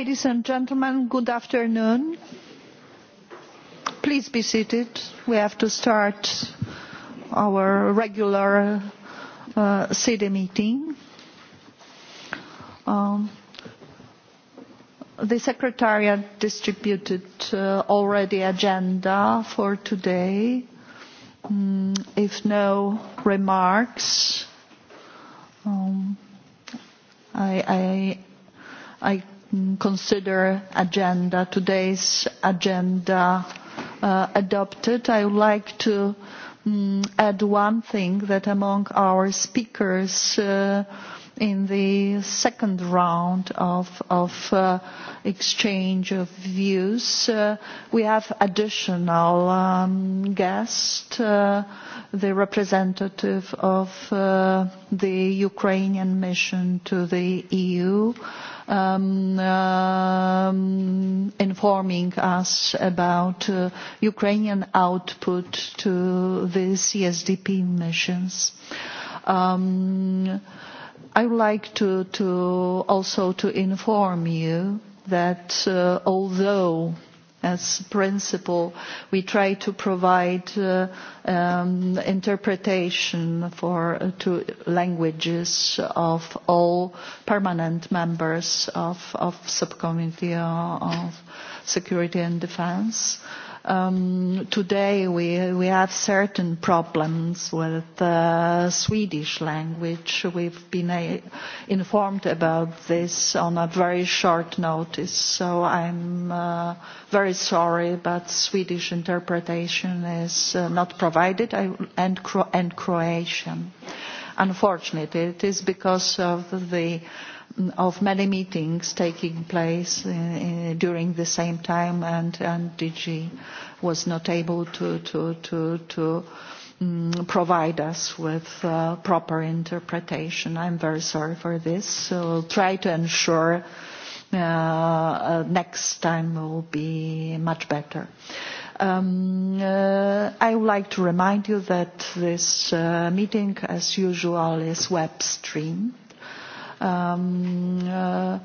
Ladies and gentlemen, good afternoon. Please be seated. We have to start our regular city meeting. the Secretariat distributed already agenda for today. if no remarks, I, I, I consider agenda, today's agenda uh, adopted. I would like to um, add one thing that among our speakers uh, in the second round of, of uh, exchange of views, uh, we have additional um, guest, uh, the representative of uh, the Ukrainian mission to the EU, uh, um, um, informing us about uh, Ukrainian output to the CSDP missions. Um, I would like to, to also to inform you that uh, although as principle. We try to provide uh, um, interpretation for uh, to languages of all permanent members of, of subcommittee of security and defense. Uh, um, today we, we have certain problems with the Swedish language. We've been a, informed about this on a very short notice, so I'm uh, very sorry, but Swedish interpretation is uh, not provided, I, and, Cro- and Croatian. Unfortunately, it is because of the uh, of many meetings taking place uh, during the same time and, and DG was not able to, to, to, to um, provide us with uh, proper interpretation. I'm very sorry for this. So we'll try to ensure uh, uh, next time will be much better. Um, uh, I would like to remind you that this uh, meeting, as usual, is web streamed Um, uh,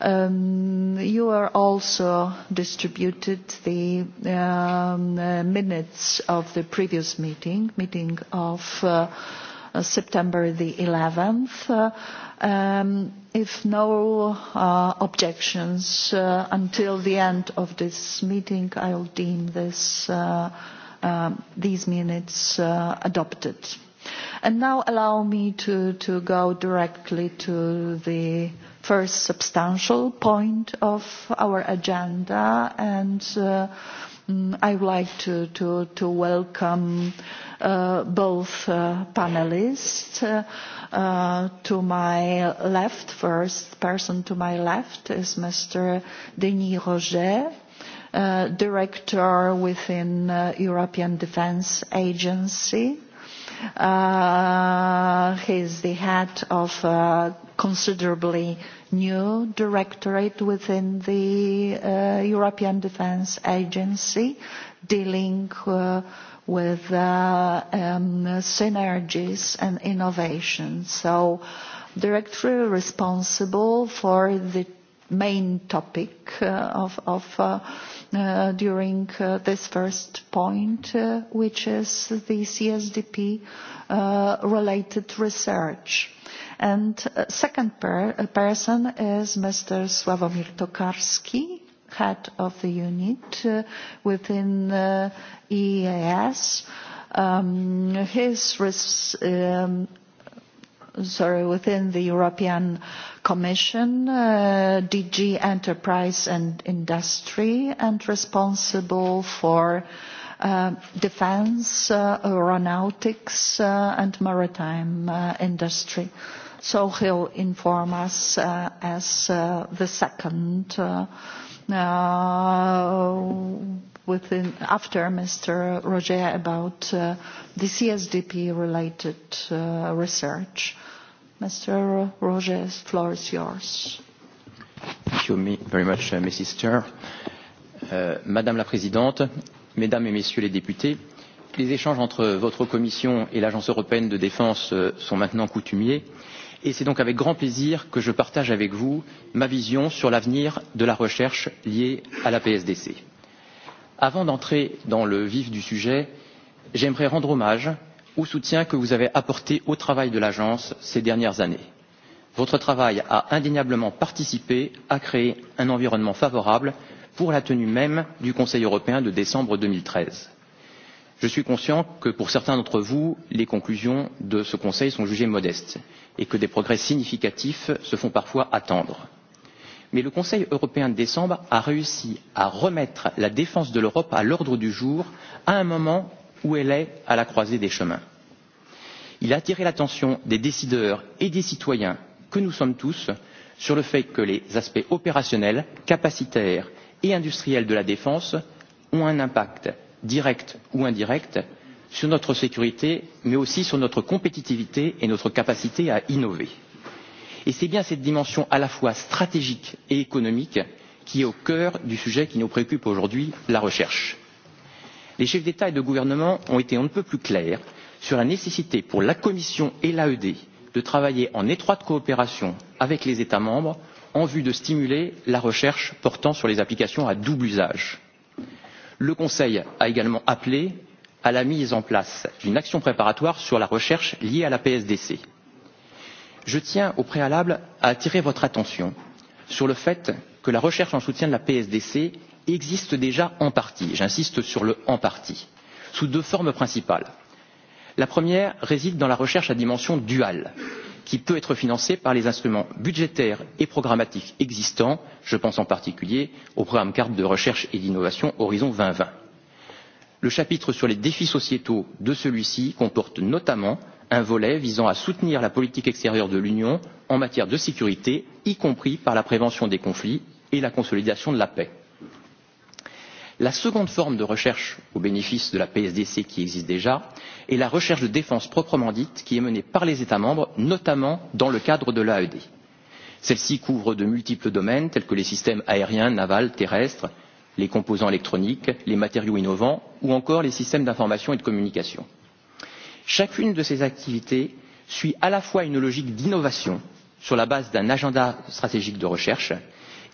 um, you are also distributed the um, uh, minutes of the previous meeting, meeting of uh, September the 11th. Uh, um, if no uh, objections uh, until the end of this meeting, I will deem this, uh, uh, these minutes uh, adopted. And now allow me to, go directly to the first substantial point of our agenda, and I would like to, welcome both panelists. to my left, first person to my left is Mr. Denis Roger, director within European Defence Agency Uh, he's the head of a considerably new directorate within the uh, European Defence Agency dealing uh, with uh, um, synergies and innovation. So directly responsible for the main topic uh, of, of uh, uh, during uh, this first point, uh, which is the CSDP uh, related research. And uh, second per person is Mr. Sławomir Tokarski, head of the unit uh, within the EAS. Um, his res um, sorry, within the European Commission, uh, DG Enterprise and Industry, and responsible for uh, defense, uh, aeronautics, uh, and maritime uh, industry. So he'll inform us uh, as uh, the second uh, uh, within, after Mr. Roger about uh, the CSDP-related uh, research. Mr. Roger, the floor is yours. Thank you very much, uh, Mrs. Chair. Uh, Madame la Présidente, Mesdames et Messieurs les députés, les échanges entre votre Commission et l'Agence européenne de défense sont maintenant coutumiers et c'est donc avec grand plaisir que je partage avec vous ma vision sur l'avenir de la recherche liée à la PSDC avant d'entrer dans le vif du sujet j'aimerais rendre hommage au soutien que vous avez apporté au travail de l'agence ces dernières années. votre travail a indéniablement participé à créer un environnement favorable pour la tenue même du conseil européen de décembre. deux mille treize je suis conscient que pour certains d'entre vous les conclusions de ce conseil sont jugées modestes et que des progrès significatifs se font parfois attendre mais le Conseil européen de décembre a réussi à remettre la défense de l'Europe à l'ordre du jour à un moment où elle est à la croisée des chemins. Il a attiré l'attention des décideurs et des citoyens que nous sommes tous sur le fait que les aspects opérationnels, capacitaires et industriels de la défense ont un impact direct ou indirect sur notre sécurité, mais aussi sur notre compétitivité et notre capacité à innover et c'est bien cette dimension à la fois stratégique et économique qui est au cœur du sujet qui nous préoccupe aujourd'hui la recherche. Les chefs d'État et de gouvernement ont été on ne peut plus clairs sur la nécessité pour la Commission et l'AED de travailler en étroite coopération avec les États membres en vue de stimuler la recherche portant sur les applications à double usage. Le Conseil a également appelé à la mise en place d'une action préparatoire sur la recherche liée à la PSDC je tiens au préalable à attirer votre attention sur le fait que la recherche en soutien de la PSDC existe déjà en partie j'insiste sur le en partie sous deux formes principales. La première réside dans la recherche à dimension duale qui peut être financée par les instruments budgétaires et programmatiques existants, je pense en particulier au programme carte de recherche et d'innovation Horizon 2020. Le chapitre sur les défis sociétaux de celui-ci comporte notamment un volet visant à soutenir la politique extérieure de l'Union en matière de sécurité, y compris par la prévention des conflits et la consolidation de la paix. La seconde forme de recherche au bénéfice de la PSDC qui existe déjà est la recherche de défense proprement dite qui est menée par les États membres, notamment dans le cadre de l'AED. Celle-ci couvre de multiples domaines tels que les systèmes aériens, navals, terrestres, les composants électroniques, les matériaux innovants ou encore les systèmes d'information et de communication chacune de ces activités suit à la fois une logique d'innovation sur la base d'un agenda stratégique de recherche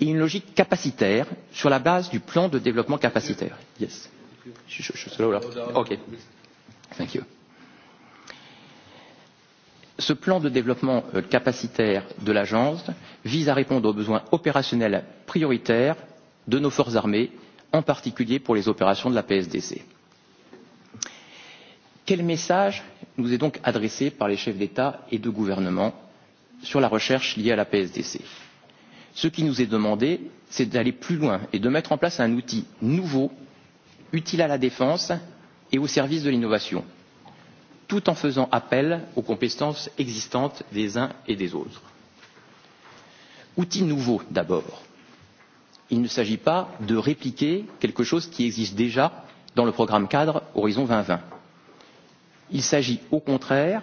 et une logique capacitaire sur la base du plan de développement capacitaire. Yes. Thank you. Ce plan de développement capacitaire de l'agence vise à répondre aux besoins opérationnels prioritaires de nos forces armées, en particulier pour les opérations de la PSDC Quel message nous est donc adressé par les chefs d'État et de gouvernement sur la recherche liée à la PSDC Ce qui nous est demandé, c'est d'aller plus loin et de mettre en place un outil nouveau, utile à la défense et au service de l'innovation, tout en faisant appel aux compétences existantes des uns et des autres. Outil nouveau d'abord. Il ne s'agit pas de répliquer quelque chose qui existe déjà dans le programme cadre Horizon 2020 il s'agit au contraire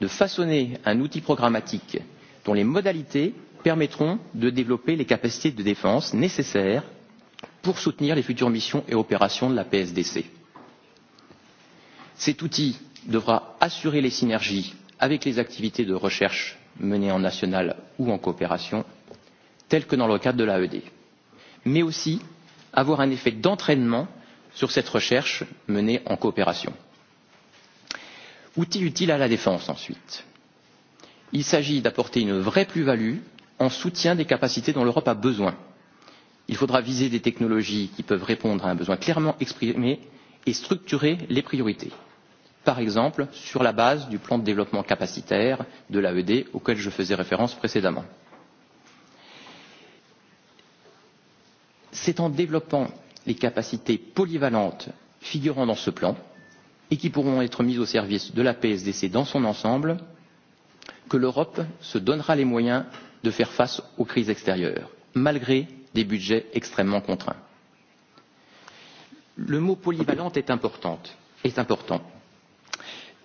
de façonner un outil programmatique dont les modalités permettront de développer les capacités de défense nécessaires pour soutenir les futures missions et opérations de la PSDC. Cet outil devra assurer les synergies avec les activités de recherche menées en national ou en coopération, telles que dans le cadre de l'AED, mais aussi avoir un effet d'entraînement sur cette recherche menée en coopération. Outil utile à la défense ensuite. Il s'agit d'apporter une vraie plus-value en soutien des capacités dont l'Europe a besoin. Il faudra viser des technologies qui peuvent répondre à un besoin clairement exprimé et structurer les priorités, par exemple sur la base du plan de développement capacitaire de l'AED auquel je faisais référence précédemment. C'est en développant les capacités polyvalentes figurant dans ce plan et qui pourront être mises au service de la PSDC dans son ensemble, que l'Europe se donnera les moyens de faire face aux crises extérieures, malgré des budgets extrêmement contraints. Le mot polyvalente est, importante, est important.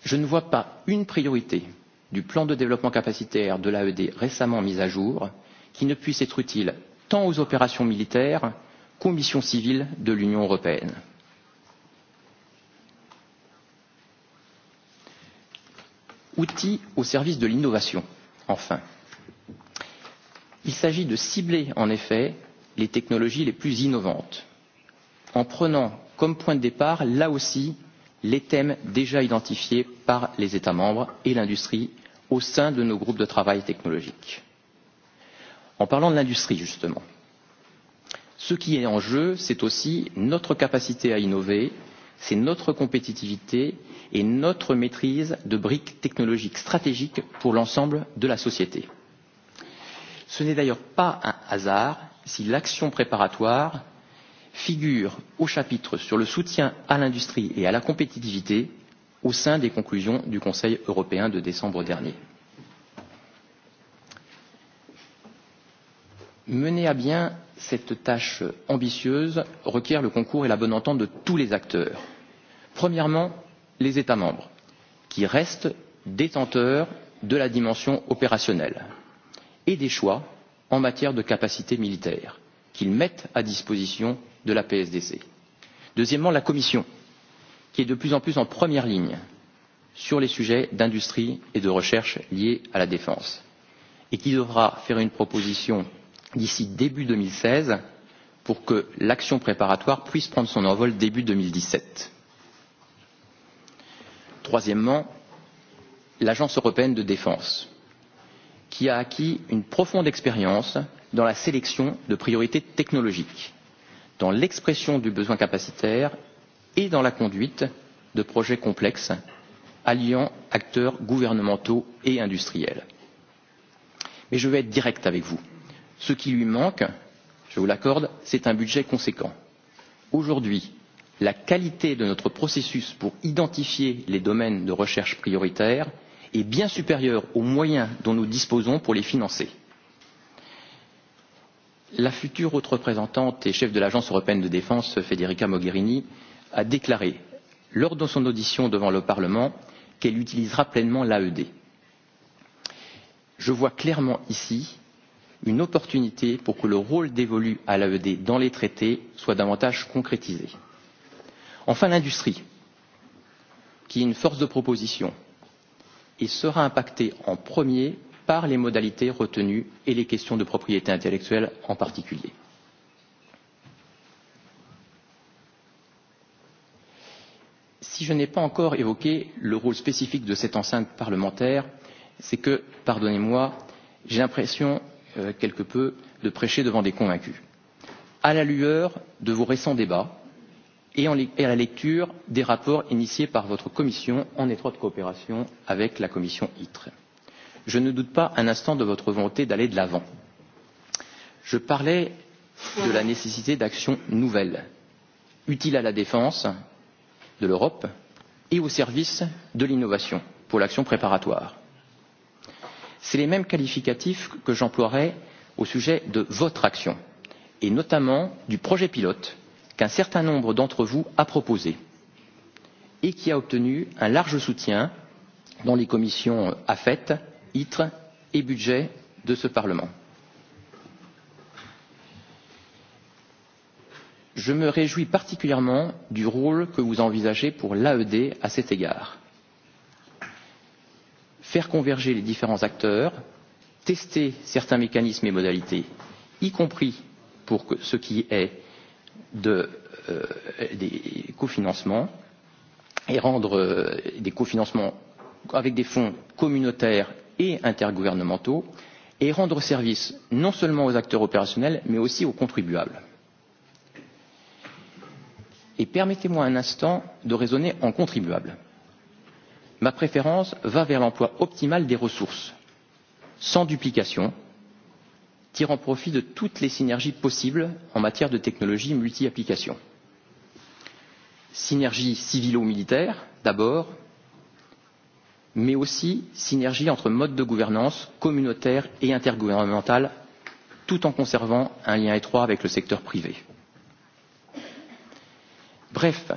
Je ne vois pas une priorité du plan de développement capacitaire de l'AED récemment mis à jour qui ne puisse être utile tant aux opérations militaires qu'aux missions civiles de l'Union européenne. outils au service de l'innovation. Enfin, il s'agit de cibler en effet les technologies les plus innovantes en prenant comme point de départ, là aussi, les thèmes déjà identifiés par les États membres et l'industrie au sein de nos groupes de travail technologiques. En parlant de l'industrie, justement, ce qui est en jeu, c'est aussi notre capacité à innover, c'est notre compétitivité et notre maîtrise de briques technologiques stratégiques pour l'ensemble de la société. Ce n'est d'ailleurs pas un hasard si l'action préparatoire figure au chapitre sur le soutien à l'industrie et à la compétitivité au sein des conclusions du Conseil européen de décembre dernier. Mener à bien cette tâche ambitieuse requiert le concours et la bonne entente de tous les acteurs. Premièrement, les États membres, qui restent détenteurs de la dimension opérationnelle et des choix en matière de capacité militaire qu'ils mettent à disposition de la PSDC. Deuxièmement, la Commission, qui est de plus en plus en première ligne sur les sujets d'industrie et de recherche liés à la défense, et qui devra faire une proposition d'ici début deux mille seize pour que l'action préparatoire puisse prendre son envol début deux mille dix sept Troisièmement, l'Agence européenne de défense, qui a acquis une profonde expérience dans la sélection de priorités technologiques, dans l'expression du besoin capacitaire et dans la conduite de projets complexes alliant acteurs gouvernementaux et industriels. Mais je vais être direct avec vous. Ce qui lui manque, je vous l'accorde, c'est un budget conséquent. Aujourd'hui, la qualité de notre processus pour identifier les domaines de recherche prioritaires est bien supérieure aux moyens dont nous disposons pour les financer. La future haute représentante et chef de l'Agence européenne de défense, Federica Mogherini, a déclaré lors de son audition devant le Parlement qu'elle utilisera pleinement l'AED. Je vois clairement ici une opportunité pour que le rôle dévolu à l'AED dans les traités soit davantage concrétisé. Enfin, l'industrie, qui est une force de proposition et sera impactée en premier par les modalités retenues et les questions de propriété intellectuelle en particulier. Si je n'ai pas encore évoqué le rôle spécifique de cette enceinte parlementaire, c'est que, pardonnez-moi, j'ai l'impression euh, quelque peu de prêcher devant des convaincus. À la lueur de vos récents débats, et à la lecture des rapports initiés par votre commission en étroite coopération avec la commission itre. je ne doute pas un instant de votre volonté d'aller de l'avant. je parlais de la nécessité d'actions nouvelles utiles à la défense de l'europe et au service de l'innovation pour l'action préparatoire. c'est les mêmes qualificatifs que j'emploierai au sujet de votre action et notamment du projet pilote qu'un certain nombre d'entre vous a proposé et qui a obtenu un large soutien dans les commissions AFET, ITRE et Budget de ce Parlement. Je me réjouis particulièrement du rôle que vous envisagez pour l'AED à cet égard. Faire converger les différents acteurs, tester certains mécanismes et modalités, y compris pour ce qui est de, euh, des cofinancements et rendre euh, des cofinancements avec des fonds communautaires et intergouvernementaux et rendre service non seulement aux acteurs opérationnels mais aussi aux contribuables. Et permettez-moi un instant de raisonner en contribuable. Ma préférence va vers l'emploi optimal des ressources, sans duplication, tirant profit de toutes les synergies possibles en matière de technologies multi-applications. Synergie civilo-militaire, d'abord, mais aussi synergie entre modes de gouvernance communautaire et intergouvernementale, tout en conservant un lien étroit avec le secteur privé. Bref,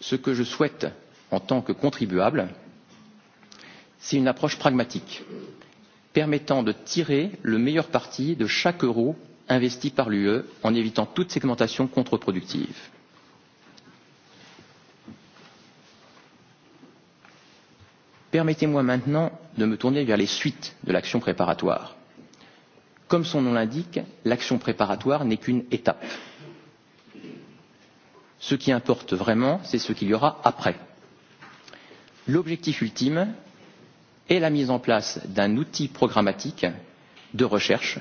ce que je souhaite en tant que contribuable, c'est une approche pragmatique permettant de tirer le meilleur parti de chaque euro investi par l'UE en évitant toute segmentation contreproductive. Permettez-moi maintenant de me tourner vers les suites de l'action préparatoire. Comme son nom l'indique, l'action préparatoire n'est qu'une étape. Ce qui importe vraiment, c'est ce qu'il y aura après. L'objectif ultime, et la mise en place d'un outil programmatique de recherche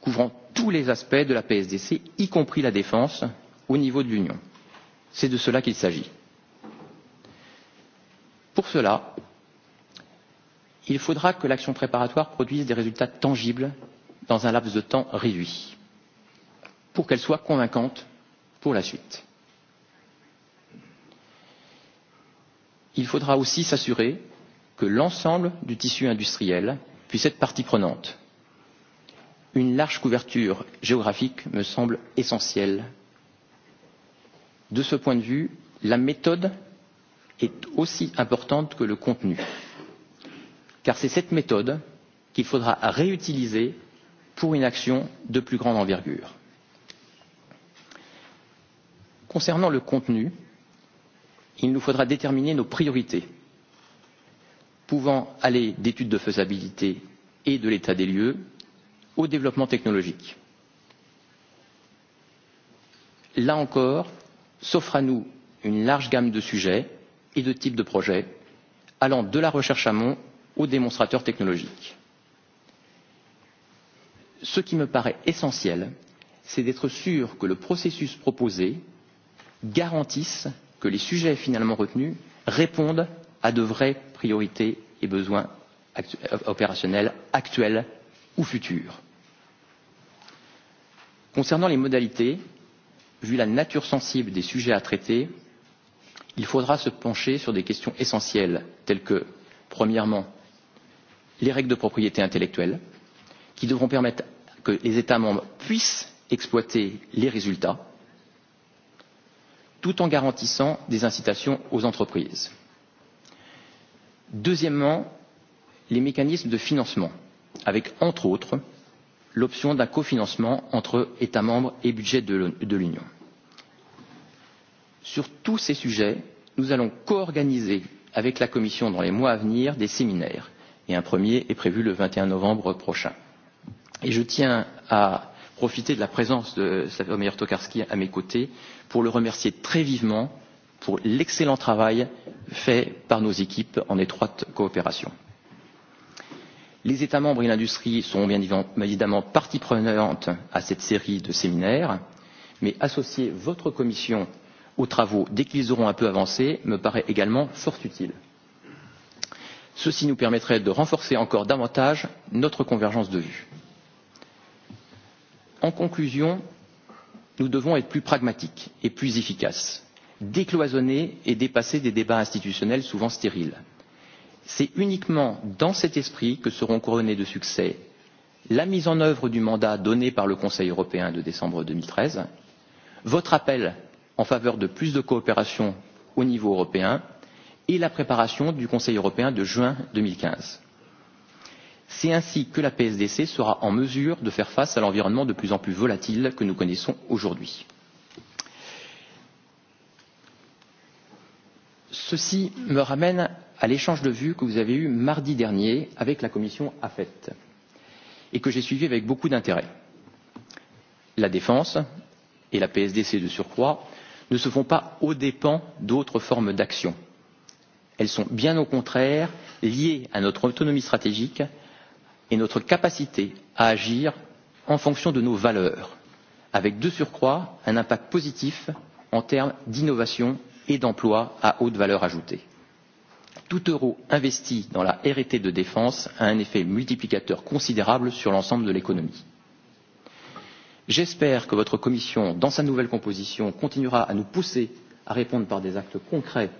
couvrant tous les aspects de la PSDC, y compris la défense, au niveau de l'Union. C'est de cela qu'il s'agit. Pour cela, il faudra que l'action préparatoire produise des résultats tangibles dans un laps de temps réduit, pour qu'elle soit convaincante pour la suite. Il faudra aussi s'assurer que l'ensemble du tissu industriel puisse être partie prenante. Une large couverture géographique me semble essentielle. De ce point de vue, la méthode est aussi importante que le contenu, car c'est cette méthode qu'il faudra réutiliser pour une action de plus grande envergure. Concernant le contenu, il nous faudra déterminer nos priorités pouvant aller d'études de faisabilité et de l'état des lieux au développement technologique. Là encore, s'offre à nous une large gamme de sujets et de types de projets allant de la recherche amont aux démonstrateurs technologiques. Ce qui me paraît essentiel, c'est d'être sûr que le processus proposé garantisse que les sujets finalement retenus répondent à de vraies priorités et besoins opérationnels actuels ou futurs. Concernant les modalités, vu la nature sensible des sujets à traiter, il faudra se pencher sur des questions essentielles telles que, premièrement, les règles de propriété intellectuelle, qui devront permettre que les États membres puissent exploiter les résultats, tout en garantissant des incitations aux entreprises. Deuxièmement, les mécanismes de financement, avec entre autres l'option d'un cofinancement entre États membres et budget de l'Union. Sur tous ces sujets, nous allons co-organiser avec la Commission dans les mois à venir des séminaires et un premier est prévu le 21 novembre prochain. Et je tiens à profiter de la présence de Slavomir Tokarski à mes côtés pour le remercier très vivement pour l'excellent travail fait par nos équipes en étroite coopération. Les États membres et l'industrie sont bien évidemment partie prenante à cette série de séminaires, mais associer votre commission aux travaux dès qu'ils auront un peu avancé me paraît également fort utile. Ceci nous permettrait de renforcer encore davantage notre convergence de vues. En conclusion, nous devons être plus pragmatiques et plus efficaces décloisonner et dépasser des débats institutionnels souvent stériles. C'est uniquement dans cet esprit que seront couronnées de succès la mise en œuvre du mandat donné par le Conseil européen de décembre deux mille treize, votre appel en faveur de plus de coopération au niveau européen et la préparation du Conseil européen de juin deux mille quinze. C'est ainsi que la PSDC sera en mesure de faire face à l'environnement de plus en plus volatile que nous connaissons aujourd'hui. Ceci me ramène à l'échange de vues que vous avez eu mardi dernier avec la commission AFET et que j'ai suivi avec beaucoup d'intérêt. La défense et la PSDC de surcroît ne se font pas aux dépens d'autres formes d'action. Elles sont bien au contraire liées à notre autonomie stratégique et notre capacité à agir en fonction de nos valeurs, avec de surcroît un impact positif en termes d'innovation et d'emplois à haute valeur ajoutée. Tout euro investi dans la RT de défense a un effet multiplicateur considérable sur l'ensemble de l'économie. J'espère que votre commission, dans sa nouvelle composition, continuera à nous pousser à répondre par des actes concrets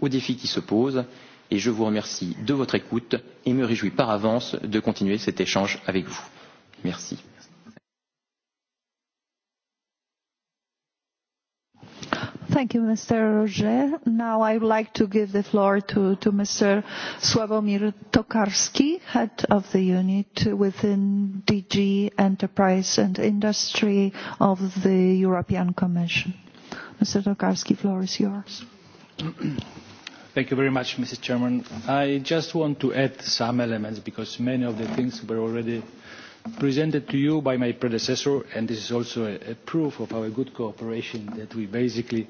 aux défis qui se posent et je vous remercie de votre écoute et me réjouis par avance de continuer cet échange avec vous. Merci. Thank you, Mr. Roger. Now I would like to give the floor to, to Mr. Sławomir Tokarski, head of the unit within DG Enterprise and Industry of the European Commission. Mr. Tokarski, floor is yours. Thank you very much, Mr. Chairman. I just want to add some elements because many of the things were already presented to you by my predecessor, and this is also a, a proof of our good cooperation that we basically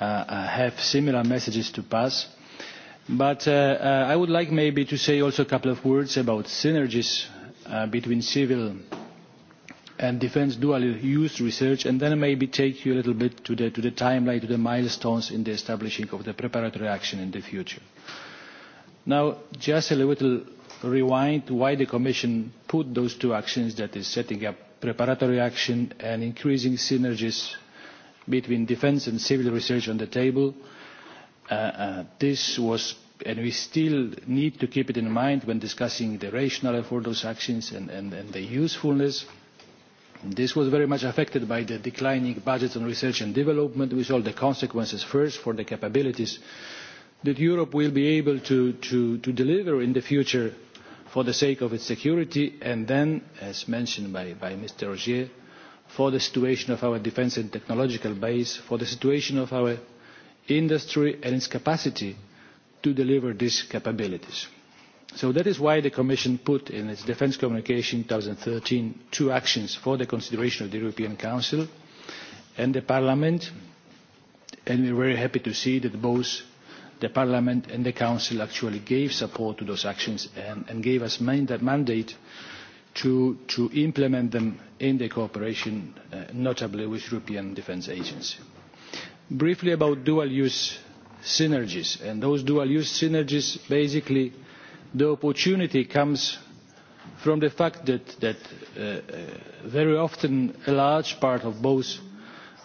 uh, have similar messages to pass. But uh, uh, I would like maybe to say also a couple of words about synergies uh, between civil and defence dual use research, and then maybe take you a little bit to the, to the timeline, to the milestones in the establishing of the preparatory action in the future. Now, just a little rewind why the Commission put those two actions, that is setting up preparatory action and increasing synergies between defence and civil research on the table. this was, and we still need to keep it in mind when discussing the rationale for those actions and, and, and the usefulness. This was very much affected by the declining budgets on research and development, with all the consequences first for the capabilities that Europe will be able to, to, to deliver in the future for the sake of its security, and then, as mentioned by, by Mr. Rogier, for the situation of our defence and technological base, for the situation of our industry and its capacity to deliver these capabilities. So that is why the Commission put in its Defence Communication thirteen two actions for the consideration of the European Council and the Parliament, and we are very happy to see that both the Parliament and the Council actually gave support to those actions and, and gave us a mandate to, to implement them in the cooperation, uh, notably with the European Defence Agency. Briefly about dual-use synergies, and those dual-use synergies, basically, the opportunity comes from the fact that, that uh, uh, very often a large part of both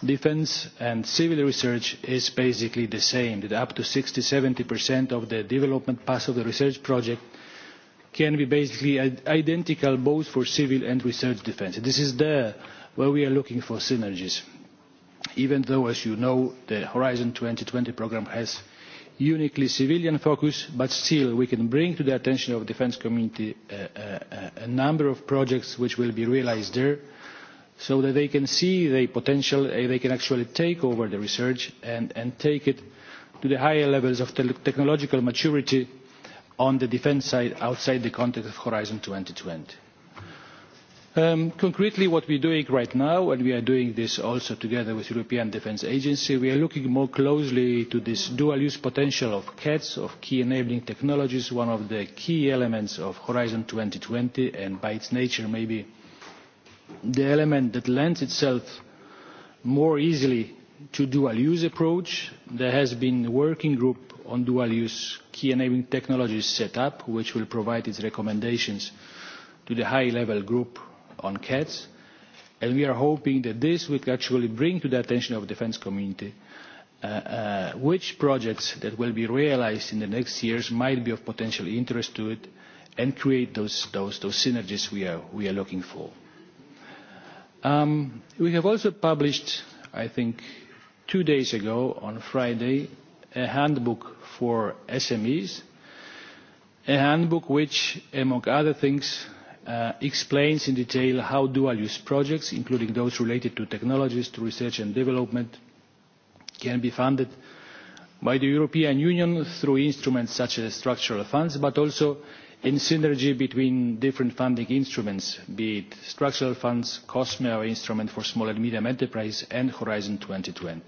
defence and civil research is basically the same, that up to 60-70% of the development path of the research project can be basically identical both for civil and research defence. This is there where we are looking for synergies, even though, as you know, the Horizon 2020 programme has uniquely civilian focus, but still we can bring to the attention of the defence community a number of projects which will be realised there so that they can see the potential they can actually take over the research and, and take it to the higher levels of technological maturity on the defence side outside the context of Horizon 2020. Um, concretely, what we're doing right now, and we are doing this also together with the European Defence Agency, we are looking more closely to this dual-use potential of CATs, of key enabling technologies, one of the key elements of Horizon 2020, and by its nature maybe the element that lends itself more easily to dual-use approach. There has been a working group on dual-use key enabling technologies set up, which will provide its recommendations to the high-level group on CATS. And we are hoping that this will actually bring to the attention of the defence community which projects that will be realised in the next years might be of potential interest to it and create those, those, those synergies we are, we are looking for we have also published, I think, two days ago on Friday, a handbook for SMEs, a handbook which, among other things, explains in detail how dual-use projects, including those related to technologies, to research and development, can be funded by the European Union through instruments such as structural funds, but also in synergy between different funding instruments, be it structural funds, COSME, our instrument for small and medium enterprise, and Horizon 2020.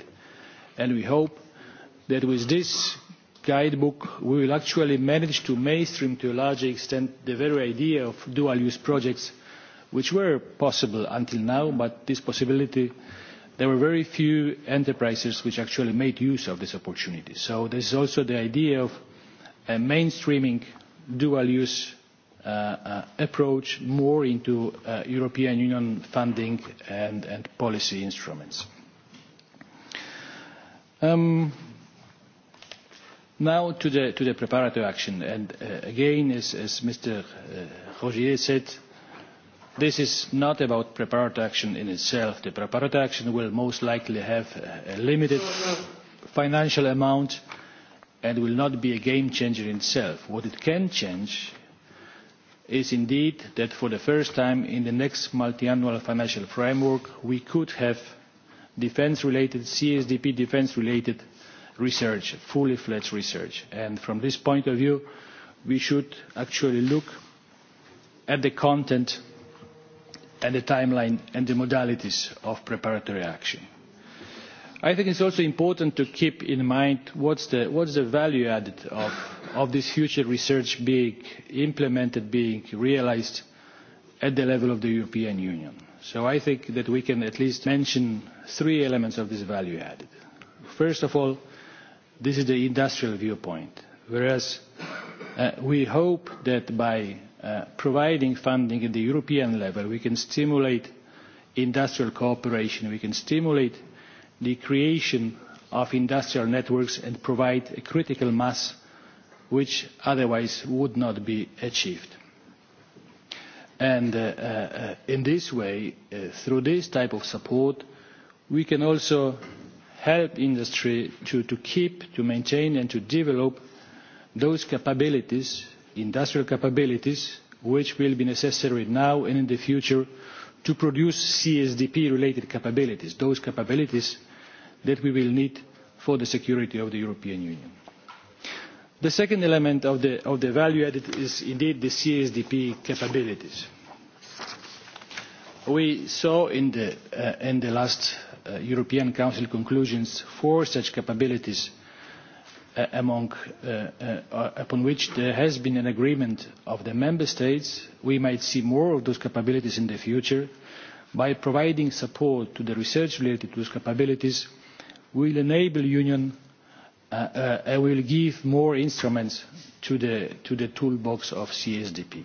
And we hope that with this guidebook, we will actually manage to mainstream to a larger extent the very idea of dual-use projects, which were possible until now, but this possibility, there were very few enterprises which actually made use of this opportunity. So this is also the idea of a mainstreaming dual-use uh, uh, approach more into uh, European Union funding and, and policy instruments. Um, now to the, to the preparatory action. And uh, again, as, as Mr. Uh, Rogier said, this is not about preparatory action in itself. The preparatory action will most likely have a limited financial amount and will not be a game changer in itself. What it can change is indeed that for the first time in the next multiannual financial framework we could have defence related CSDP defence related research, fully fledged research. And from this point of view we should actually look at the content and the timeline and the modalities of preparatory action I think it's also important to keep in mind what's the, what's the value added of, of this future research being implemented, being realized at the level of the European Union. So I think that we can at least mention three elements of this value added. First of all, this is the industrial viewpoint, whereas uh, we hope that by uh, providing funding at the European level, we can stimulate industrial cooperation, we can stimulate the creation of industrial networks and provide a critical mass which otherwise would not be achieved. And in this way, through this type of support, we can also help industry to, to keep, to maintain and to develop those capabilities, industrial capabilities, which will be necessary now and in the future to produce CSDP-related capabilities, those capabilities that we will need for the security of the European Union. The second element of the, of the value added is indeed the CSDP capabilities. We saw in the, uh, in the last uh, European Council conclusions four such capabilities uh, among, uh, uh, upon which there has been an agreement of the Member States. We might see more of those capabilities in the future by providing support to the research related to those capabilities – will enable the union and will give more instruments to the, to the toolbox of CSDP.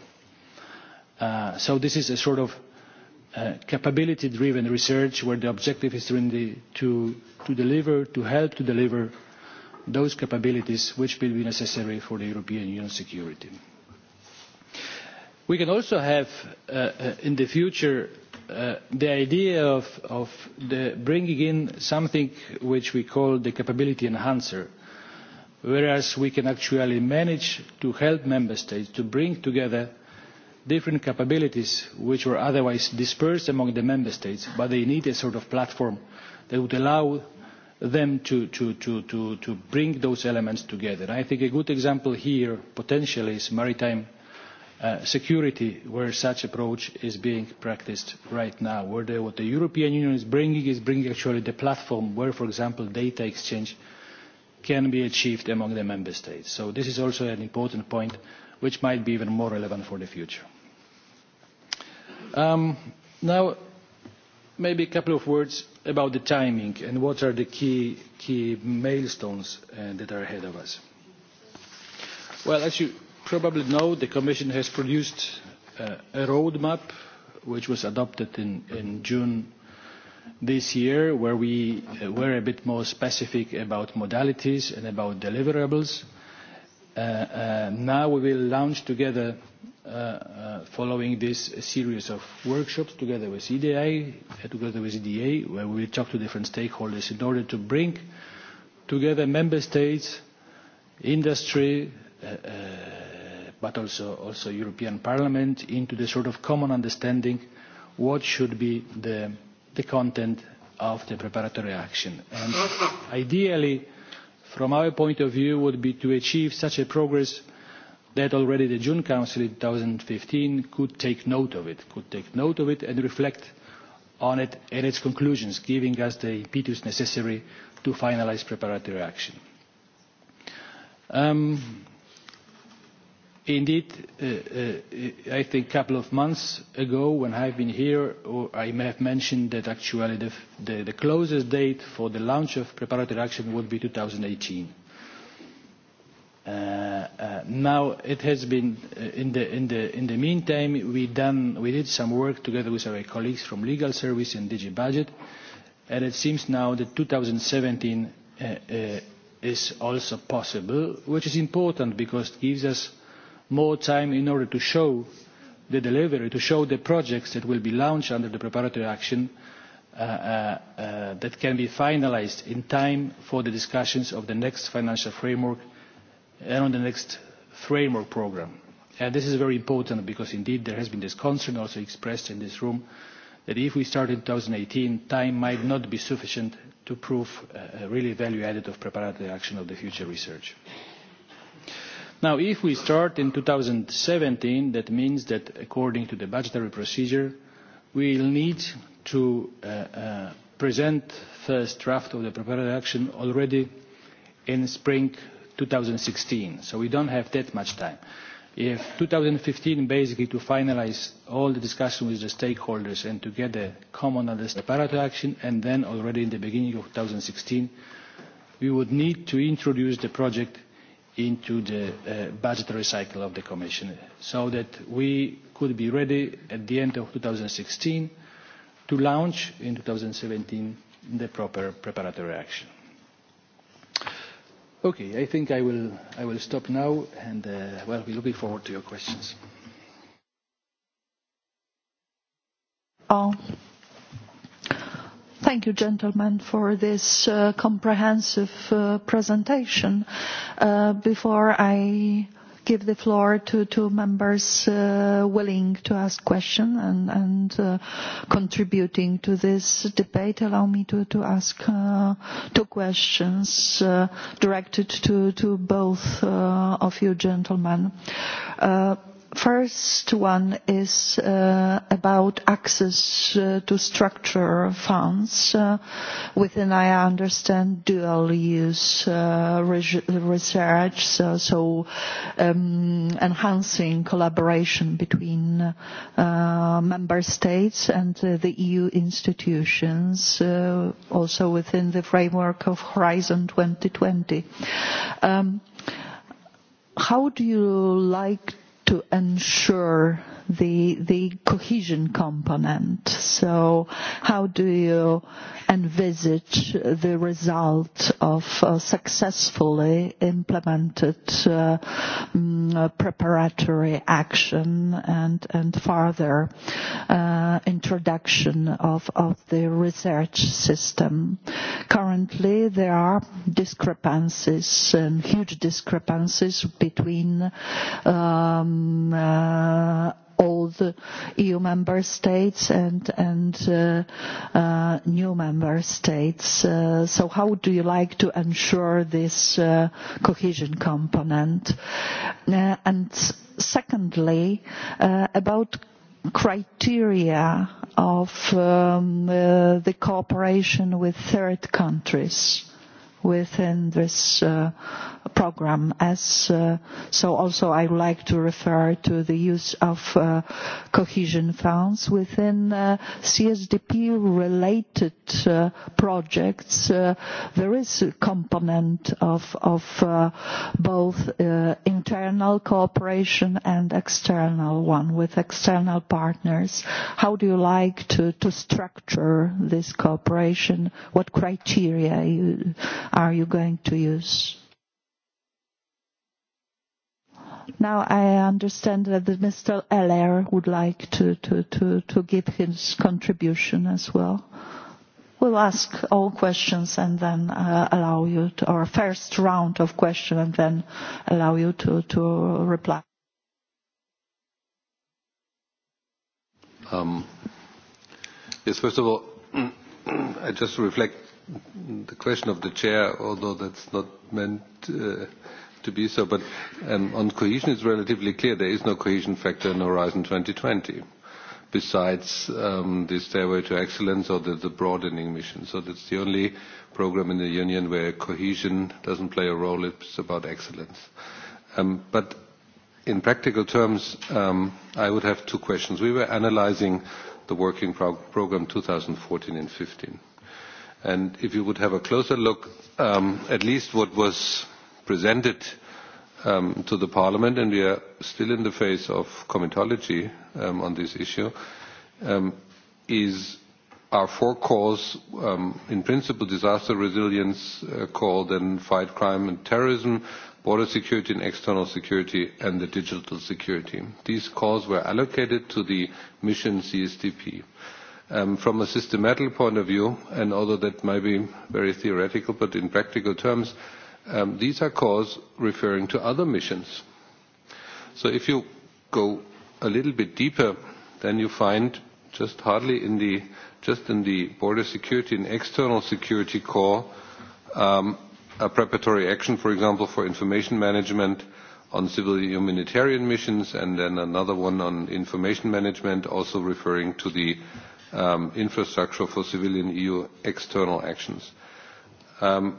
Uh so this is a sort of uh capability-driven research where the objective is to, to, to deliver, to help to deliver those capabilities which will be necessary for the European Union security. We can also have uh in the future the idea of, of the bringing in something which we call the capability enhancer, whereas we can actually manage to help member states to bring together different capabilities which were otherwise dispersed among the member states, but they need a sort of platform that would allow them to, to, to, to, to bring those elements together. I think a good example here potentially is maritime security where such approach is being practiced right now, where the, what the European Union is bringing is bringing actually the platform where, for example, data exchange can be achieved among the member states. So this is also an important point which might be even more relevant for the future. Um, now, maybe a couple of words about the timing and what are the key, key milestones uh, that are ahead of us. Well, as you, probably know, the Commission has produced uh a roadmap which was adopted in, in June this year, where we uh were a bit more specific about modalities and about deliverables. Now we will launch together, following this series of workshops together with EDA, together with EDA, where we will talk to different stakeholders in order to bring together member states, industry, uh but also, also European Parliament into the sort of common understanding what should be the, the content of the preparatory action. And ideally, from our point of view, would be to achieve such a progress that already the June Council in 2015 could take note of it, could take note of it and reflect on it and its conclusions, giving us the impetus necessary to finalise preparatory action. Um, Indeed, I think a couple of months ago when I've been here, I may have mentioned that actually the, the, the closest date for the launch of preparatory action would be 2018. Uh, uh, now it has been uh, in the in the in the meantime we done we did some work together with our colleagues from legal service and DG budget, and it seems now that 2017 uh, uh, is also possible, which is important because it gives us more time in order to show the delivery, to show the projects that will be launched under the preparatory action that can be finalised in time for the discussions of the next financial framework and on the next framework programme. this is very important because indeed there has been this concern also expressed in this room that if we start in 2018, time might not be sufficient to prove a really value added of preparatory action of the future research. Now, if we start in 2017, that means that according to the budgetary procedure, we will need to present first draft of the preparatory action already in spring 2016. So we don't have that much time. If 2015, basically to finalize all the discussion with the stakeholders and to get a common understanding preparatory action, and then already in the beginning of 2016, we would need to introduce the project into the uh, budgetary cycle of the Commission so that we could be ready at the end of 2016 to launch in 2017 the proper preparatory action. Okay, I think I will, I will stop now and uh, well, we're looking forward to your questions. Oh. Thank you, gentlemen, for this uh, comprehensive uh, presentation. Uh, before I give the floor to two members uh, willing to ask questions and, and uh, contributing to this debate. Allow me to, to ask uh, two questions uh, directed to, to both uh, of you gentlemen. Uh, First one is about access to structural funds within, I understand, dual-use research, so enhancing collaboration between member states and the EU institutions, also within the framework of Horizon 2020. How do you like to ensure the the cohesion component. So how do you envisage the result of uh, successfully implemented uh, um, preparatory action and and further uh, introduction of of the research system? Currently, there are discrepancies, and huge discrepancies between um, uh, all the EU member states and, and uh, uh, new member states. Uh, so how do you like to ensure this uh, cohesion component? Uh, and secondly, uh, about criteria of um, uh, the cooperation with third countries within this uh, program as uh, so also I would like to refer to the use of uh, cohesion funds within uh, CSDP related uh, projects uh, there is a component of, of uh, both uh, internal cooperation and external one with external partners how do you like to, to structure this cooperation what criteria you, are you going to use Now I understand that Mr. Eller would like to to to to give his contribution as well. We'll ask all questions and then uh allow you to our first round of question and then allow you to to reply. Um Yes, first of all, I just reflect the question of the chair, although that's not meant to be so. But um, on cohesion, it's relatively clear there is no cohesion factor in Horizon 2020 besides um, the Stairway to Excellence or the, the broadening mission. So that's the only program in the Union where cohesion doesn't play a role. It's about excellence. Um, but in practical terms, um, I would have two questions. We were analyzing the working prog- program 2014 and 15. And if you would have a closer look, um, at least what was presented um, to the Parliament, and we are still in the phase of comitology um, on this issue, um, is our four calls, um, in principle, disaster resilience uh, call, then fight crime and terrorism, border security and external security, and the digital security. These calls were allocated to the mission CSDP. Um, from a systematic point of view, and although that might be very theoretical, but in practical terms, Um, these are calls referring to other missions. So if you go a little bit deeper, then you find just hardly in the just in the border security and external security core um, a preparatory action, for example, for information management on civil humanitarian missions, and then another one on information management, also referring to the um, infrastructure for civilian EU external actions. Um,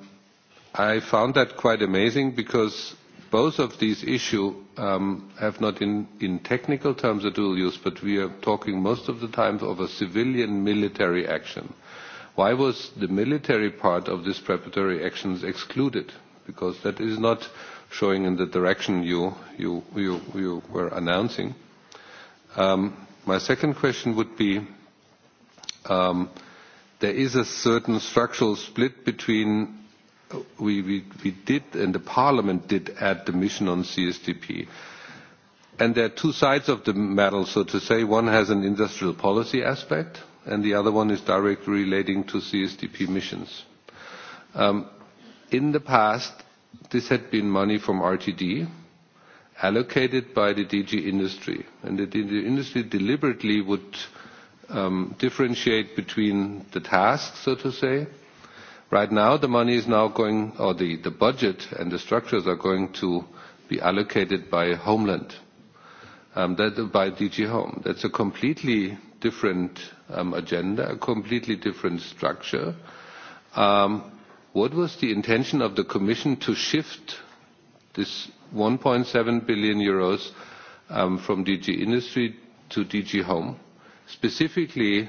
I found that quite amazing because both of these issues um, have not in, in technical terms a dual use, but we are talking most of the time of a civilian military action. Why was the military part of this preparatory actions excluded? Because that is not showing in the direction you, you, you, you were announcing. Um, my second question would be, um, there is a certain structural split between we, we, we did, and the Parliament did add the mission on CSDP. And there are two sides of the medal, so to say. One has an industrial policy aspect, and the other one is directly relating to CSDP missions. Um, in the past, this had been money from RTD, allocated by the DG Industry. and The DG Industry deliberately would um differentiate between the tasks, so to say, Right now, the money is now going, or the, the budget and the structures are going to be allocated by Homeland, um, that, by DG Home. That's a completely different um, agenda, a completely different structure. Um, what was the intention of the Commission to shift this 1.7 billion euros um, from DG Industry to DG Home, specifically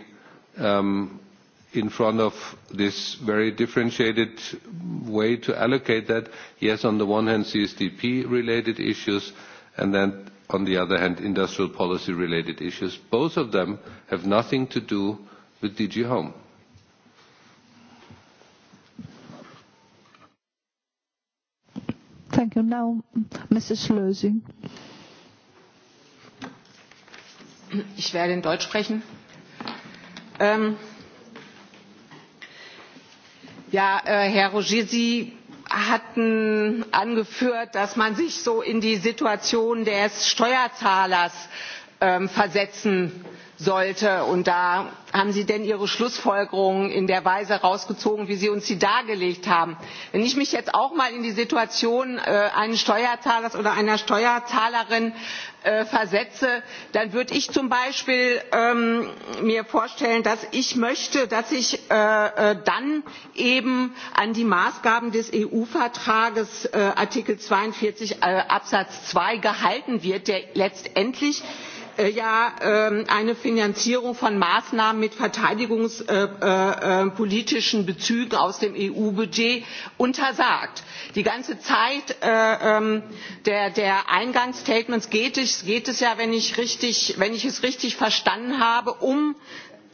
um, in front of this very differentiated way to allocate that. Yes, on the one hand, CSDP-related issues, and then on the other hand, industrial policy-related issues. Both of them have nothing to do with DG Home. Thank you. Now, Mrs. Lösing. Ich werde in Deutsch sprechen. Ähm, herr rouget sie hatten angeführt dass man sich so in die situation des steuerzahlers versetzen sollte. Und da haben Sie denn Ihre Schlussfolgerungen in der Weise herausgezogen, wie Sie uns sie dargelegt haben. Wenn ich mich jetzt auch mal in die Situation eines Steuerzahlers oder einer Steuerzahlerin versetze, dann würde ich zum Beispiel mir vorstellen, dass ich möchte, dass ich dann eben an die Maßgaben des EU-Vertrages Artikel 42 Absatz 2 gehalten wird, der letztendlich ja eine finanzierung von maßnahmen mit verteidigungspolitischen bezügen aus dem eu budget untersagt. die ganze zeit der eingangsstatements geht es ja wenn ich es richtig verstanden habe um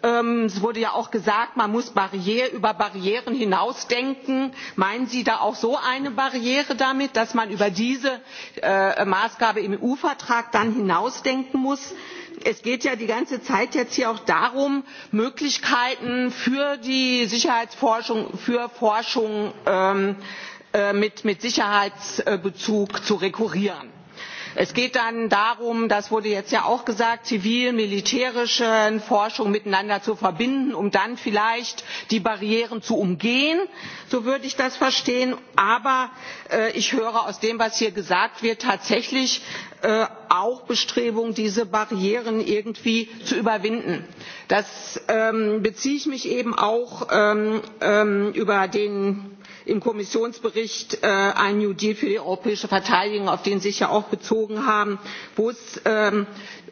es wurde ja auch gesagt man muss über barrieren hinausdenken meinen sie da auch so eine barriere damit dass man über diese maßgabe im eu vertrag dann hinausdenken muss? es geht ja die ganze zeit jetzt hier auch darum möglichkeiten für die sicherheitsforschung für forschung mit sicherheitsbezug zu rekurrieren es geht dann darum das wurde jetzt ja auch gesagt zivil militärische forschung miteinander zu verbinden um dann vielleicht die barrieren zu umgehen so würde ich das verstehen aber ich höre aus dem was hier gesagt wird tatsächlich auch bestrebungen diese barrieren irgendwie zu überwinden. da beziehe ich mich eben auch auf den im kommissionsbericht ein new deal für die europäische verteidigung auf den sie sich ja auch bezogen haben wo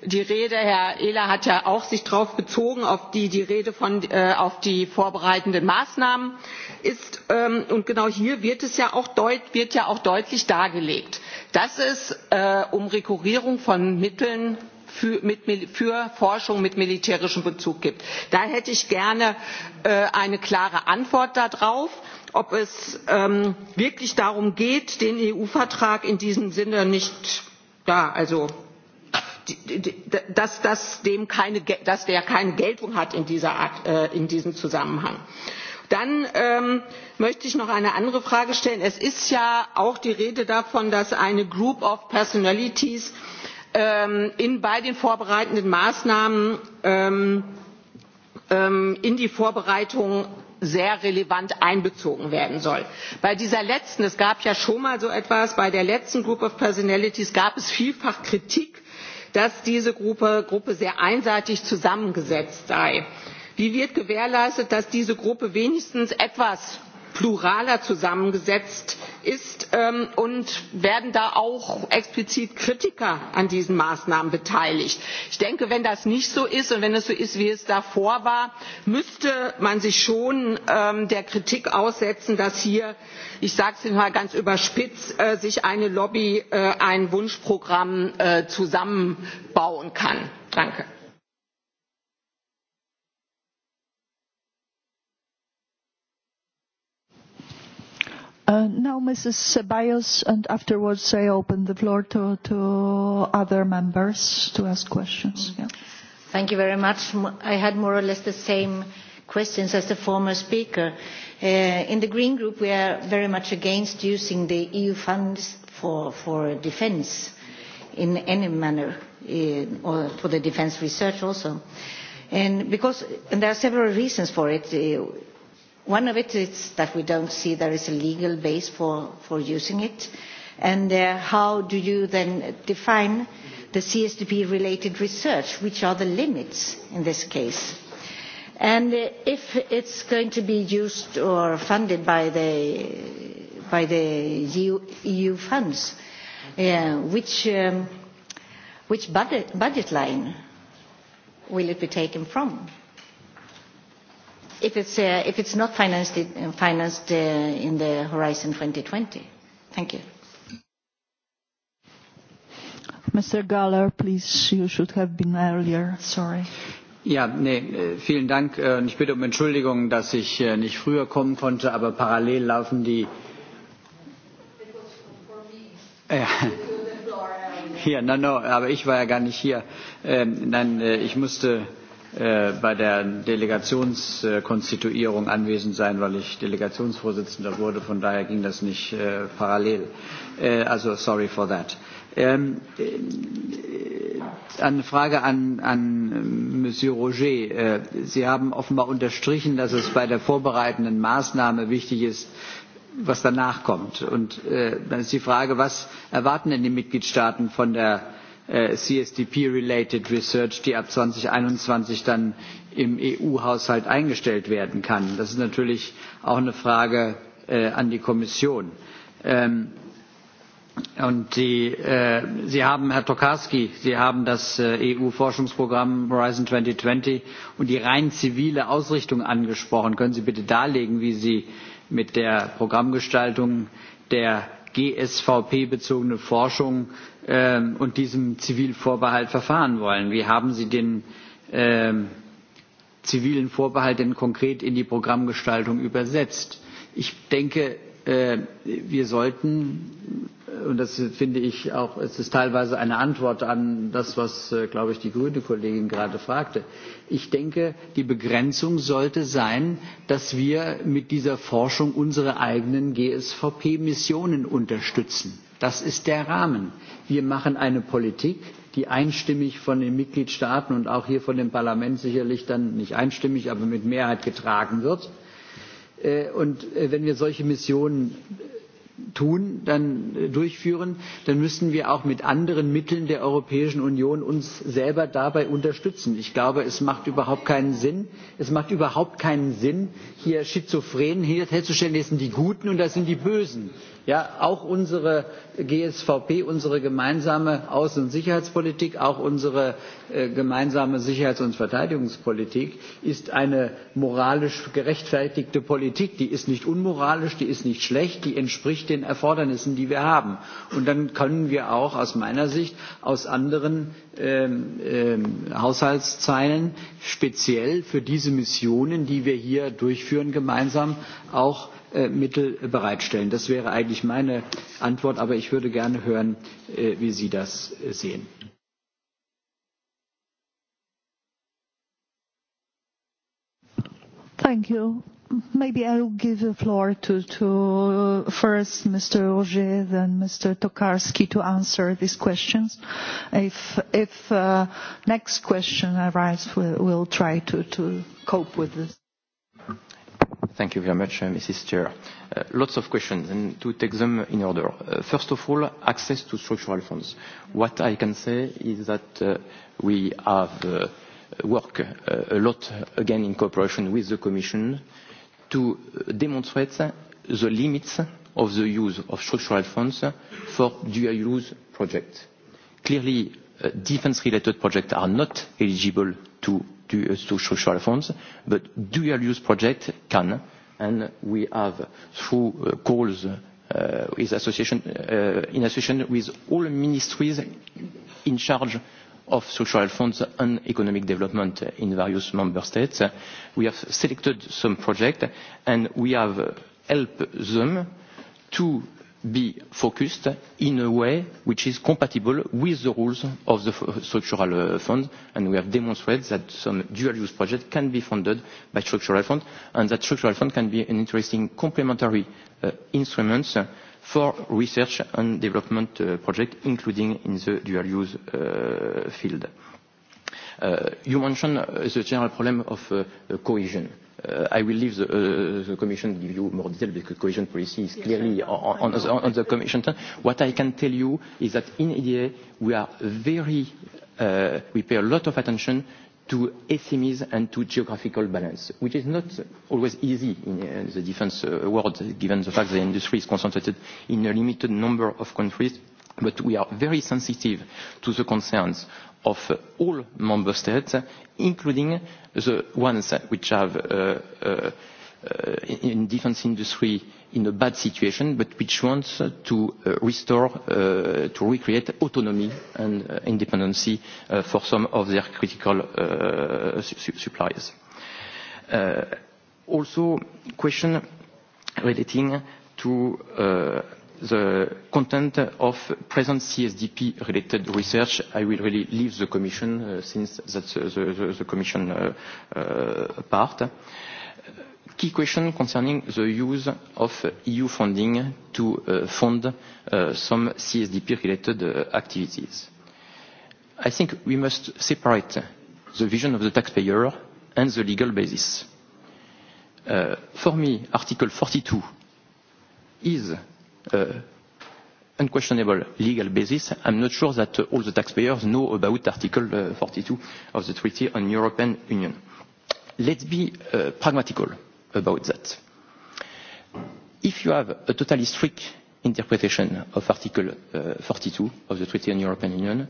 die rede herr ehler hat sich ja auch darauf bezogen auf die rede auf die vorbereitenden maßnahmen ist und genau hier wird ja auch deutlich dargelegt dass es um rekurrierung von mitteln für forschung mit militärischem bezug geht. da hätte ich gerne eine klare antwort darauf ob es wirklich darum geht den eu vertrag in diesem sinne nicht ja also dass der keine geltung hat in diesem zusammenhang. dann möchte ich noch eine andere frage stellen es ist ja auch die rede davon dass eine group of personalities bei den vorbereitenden maßnahmen in die vorbereitung sehr relevant einbezogen werden soll. Bei dieser letzten, es gab ja schon mal so etwas, bei der letzten Group of Personalities gab es vielfach Kritik, dass diese Gruppe, Gruppe sehr einseitig zusammengesetzt sei. Wie wird gewährleistet, dass diese Gruppe wenigstens etwas pluraler zusammengesetzt ist und werden da auch explizit kritiker an diesen maßnahmen beteiligt. ich denke wenn das nicht so ist und wenn es so ist wie es davor war müsste man sich schon der kritik aussetzen dass hier ich sage es mal ganz überspitzt sich eine lobby ein wunschprogramm zusammenbauen kann. danke. Now, Mrs. Ceballos, and afterwards, I open the floor to other members to ask questions. Yeah. Thank you very much. I had more or less the same questions as the former speaker. In the Green Group, we are very much against using the EU funds for for defense in any manner, or for the defense research also. And because and There are several reasons for it One of it is that we don't see there is a legal base for, for using it. And uh, how do you then define the CSDP-related research? Which are the limits in this case? And if it's going to be used or funded by the, by the EU, EU funds, which, um, which budget, budget line will it be taken from? if it's, uh, if it's not financed, financed uh, in the Horizon 2020? Thank you. Mr. Galler, please, you should have been earlier. Sorry. Ja, nee, vielen Dank. Ich bitte um Entschuldigung, dass ich nicht früher kommen konnte, aber parallel laufen die. Ja. Ja, no, no, aber ich war ja gar nicht hier. nein, ich musste bei der Delegationskonstituierung anwesend sein, weil ich Delegationsvorsitzender wurde. Von daher ging das nicht parallel. also sorry for that. eine Frage an, an Monsieur Roger. Sie haben offenbar unterstrichen, dass es bei der vorbereitenden Maßnahme wichtig ist, was danach kommt. Und dann ist die Frage, was erwarten denn die Mitgliedstaaten von der CSDP-related Research, die ab 2021 dann im EU-Haushalt eingestellt werden kann. Das ist natürlich auch eine Frage an die Kommission. Und Sie haben, Herr Tokarski, Sie haben das EU-Forschungsprogramm Horizon 2020 und die rein zivile Ausrichtung angesprochen. Können Sie bitte darlegen, wie Sie mit der Programmgestaltung der GSVP-bezogenen Forschung und diesem Zivilvorbehalt verfahren wollen. Wie haben Sie den zivilen Vorbehalt denn konkret in die Programmgestaltung übersetzt? Ich denke, wir sollten, und das finde ich auch, es ist teilweise eine Antwort an das, was, glaube ich, die grüne Kollegin gerade fragte. Ich denke, die Begrenzung sollte sein, dass wir mit dieser Forschung unsere eigenen GSVP-Missionen unterstützen Das ist der Rahmen. Wir machen eine Politik, die einstimmig von den Mitgliedstaaten und auch hier von dem Parlament sicherlich dann nicht einstimmig, aber mit Mehrheit getragen wird. Und wenn wir solche Missionen tun, dann durchführen, dann müssen wir auch mit anderen Mitteln der Europäischen Union uns selber dabei unterstützen. Ich glaube, es macht überhaupt keinen Sinn, es macht überhaupt keinen Sinn, hier schizophren herzustellen, das sind die Guten und das sind die Bösen. Ja, auch unsere GSVP, unsere gemeinsame Außen- und Sicherheitspolitik, auch unsere gemeinsame Sicherheits- und Verteidigungspolitik ist eine moralisch gerechtfertigte Politik. Die ist nicht unmoralisch, die ist nicht schlecht, die entspricht den Erfordernissen, die wir haben. Und dann können wir auch aus meiner Sicht aus anderen Haushaltszeilen speziell für diese Missionen, die wir hier durchführen, gemeinsam auch Mittel bereitstellen. Das wäre eigentlich meine Antwort, aber ich würde gerne hören, wie Sie das sehen. Thank you. Maybe I'll give the floor to, to first Mr. Roger, then Mr. Tokarski to answer these questions. If, if uh, next question arrives, we'll, we'll try to, to cope with this. Thank you very much, Mrs. Chair. Uh, lots of questions, and to take them in order. Uh, first of all, access to structural funds. What I can say is that uh, we have uh, worked uh, a lot, again, in cooperation with the Commission, to demonstrate the limits of the use of structural funds for dual-use projects. Clearly, uh, defense-related projects are not eligible to to structural funds, but dual-use project can, and we have, through calls uh, with association, uh, in association with all ministries in charge of structural funds and economic development in various member states. We have selected some projects, and we have helped them to be focused in a way which is compatible with the rules of the structural uh, fund and we have demonstrated that some dual use projects can be funded by structural fund and that structural fund can be an interesting complementary uh, instrument uh, for research and development uh, projects including in the dual use uh, field. Uh, you mentioned uh, the general problem of uh, cohesion. Uh, I will leave the, uh, the Commission give you more detail because cohesion policy is clearly yes, on, on, on, on the Commission. What I can tell you is that in EDA we are very, uh, we pay a lot of attention to SMEs and to geographical balance, which is not always easy in the defense world, given the fact the industry is concentrated in a limited number of countries. But we are very sensitive to the concerns of all member states, including the ones which have uh, uh, in defense industry in a bad situation, but which wants to restore, uh, to recreate autonomy and uh, independency uh, for some of their critical uh, suppliers. Uh, also, question relating to uh, the content of present CSDP-related research, I will really leave the Commission uh, since that's uh, the, the, the Commission uh, uh, part. Key question concerning the use of EU funding to uh, fund uh, some CSDP-related uh, activities. I think we must separate the vision of the taxpayer and the legal basis. Uh, for me, Article 42 is uh, unquestionable legal basis, I'm not sure that uh, all the taxpayers know about Article uh, 42 of the Treaty on European Union. Let's be uh, pragmatical about that. If you have a totally strict interpretation of Article uh, 42 of the Treaty on European Union,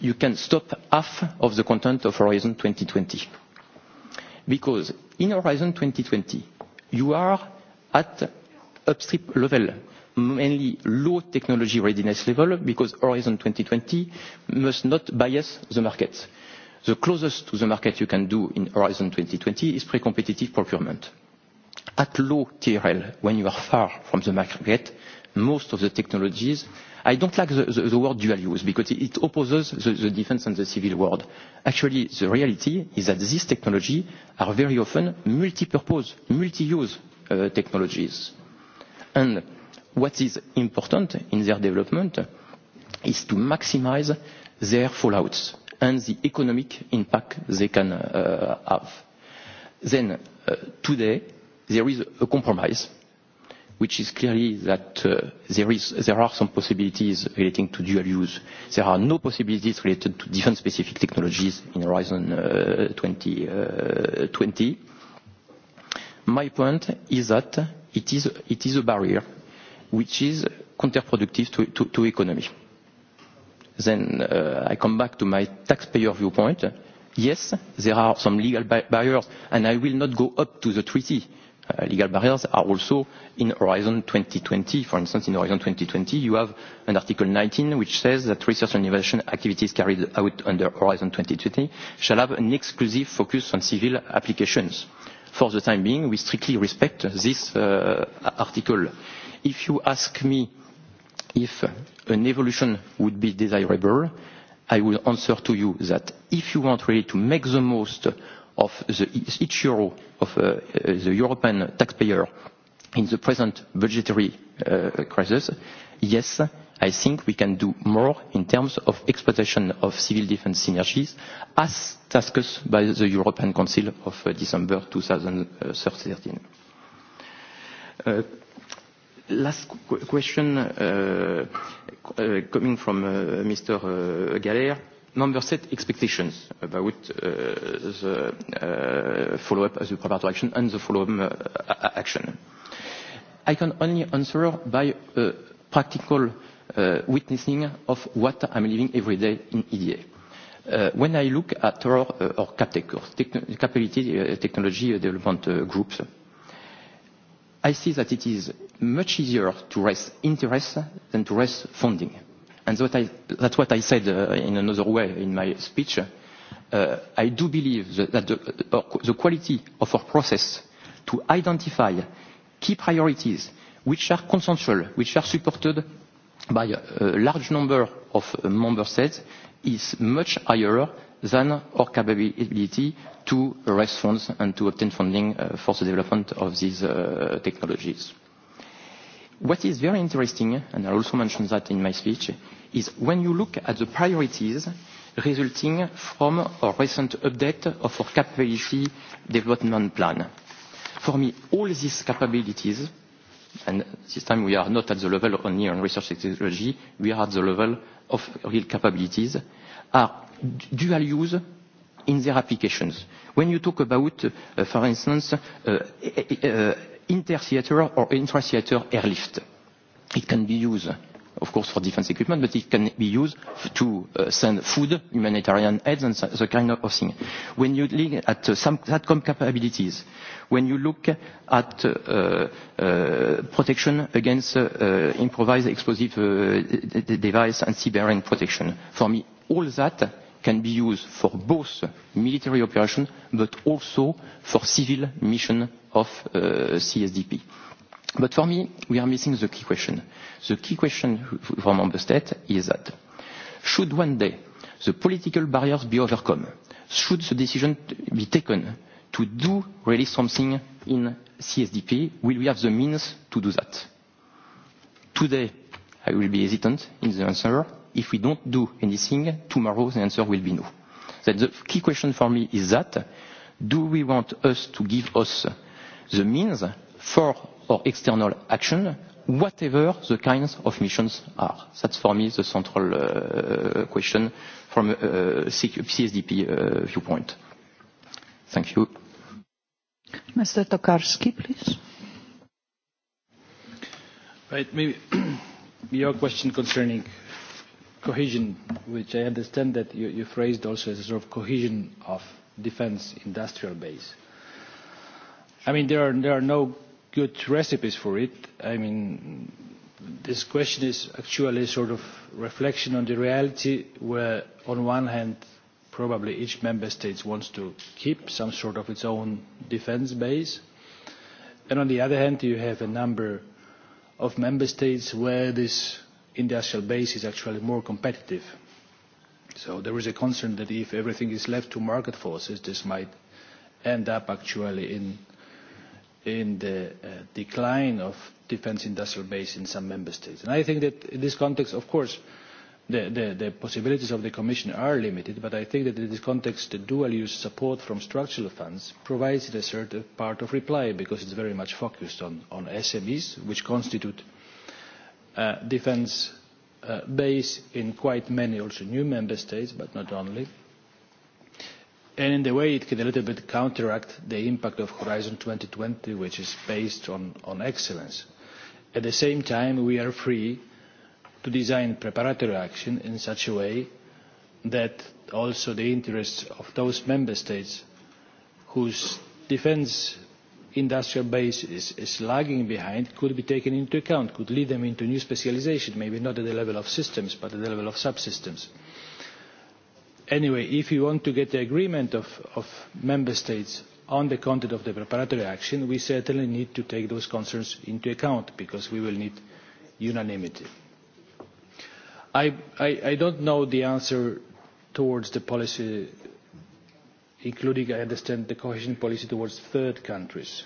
you can stop half of the content of Horizon 2020. Because in Horizon 2020, you are at upstream level mainly low technology readiness level because Horizon 2020 must not bias the market. The closest to the market you can do in Horizon 2020 is pre-competitive procurement. At low TRL, when you are far from the market, most of the technologies I don't like the, the, the word dual use because it opposes the, the defense and the civil world. Actually, the reality is that these technologies are very often multi-purpose, multi-use uh, technologies. And what is important in their development is to maximize their fallouts and the economic impact they can uh, have. Then, uh, today, there is a compromise, which is clearly that uh, there, is, there are some possibilities relating to dual use. There are no possibilities related to different specific technologies in Horizon uh, 2020. Uh, 20. My point is that it is, it is a barrier which is counterproductive to, to, to economy. Then uh, I come back to my taxpayer viewpoint. Yes, there are some legal barriers, and I will not go up to the treaty. Uh, legal barriers are also in Horizon 2020. For instance, in Horizon 2020, you have an Article 19 which says that research and innovation activities carried out under Horizon 2020 shall have an exclusive focus on civil applications. For the time being, we strictly respect this uh, article. Uh, if you ask me if an evolution would be desirable, I will answer to you that if you want really to make the most of the each euro of uh the European taxpayer in the present budgetary uh crisis, yes, I think we can do more in terms of exploitation of civil defense synergies as tasked by the European Council of December 2013. Last question coming from Mr. Galler. Number set expectations about the follow-up as the preparatory action and the follow-up action. I can only answer by practical witnessing of what I'm living every day in EDA. When I look at our Captech, our Capability Technology Development Groups, I see that it is much easier to raise interest than to raise funding. And that I, that's what I said uh, in another way in my speech. Uh, I do believe that, that the, uh, the quality of our process to identify key priorities which are consensual, which are supported by a large number of member states is much higher than our capability to raise funds and to obtain funding for the development of these technologies. What is very interesting, and I also mentioned that in my speech, is when you look at the priorities resulting from our recent update of our capability development plan. For me, all these capabilities, and this time we are not at the level only on research technology, we are at the level of real capabilities, are dual use in their applications. When you talk about, uh, for instance, uh, uh, inter-theater or intra-theater airlift, it can be used, of course, for defense equipment, but it can be used to uh, send food, humanitarian aids, and the kind of thing. When you look at uh, some SATCOM capabilities, when you look at uh, uh, protection against uh, improvised explosive uh, device and cyber protection, for me, all that can be used for both military operations but also for civil mission of uh, CSDP. But for me, we are missing the key question. The key question from member state is that should one day the political barriers be overcome, should the decision be taken to do really something in CSDP, will we have the means to do that? Today, I will be hesitant in the answer If we don't do anything, tomorrow the answer will be no. That the key question for me is that, do we want us to give us the means for our external action, whatever the kinds of missions are? That's for me the central uh, question from a CSDP uh, viewpoint. Thank you. Mr. Tokarski, please. Right. Maybe your question concerning cohesion, which I understand that you, you phrased also as a sort of cohesion of defense industrial base. I mean, there are, there are no good recipes for it. I mean, this question is actually a sort of reflection on the reality where, on one hand, probably each member state wants to keep some sort of its own defense base. And on the other hand, you have a number of member states where this industrial base is actually more competitive. So there is a concern that if everything is left to market forces, this might end up actually in in the uh, decline of defence industrial base in some member states. And I think that in this context, of course, the, the, the possibilities of the Commission are limited, but I think that in this context, the dual-use support from structural funds provides a certain part of reply because it's very much focused on, on SMEs, which constitute defence base in quite many also new member states, but not only. And in a way it can a little bit counteract the impact of Horizon twenty, which is based on, on excellence. At the same time, we are free to design preparatory action in such a way that also the interests of those member states whose defence industrial base is, is lagging behind could be taken into account, could lead them into new specialization, maybe not at the level of systems, but at the level of subsystems. Anyway, if you want to get the agreement of, of member states on the content of the preparatory action, we certainly need to take those concerns into account because we will need unanimity. I, I, I don't know the answer towards the policy including, I understand, the cohesion policy towards third countries.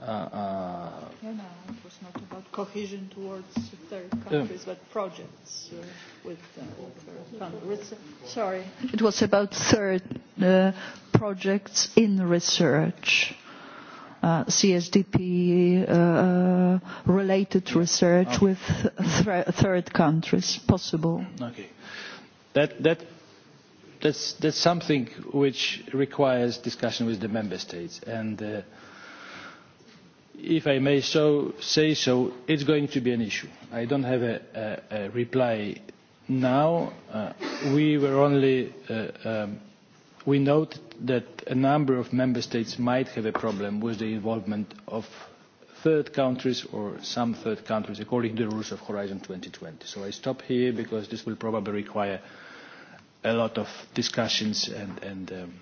Uh, uh, yeah, no, it was not about cohesion towards third countries, but projects uh, with uh, third countries. Sorry, it was about third uh, projects in research. Uh, CSDP uh, related research with th- third countries possible. Okay, that that that's, that's something which requires discussion with the member states. And uh, if I may so say so, it's going to be an issue. I don't have a, a, a reply now. Uh, we were only, uh, um, we note that a number of member states might have a problem with the involvement of third countries or some third countries according to the rules of Horizon 2020. So I stop here because this will probably require a lot of discussions and, and um,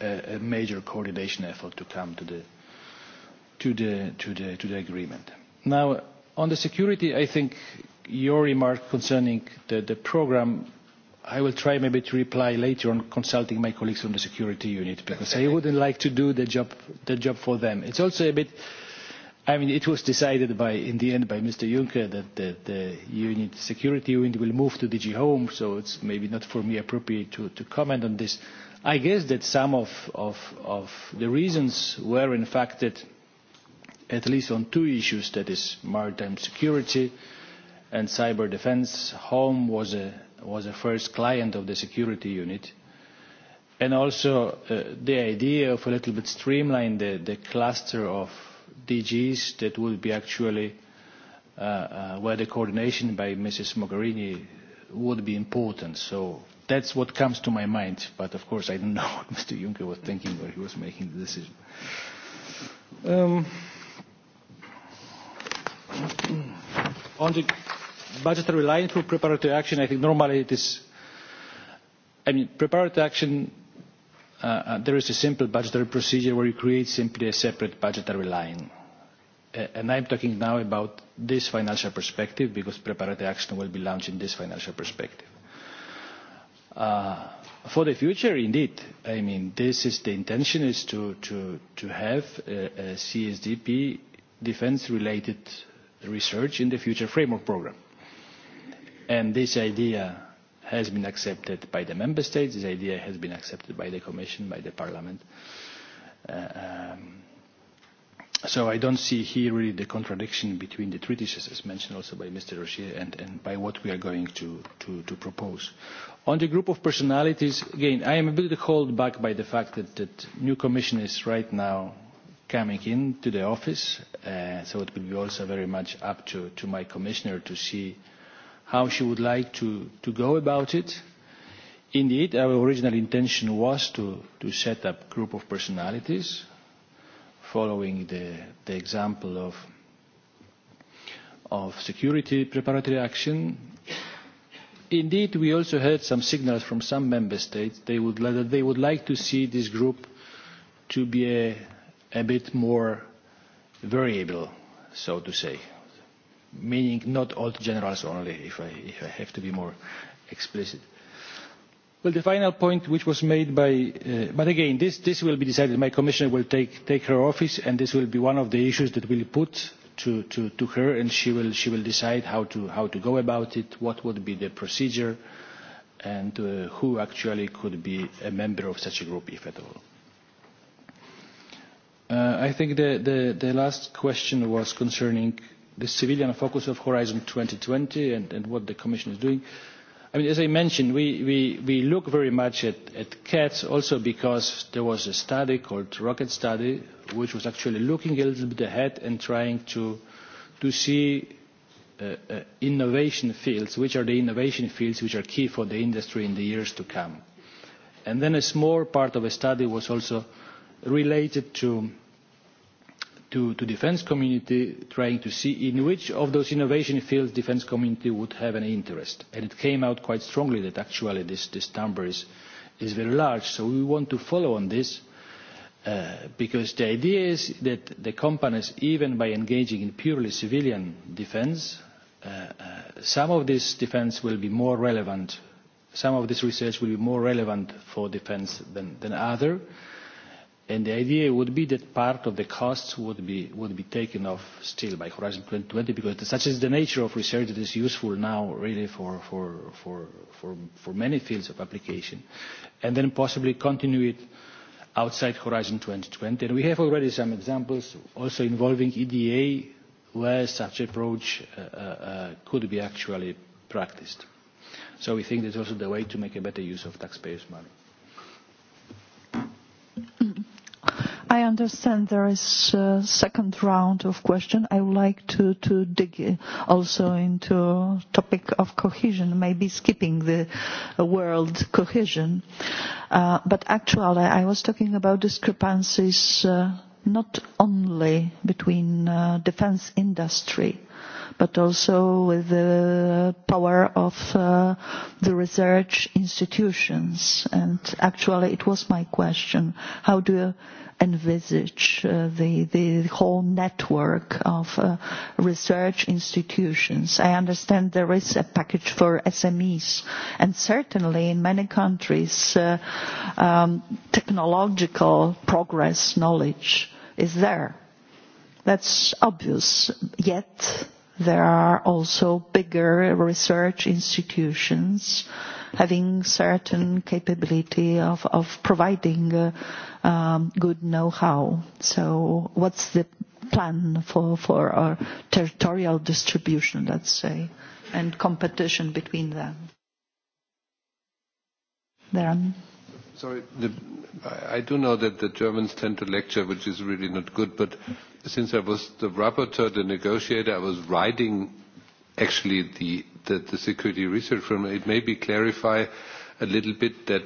a, a major coordination effort to come to the, to the, to the, to the agreement. Now, on the security, I think your remark concerning the, the program, I will try maybe to reply later on consulting my colleagues from the security unit because I wouldn't like to do the job, the job for them. It's also a bit I mean, it was decided by, in the end by Mr. Juncker that the, the unit, security unit will move to DG Home, so it's maybe not for me appropriate to, to comment on this. I guess that some of, of, of the reasons were in fact that at least on two issues, that is maritime security and cyber defense, Home was a, was a first client of the security unit and also uh, the idea of a little bit streamline the, the cluster of, DGs that will be actually uh, uh, where the coordination by Mrs. Mogherini would be important. So that's what comes to my mind. But of course, I don't know what Mr. Juncker was thinking when he was making the decision. Um, on the budgetary line for preparatory action, I think normally it is. I mean, preparatory action there is a simple budgetary procedure where you create simply a separate budgetary line. and I'm talking now about this financial perspective because preparatory action will be launched in this financial perspective. Uh, for the future, indeed, I mean, this is the intention is to, to, to have a, a CSDP defense-related research in the future framework program. And this idea has been accepted by the member states. This idea has been accepted by the Commission, by the Parliament. Uh, um, so I don't see here really the contradiction between the treaties, as mentioned also by Mr. Rocher, and, and by what we are going to, to, to propose. On the group of personalities, again, I am a bit held back by the fact that the new Commission is right now coming into the office, uh, so it will be also very much up to, to my commissioner to see uh, how she would like to, to go about it. Indeed, our original intention was to, to set up a group of personalities following the, the example of, of security preparatory action. Indeed, we also heard some signals from some member states they would, that they would like to see this group to be a, a bit more variable, so to say meaning not all generals only, if I, if I have to be more explicit. Well, the final point which was made by, uh, but again, this, this will be decided. My commissioner will take, take her office and this will be one of the issues that will put to, to, to her and she will, she will decide how to, how to go about it, what would be the procedure and uh, who actually could be a member of such a group, if at all. Uh, I think the, the, the last question was concerning the civilian focus of Horizon 2020 and, and what the Commission is doing. I mean, as I mentioned, we, we, we look very much at, at cats also because there was a study called Rocket Study, which was actually looking a little bit ahead and trying to, to see uh, uh, innovation fields, which are the innovation fields which are key for the industry in the years to come. And then a small part of a study was also related to to the defence community, trying to see in which of those innovation fields the defence community would have an interest. And it came out quite strongly that actually this, this number is, is very large. So we want to follow on this uh, because the idea is that the companies, even by engaging in purely civilian defence, uh, uh, some of this defence will be more relevant, some of this research will be more relevant for defence than, than other. And the idea would be that part of the costs would be, would be taken off still by Horizon 2020 because such is the nature of research that is useful now really for, for, for, for, for many fields of application. And then possibly continue it outside Horizon 2020. And we have already some examples also involving EDA where such approach uh, uh, could be actually practiced. So we think that's also the way to make a better use of taxpayers' money. I understand there is a second round of question. I would like to to dig also into topic of cohesion, maybe skipping the world cohesion. But actually, I was talking about discrepancies not only between defense industry, but also with the power of uh, the research institutions. And actually, it was my question. How do you envisage uh, the, the whole network of uh, research institutions. I understand there is a package for SMEs, and certainly in many countries, uh, um, technological progress knowledge is there. That's obvious, yet there are also bigger research institutions uh, having certain capability of, of providing uh, um, good know-how. So what's the plan for, for our territorial distribution, let's say, and competition between them? Darren? Sorry, the, I do know that the Germans tend to lecture, which is really not good, but since I was the rapporteur, the negotiator, I was writing actually the that the security research firm, it maybe clarify a little bit that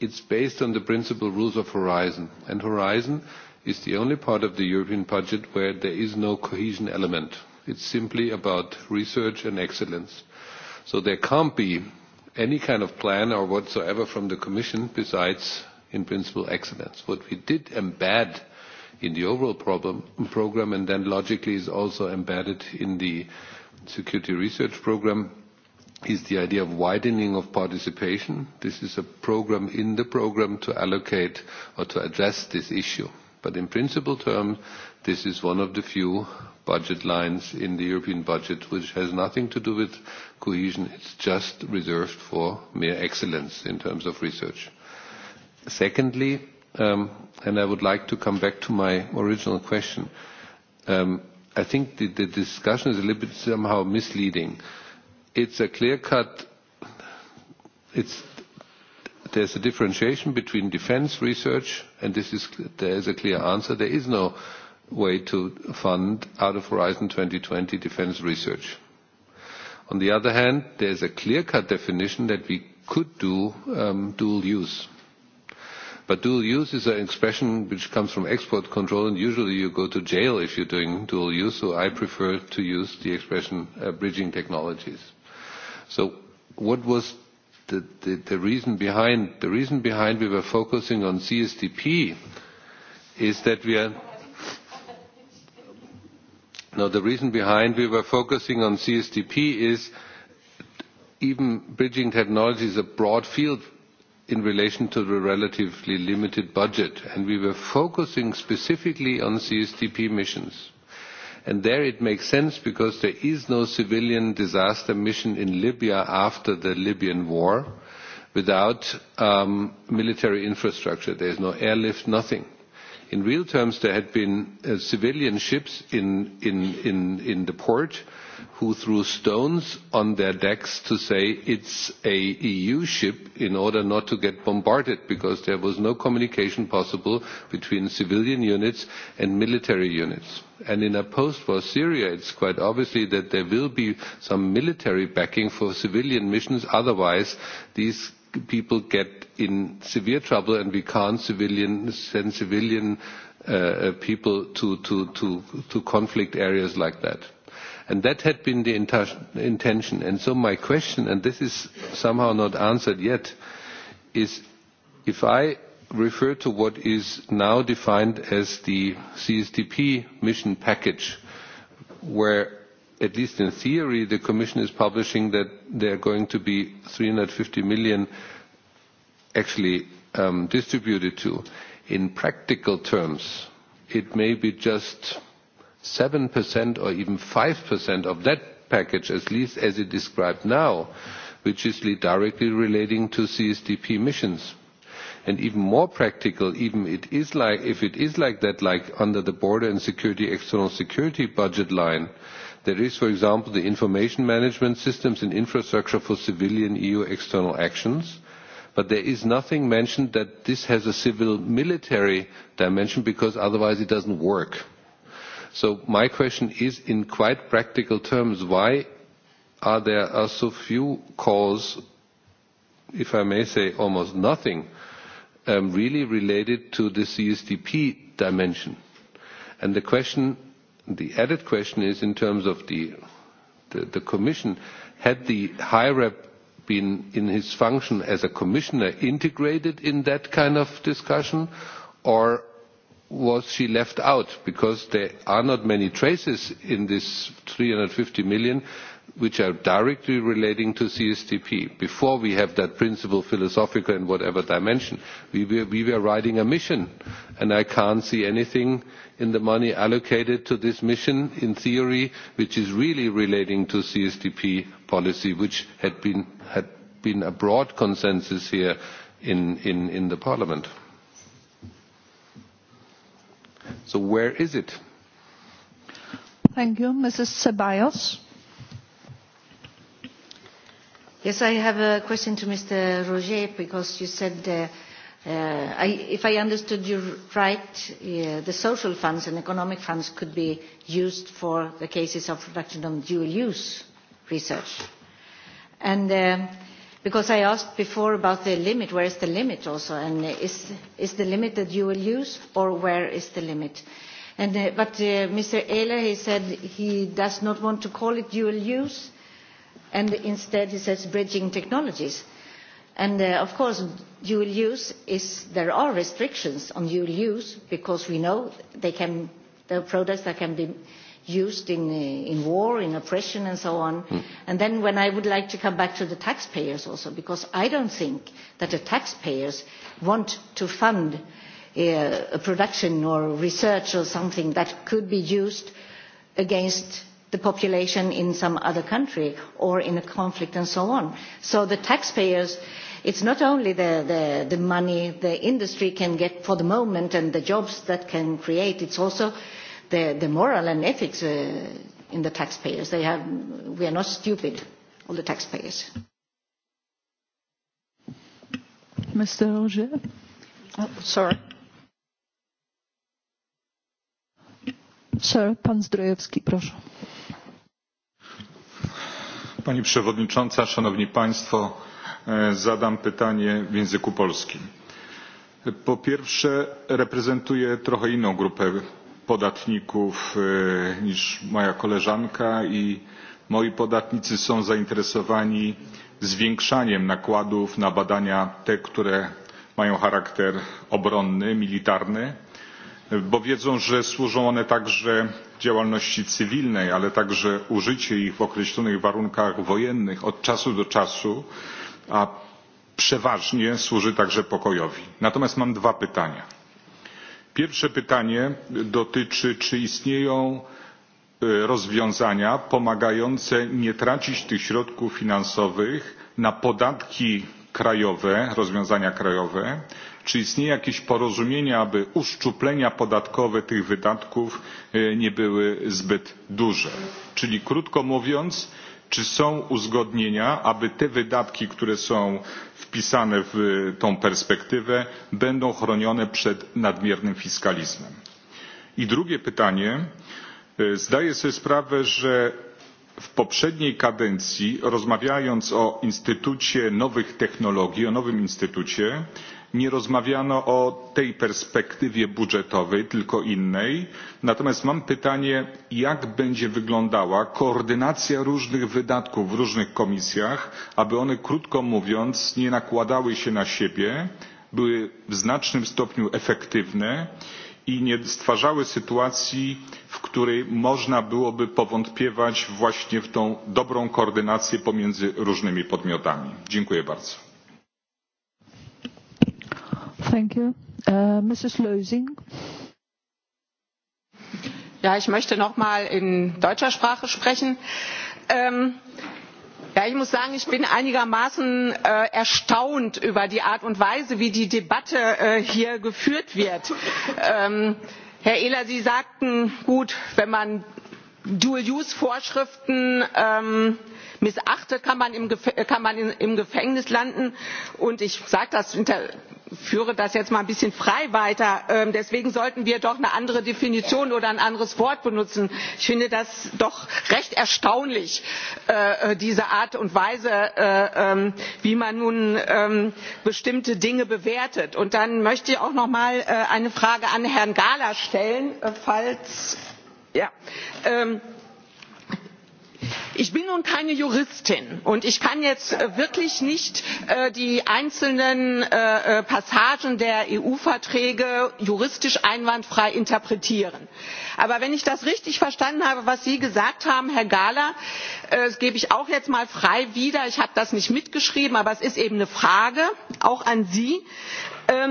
it's based on the principal rules of Horizon. And Horizon is the only part of the European budget where there is no cohesion element. It's simply about research and excellence. So there can't be any kind of plan or whatsoever from the Commission besides, in principle, excellence. What we did embed in the overall problem, program and then logically is also embedded in the security research program is the idea of widening of participation. This is a program in the program to allocate or to address this issue. But in principle terms, this is one of the few budget lines in the European budget which has nothing to do with cohesion. It's just reserved for mere excellence in terms of research. Secondly, um, and I would like to come back to my original question, um, I think the, the discussion is a little bit somehow misleading. It's a clear cut, it's, there's a differentiation between defense research, and this is, there is a clear answer. There is no way to fund out of Horizon 2020 defense research. On the other hand, there's a clear cut definition that we could do um, dual use But dual use is an expression which comes from export control, and usually you go to jail if you're doing dual use, so I prefer to use the expression uh, bridging technologies. So what was the, the, the reason behind? The reason behind we were focusing on CSDP is that we are No, the reason behind we were focusing on CSDP is even bridging technology is a broad field in relation to the relatively limited budget, and we were focusing specifically on CSDP missions. And There it makes sense because there is no civilian disaster mission in Libya after the Libyan war without um military infrastructure. There is no airlift, nothing. In real terms, there had been uh civilian ships in in in in the port, who threw stones on their decks to say it's a EU ship in order not to get bombarded because there was no communication possible between civilian units and military units. And in a post-war Syria, it's quite obviously that there will be some military backing for civilian missions. Otherwise, these people get in severe trouble and we can't civilian, send civilian uh, people to, to, to, to conflict areas like that. And that had been the intention. And so my question, and this is somehow not answered yet, is if I refer to what is now defined as the CSDP mission package, where at least in theory the Commission is publishing that there are going to be 350 million actually um, distributed to. In practical terms, it may be just 7% or even 5% of that package, at least as it described now, which is directly relating to CSDP missions. And even more practical, even if it is like that, like under the border and security, external security budget line, there is, for example, the information management systems and infrastructure for civilian EU external actions, but there is nothing mentioned that this has a civil military dimension because otherwise it doesn't work So my question is, in quite practical terms, why are there are so few calls, if I may say almost nothing, um, really related to the CSDP dimension? And the question, the added question is in terms of the, the, the Commission, had the high rep been in his function as a commissioner integrated in that kind of discussion, or was she left out? Because there are not many traces in this 350 million which are directly relating to CSTP. Before we have that principle, philosophical in whatever dimension, we were, we were riding a mission, and I can't see anything in the money allocated to this mission, in theory, which is really relating to CSTP policy, which had been, had been a broad consensus here in, in, in the Parliament. So where is it? Thank you. Mrs. Ceballos. Yes, I have a question to Mr. Roger because you said, uh, uh, I, if I understood you right, uh, the social funds and economic funds could be used for the cases of reduction of dual use research. And uh, Because I asked before about the limit, where is the limit also, and is, is the limit that you will use, or where is the limit? And, uh, but uh, Mr. Ehler, he said he does not want to call it dual use, and instead he says bridging technologies. And uh, of course, dual use is, there are restrictions on dual use, because we know they can, there are products that can be used in, in war, in oppression, and so on. Mm. And then when I would like to come back to the taxpayers also, because I don't think that the taxpayers want to fund uh, a production or research or something that could be used against the population in some other country or in a conflict and so on. So the taxpayers, it's not only the, the, the money the industry can get for the moment and the jobs that can create, it's also the, the moral and ethics uh, in the taxpayers. They have, we are not stupid, all the taxpayers. Mr. Roger? Oh, sorry. Sir, pan Zdrojewski, proszę. Pani Przewodnicząca, Szanowni Państwo, zadam pytanie w języku polskim. Po pierwsze, reprezentuję trochę inną grupę podatników niż moja koleżanka i moi podatnicy są zainteresowani zwiększaniem nakładów na badania te, które mają charakter obronny, militarny, bo wiedzą, że służą one także działalności cywilnej, ale także użycie ich w określonych warunkach wojennych od czasu do czasu, a przeważnie służy także pokojowi. Natomiast mam dwa pytania Pierwsze pytanie dotyczy, czy istnieją rozwiązania pomagające nie tracić tych środków finansowych na podatki krajowe, rozwiązania krajowe, czy istnieje jakieś porozumienie, aby uszczuplenia podatkowe tych wydatków nie były zbyt duże. Czyli krótko mówiąc, czy są uzgodnienia aby te wydatki które są wpisane w tą perspektywę będą chronione przed nadmiernym fiskalizmem? i drugie pytanie zdaję sobie sprawę że w poprzedniej kadencji rozmawiając o instytucie nowych technologii o nowym instytucie nie rozmawiano o tej perspektywie budżetowej, tylko innej. Natomiast mam pytanie, jak będzie wyglądała koordynacja różnych wydatków w różnych komisjach, aby one, krótko mówiąc, nie nakładały się na siebie, były w znacznym stopniu efektywne i nie stwarzały sytuacji, w której można byłoby powątpiewać właśnie w tą dobrą koordynację pomiędzy różnymi podmiotami. Dziękuję bardzo. Thank you. Uh, Mrs. Lösing. Ja, ich möchte noch mal in deutscher Sprache sprechen. Ähm, ja, ich muss sagen, ich bin einigermaßen äh, erstaunt über die Art und Weise, wie die Debatte äh, hier geführt wird. Ähm, Herr Ehler, Sie sagten, gut, wenn man Dual-Use-Vorschriften ähm, äh, missachtet kann man im gefängnis landen und ich führe das jetzt mal ein bisschen frei weiter deswegen sollten wir doch eine andere definition oder ein anderes wort benutzen. ich finde das doch recht erstaunlich diese art und weise wie man nun bestimmte dinge bewertet. und dann möchte ich auch noch mal eine frage an herrn gahler stellen falls ja ich bin nun keine juristin und ich kann jetzt wirklich nicht die einzelnen passagen der eu verträge juristisch einwandfrei interpretieren. aber wenn ich das richtig verstanden habe was sie gesagt haben herr gahler das gebe ich auch jetzt mal frei wieder ich habe das nicht mitgeschrieben aber es ist eben eine frage auch an sie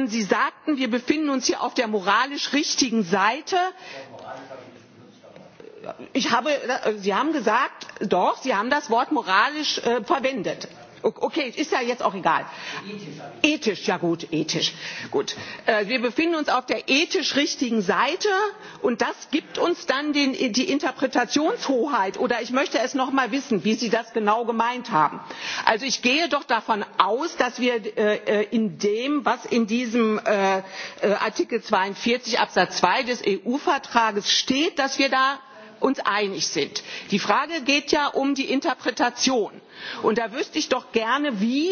sie sagten wir befinden uns hier auf der moralisch richtigen seite sie haben gesagt doch sie haben das wort moralisch verwendet. okay ist ja jetzt auch egal. ethisch ja gut ethisch. gut wir befinden uns auf der ethisch richtigen seite und das gibt uns dann die interpretationshoheit oder ich möchte es noch mal wissen wie sie das genau gemeint haben. also ich gehe doch davon aus dass wir in dem was in diesem artikel zweiundvierzig absatz zwei des eu vertrages steht dass wir da uns einig sind. die frage geht ja um die interpretation und da wüsste ich doch gerne wie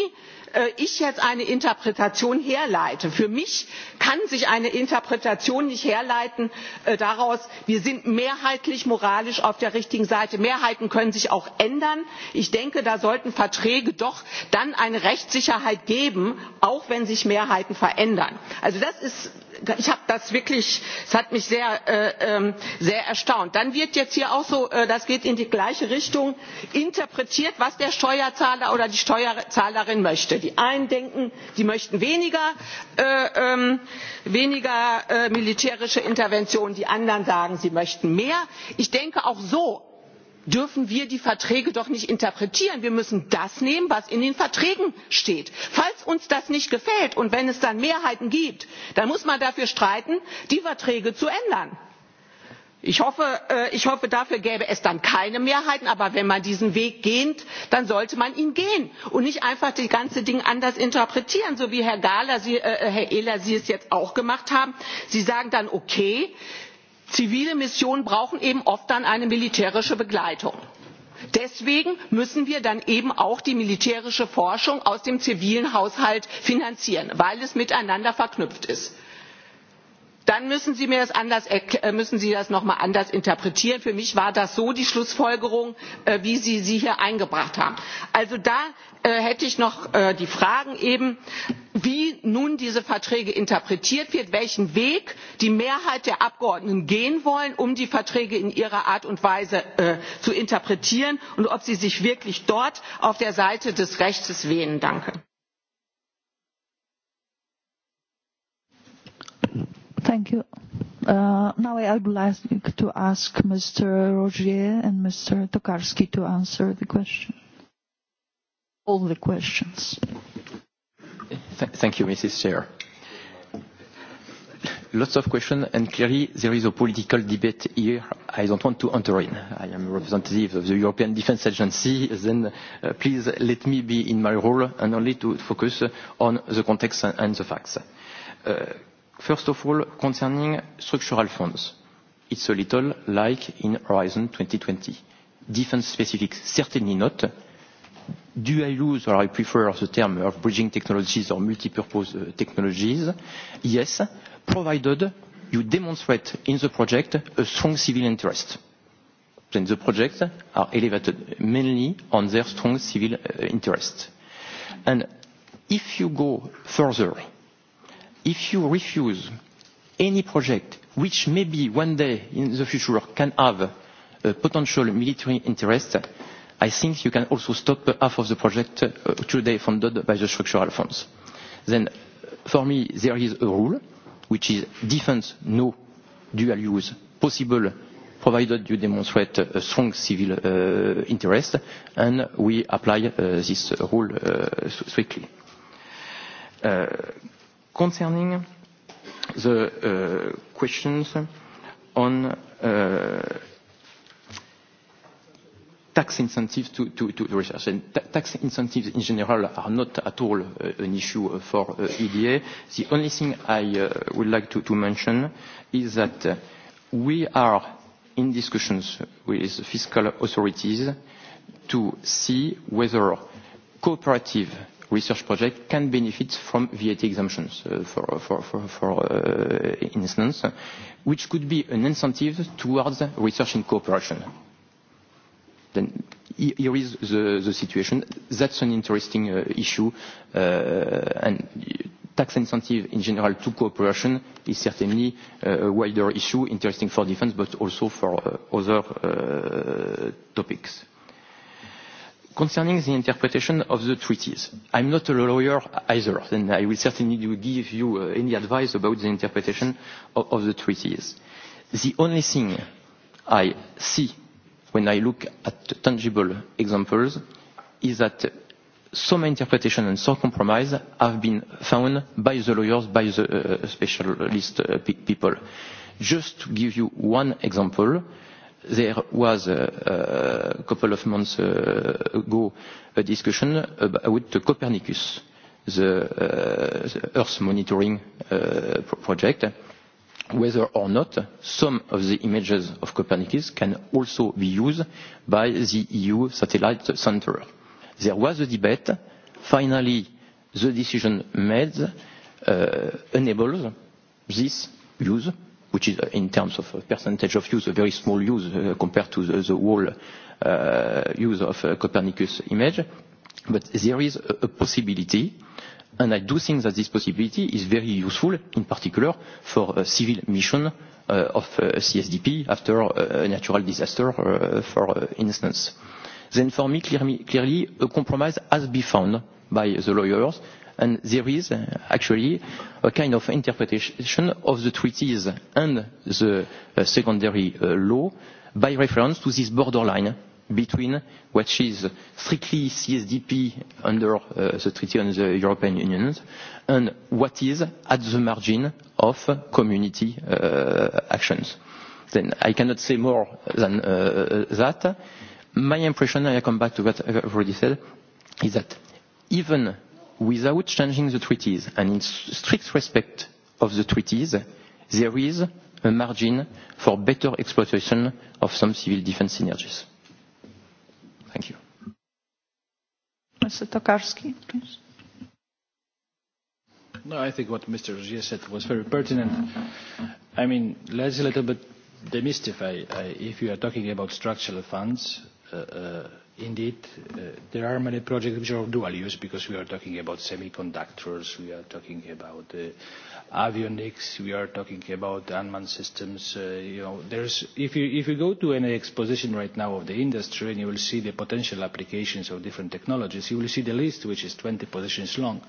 ich jetzt eine interpretation herleite. für mich kann sich eine interpretation nicht herleiten daraus wir sind mehrheitlich moralisch auf der richtigen seite. mehrheiten können sich auch ändern. ich denke da sollten verträge doch dann eine rechtssicherheit geben auch wenn sich mehrheiten verändern. also das ist ich habe das wirklich, es hat mich sehr, erstaunt. Dann wird jetzt hier auch so, das geht in die gleiche Richtung, interpretiert, was der Steuerzahler oder die Steuerzahlerin möchte. Die einen denken, sie möchten weniger, weniger militärische Intervention, die anderen sagen, sie möchten mehr. Ich denke, auch so dürfen wir die verträge doch nicht interpretieren. wir müssen das nehmen was in den verträgen steht. falls uns das nicht gefällt und wenn es dann mehrheiten gibt dann muss man dafür streiten die verträge zu ändern. ich hoffe dafür gäbe es dann keine mehrheiten aber wenn man diesen weg geht dann sollte man ihn gehen und nicht einfach das ganze ding anders interpretieren so wie herr ehler sie es jetzt auch gemacht haben. sie sagen dann okay zivile missionen brauchen eben oft dann eine militärische begleitung. deswegen müssen wir dann eben auch die militärische forschung aus dem zivilen haushalt finanzieren weil es miteinander verknüpft ist dann müssen sie mir das noch mal anders interpretieren. für mich war das so die schlussfolgerung wie sie sie hier eingebracht haben. also da hätte ich noch die fragen eben wie nun diese verträge interpretiert werden welchen weg die mehrheit der abgeordneten gehen wollen um die verträge in ihrer art und weise zu interpretieren und ob sie sich wirklich dort auf der seite des rechts wähnen. Thank you. Now I would like to ask Mr. Rogier and Mr. Tokarski to answer the question. All the questions. Thank you, Mrs. Chair. Lots of questions, and clearly there is a political debate here I don't want to enter in. I am a representative of the European Defence Agency, then uh, please let me be in my role and only to focus on the context and the facts. Uh, First of all, concerning structural funds, it's a little like in Horizon 2020. Defense specific, certainly not. Do I lose or I prefer the term of bridging technologies or multipurpose technologies? Yes, provided you demonstrate in the project a strong civil interest. Then the projects are elevated mainly on their strong civil interest. And if you go further, if you refuse any project which maybe one day in the future can have a potential military interest, I think you can also stop half of the project uh, today funded by the structural funds. Then, for me, there is a rule, which is defense, no dual use, possible, provided you demonstrate a strong civil uh, interest, and we apply uh, this rule uh, strictly. Uh, Concerning the uh, questions on uh, tax incentives to, to, to research. And ta tax incentives in general are not at all uh, an issue for uh, EDA. The only thing I uh, would like to, to mention is that uh, we are in discussions with fiscal authorities to see whether cooperative research project can benefit from VAT exemptions, uh, for, for, for, for uh, instance, which could be an incentive towards research in cooperation. Then here is the, the situation. That's an interesting uh, issue, uh, and tax incentive in general to cooperation is certainly a wider issue, interesting for defense, but also for uh, other uh, topics. Concerning the interpretation of the treaties, I'm not a lawyer either, and I will certainly give you uh, any advice about the interpretation of, of the treaties. The only thing I see when I look at tangible examples is that some interpretation and some compromise have been found by the lawyers, by the uh, specialist uh, people. Just to give you one example, uh, there was a couple of months ago a discussion about Copernicus, the Earth monitoring project, whether or not some of the images of Copernicus can also be used by the EU Satellite Center. There was a debate. Finally, the decision made enables this use which is in terms of percentage of use, a very small use uh, compared to the, the whole uh, use of uh, Copernicus image. But there is a, possibility And I do think that this possibility is very useful, in particular for a civil mission uh, of CSDP after a natural disaster, uh, for instance. Then for me, clearly, clearly, a compromise has been found by the lawyers And there is actually a kind of interpretation of the treaties and the secondary law by reference to this borderline between what is strictly CSDP under uh, the Treaty on the European Union and what is at the margin of community uh, actions. Then I cannot say more than uh, that. My impression, and I come back to what I've already said, is that even without changing the treaties and in strict respect of the treaties, there is a margin for better exploitation of some civil defense synergies. Thank you. Mr. Tokarski, please. No, I think what Mr. Rogier said was very pertinent. I mean, let's a little bit demystify. if you are talking about structural funds, uh, uh, indeed, uh, there are many projects which are dual use because we are talking about semiconductors, we are talking about uh, avionics, we are talking about unmanned systems. Uh, you know, there's, if, you, if you go to any exposition right now of the industry and you will see the potential applications of different technologies, you will see the list which is 20 positions long. Uh,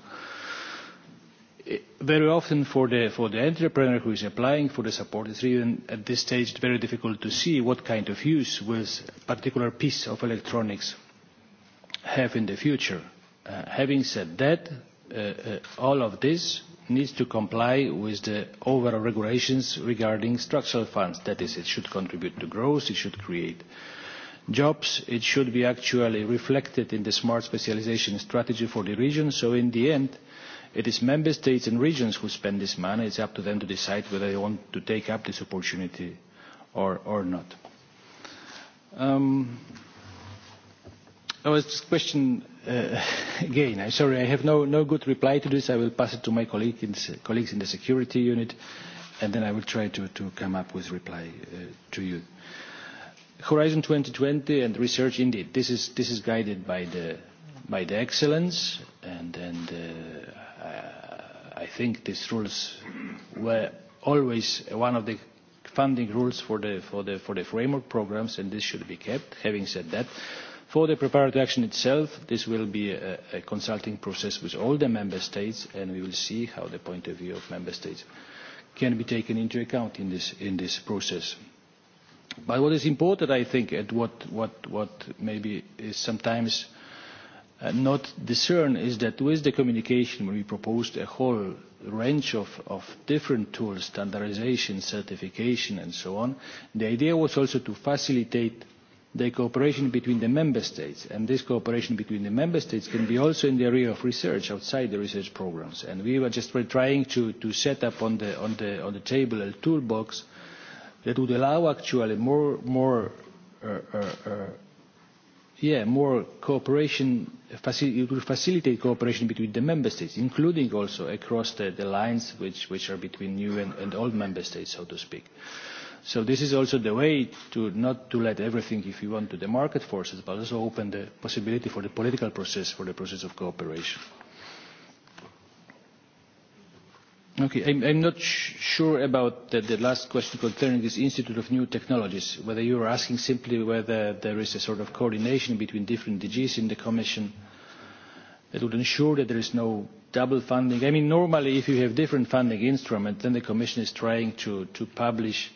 very often for the, for the entrepreneur who is applying for the support, it's even at this stage very difficult to see what kind of use will a particular piece of electronics have in the future. Uh, having said that, uh, uh, all of this needs to comply with the overall regulations regarding structural funds. That is, it should contribute to growth, it should create jobs, it should be actually reflected in the smart specialisation strategy for the region. So in the end, It is member states and regions who spend this money. It's up to them to decide whether they want to take up this opportunity or, or not. Um, was just question uh, again. I'm sorry, I have no, no good reply to this. I will pass it to my colleague in, colleagues in the security unit, and then I will try to, to come up with reply uh, to you. Horizon 2020 and research, indeed, this is, this is guided by the, by the excellence, and, and uh, I think these rules were always one of the funding rules for the, for the, for the framework programmes and this should be kept. Having said that, for the preparatory action itself, this will be a, a consulting process with all the member states, and we will see how the point of view of member states can be taken into account in this, in this process. But what is important, I think, and what, what, what maybe is sometimes not discern is that with the communication we proposed a whole range of, of different tools, standardisation, certification and so on. The idea was also to facilitate the cooperation between the member states and this cooperation between the member states can be also in the area of research outside the research programmes and we were just trying to, to set up on the, on, the, on the table a toolbox that would allow actually more, more, uh, uh, uh, yeah, more cooperation it will facilitate cooperation between the member states, including also across the, the lines which, which are between new and, and old member states, so to speak. So this is also the way to not to let everything, if you want, to the market forces, but also open the possibility for the political process, for the process of cooperation. Okay. I'm not sure about the last question concerning this Institute of New Technologies, whether you are asking simply whether there is a sort of coordination between different DGs in the Commission that would ensure that there is no double funding. I mean, normally, if you have different funding instruments, then the Commission is trying to publish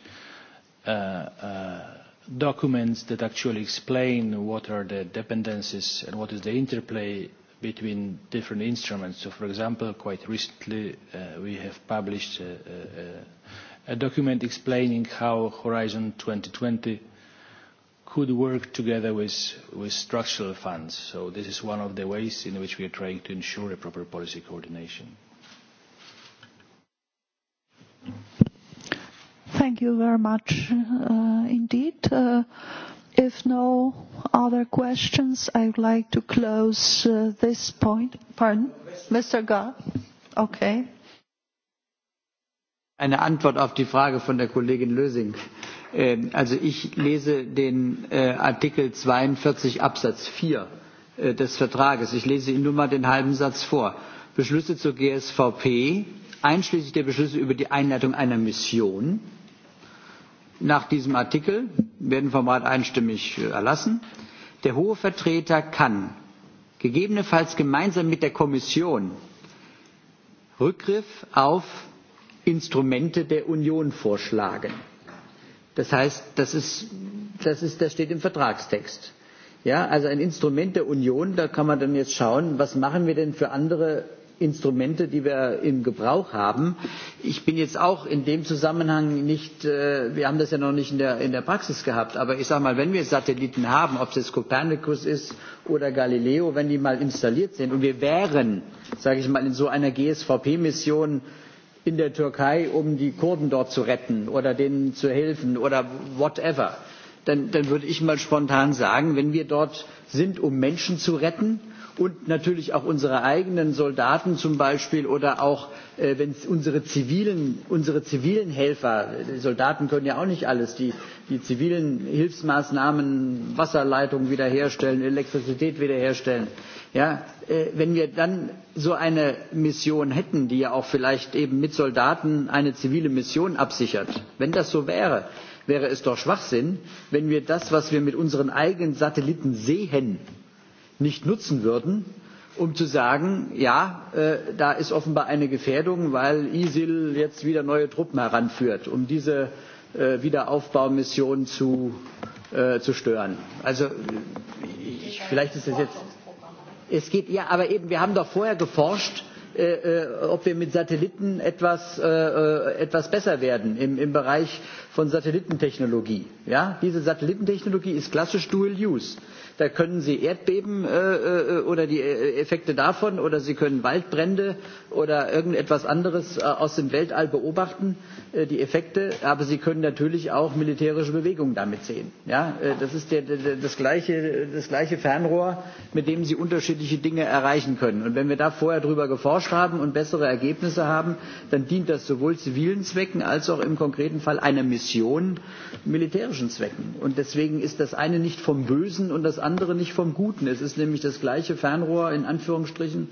documents that actually explain what are the dependencies and what is the interplay between different instruments. So, for example, quite recently uh, we have published a, a, a document explaining how Horizon 2020 could work together with, with structural funds. So this is one of the ways in which we are trying to ensure a proper policy coordination. Thank you very much uh, indeed. Uh, If no other questions, I would like to close uh, this point. Pardon? Mr. Gah? Okay. Eine Antwort auf die Frage von der Kollegin Lösing. Also ich lese den Artikel 42 Absatz 4 des Vertrages. Ich lese Ihnen nur mal den halben Satz vor. Beschlüsse zur GSVP, einschließlich der Beschlüsse über die Einleitung einer Mission, nach diesem Artikel, werden vom Rat einstimmig erlassen. Der hohe Vertreter kann gegebenenfalls gemeinsam mit der Kommission Rückgriff auf Instrumente der Union vorschlagen. Das heißt, das, ist, das, ist, das steht im Vertragstext. Ja, also ein Instrument der Union, da kann man dann jetzt schauen, was machen wir denn für andere Instrumente, die wir im Gebrauch haben. Ich bin jetzt auch in dem Zusammenhang nicht, wir haben das ja noch nicht in der, in der Praxis gehabt, aber ich sage mal, wenn wir Satelliten haben, ob es jetzt Copernicus ist oder Galileo, wenn die mal installiert sind und wir wären, sage ich mal, in so einer GSVP-Mission in der Türkei, um die Kurden dort zu retten oder denen zu helfen oder whatever, dann, dann würde ich mal spontan sagen, wenn wir dort sind, um Menschen zu retten, und natürlich auch unsere eigenen Soldaten zum Beispiel oder auch äh, wenn unsere zivilen, unsere zivilen Helfer, die Soldaten können ja auch nicht alles, die, die zivilen Hilfsmaßnahmen, Wasserleitungen wiederherstellen, Elektrizität wiederherstellen. Ja, äh, wenn wir dann so eine Mission hätten, die ja auch vielleicht eben mit Soldaten eine zivile Mission absichert, wenn das so wäre, wäre es doch Schwachsinn, wenn wir das, was wir mit unseren eigenen Satelliten sehen, nicht nutzen würden, um zu sagen, ja, da ist offenbar eine Gefährdung, weil ISIL jetzt wieder neue Truppen heranführt, um diese Wiederaufbaumission zu, zu stören. Also ich, vielleicht ist das jetzt. Es geht ja, aber eben, wir haben doch vorher geforscht, ob wir mit Satelliten etwas, etwas besser werden im, im Bereich von Satellitentechnologie. Ja? Diese Satellitentechnologie ist klassisch Dual Use. Da können Sie Erdbeben äh, oder die Effekte davon oder Sie können Waldbrände oder irgendetwas anderes aus dem Weltall beobachten die Effekte, aber sie können natürlich auch militärische Bewegungen damit sehen. Ja, das ist der, der, das, gleiche, das gleiche Fernrohr, mit dem sie unterschiedliche Dinge erreichen können. Und wenn wir da vorher drüber geforscht haben und bessere Ergebnisse haben, dann dient das sowohl zivilen Zwecken als auch im konkreten Fall einer Mission militärischen Zwecken. Und deswegen ist das eine nicht vom Bösen und das andere nicht vom Guten. Es ist nämlich das gleiche Fernrohr in Anführungsstrichen,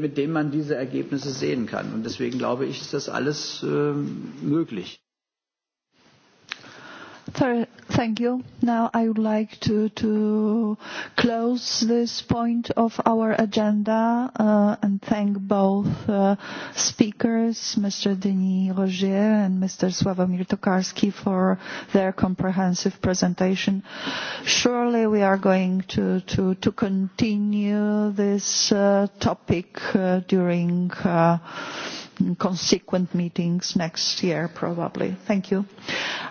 mit dem man diese Ergebnisse sehen kann. Und deswegen glaube ich, ist das alles äh, möglich. Thank you. Now I would like to close this point of our agenda and thank both speakers, Mr. Denis Roger and Mr. Sławomir Tokarski, for their comprehensive presentation. Surely, we are going to continue this topic during consequent meetings next year, probably. Thank you.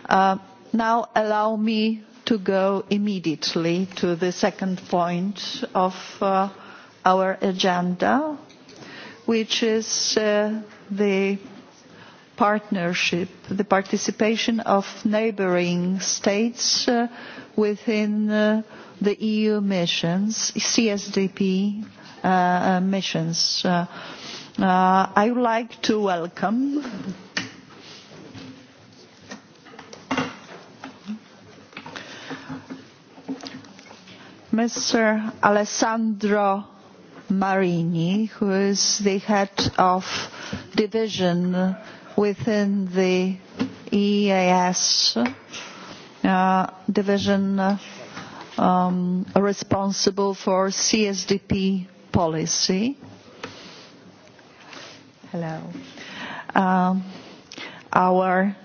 Now allow me to go immediately to the second point of our agenda, which is the partnership, the participation of neighboring states within the EU missions, CSDP missions Uh, I would like to welcome Mr. Alessandro Marini, who is the head of division within the EAS uh, division um, responsible for CSDP policy. Hello. Uh, our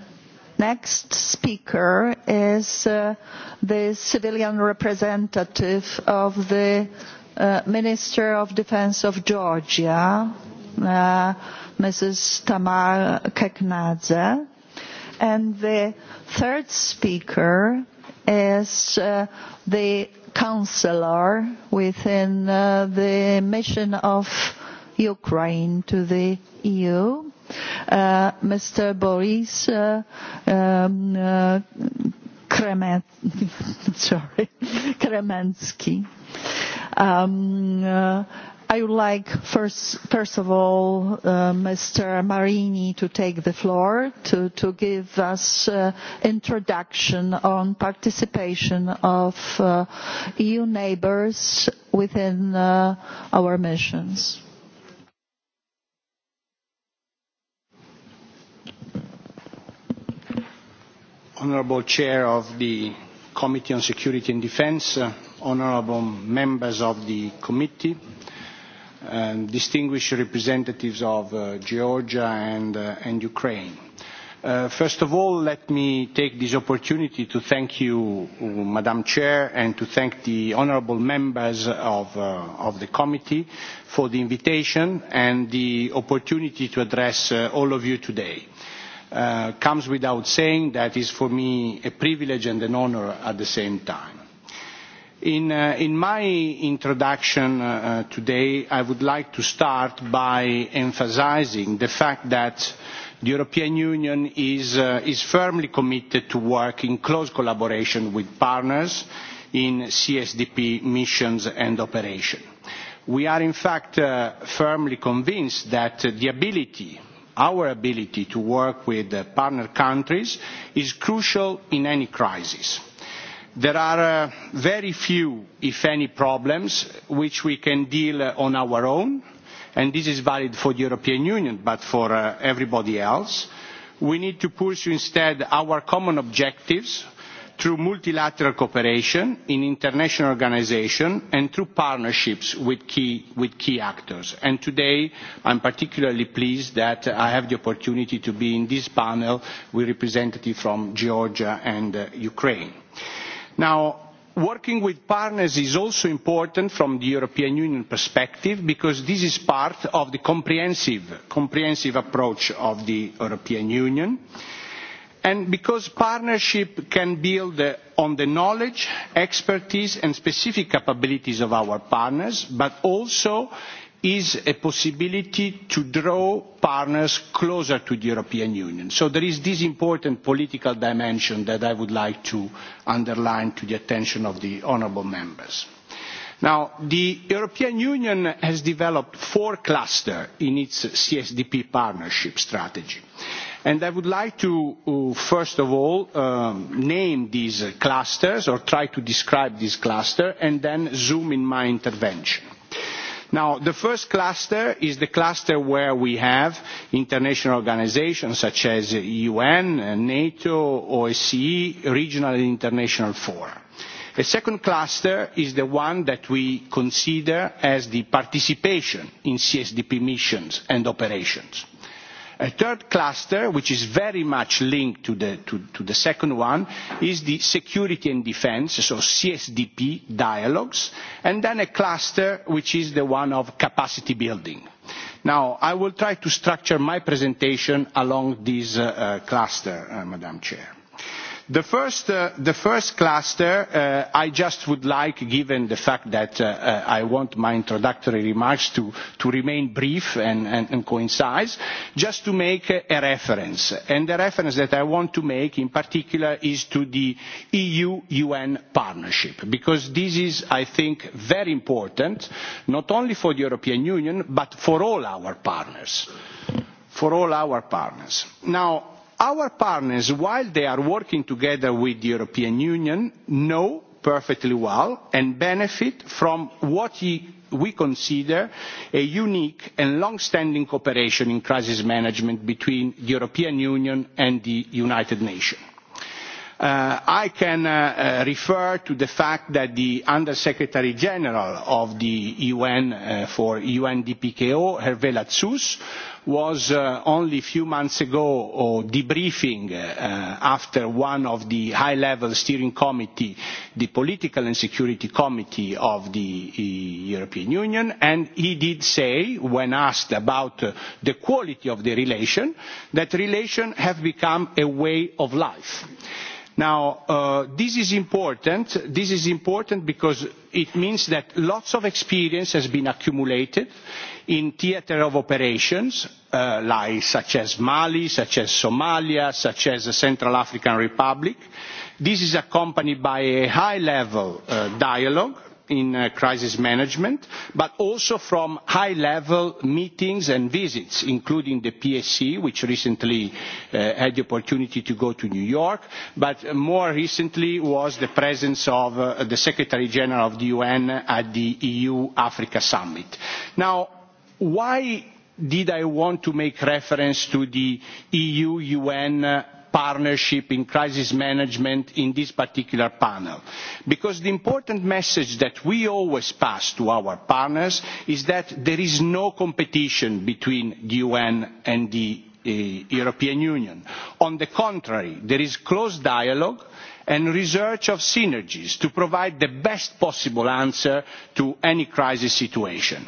next speaker is uh, the civilian representative of the uh, Minister of Defense of Georgia, uh, Mrs. Tamar Keknadze. And the third speaker is uh, the counselor within uh, the mission of uh, Ukraine to the EU. Uh, Mr. Boris uh, um, uh, Kremen, sorry, Kremensky. Um, uh, I would like first, first of all, uh, Mr. Marini to take the floor to, to give us uh, introduction on participation of uh, EU neighbors within uh, our missions. honourable chair of the Committee on Security and Defence, honourable members of the committee, and distinguished representatives of Georgia and, Ukraine. first of all, let me take this opportunity to thank you, Madam Chair, and to thank the honourable members of, the committee for the invitation and the opportunity to address all of you today uh, comes without saying that is for me a privilege and an honor at the same time. In, uh, in my introduction uh, today, I would like to start by emphasizing the fact that the European Union is, uh, is firmly committed to work in close collaboration with partners in CSDP missions and operations. We are in fact uh, firmly convinced that the ability our ability to work with the partner countries is crucial in any crisis. There are very few, if any, problems which we can deal on our own, and this is valid for the European Union, but for everybody else. We need to pursue instead our common objectives through multilateral cooperation in international organisations and through partnerships with key actors. Today, I am particularly pleased that I have the opportunity to be in this panel with representatives from Georgia and Ukraine. Now, working with partners is also important from the European Union perspective because this is part of the comprehensive approach of the European Union and because partnership can build on the knowledge, expertise and specific capabilities of our partners, but also is a possibility to draw partners closer to the European Union. So there is this important political dimension that I would like to underline to the attention of the honourable members. Now, the European Union has developed four clusters in its CSDP partnership strategy. And I would like to, first of all, um, name these clusters or try to describe this cluster and then zoom in my intervention. Now, the first cluster is the cluster where we have international organizations such as UN, NATO, OSCE, regional and international fora. A second cluster is the one that we consider as the participation in CSDP missions and operations A third cluster, which is very much linked to the, to, to the second one, is the security and defense, so CSDP dialogues, and then a cluster which is the one of capacity building. Now, I will try to structure my presentation along this uh, uh, cluster, uh, Madam Chair. The first, cluster, uh, I just would like, given the fact that uh, I want my introductory remarks to, to remain brief and, and, and concise, just to make a reference. And the reference that I want to make in particular is to the EU-UN partnership, because this is, I think, very important, not only for the European Union, but for all our partners. For all our partners. Now, Our partners, while they are working together with the European Union, know perfectly well and benefit from what we consider a unique and long-standing cooperation in crisis management between the European Union and the United Nations I can refer to the fact that the Under Secretary General of the UN for UNDPKO, Hervé Latsous, was uh, only a few months ago debriefing uh, after one of the high-level steering committee, the political and security committee of the European Union, and he did say, when asked about uh, the quality of the relation, that relations have become a way of life Now, uh, this is important. This is important because it means that lots of experience has been accumulated in theater of operations, uh, like, such as Mali, such as Somalia, such as the Central African Republic. This is accompanied by a high-level uh, dialogue in crisis management, but also from high-level meetings and visits, including the PSC, which recently had the opportunity to go to New York, but more recently was the presence of the Secretary General of the UN at the EU-Africa Summit. Now, why did I want to make reference to the EU-UN partnership in crisis management in this particular panel. Because the important message that we always pass to our partners is that there is no competition between the UN and the European Union. On the contrary, there is close dialogue and research of synergies to provide the best possible answer to any crisis situation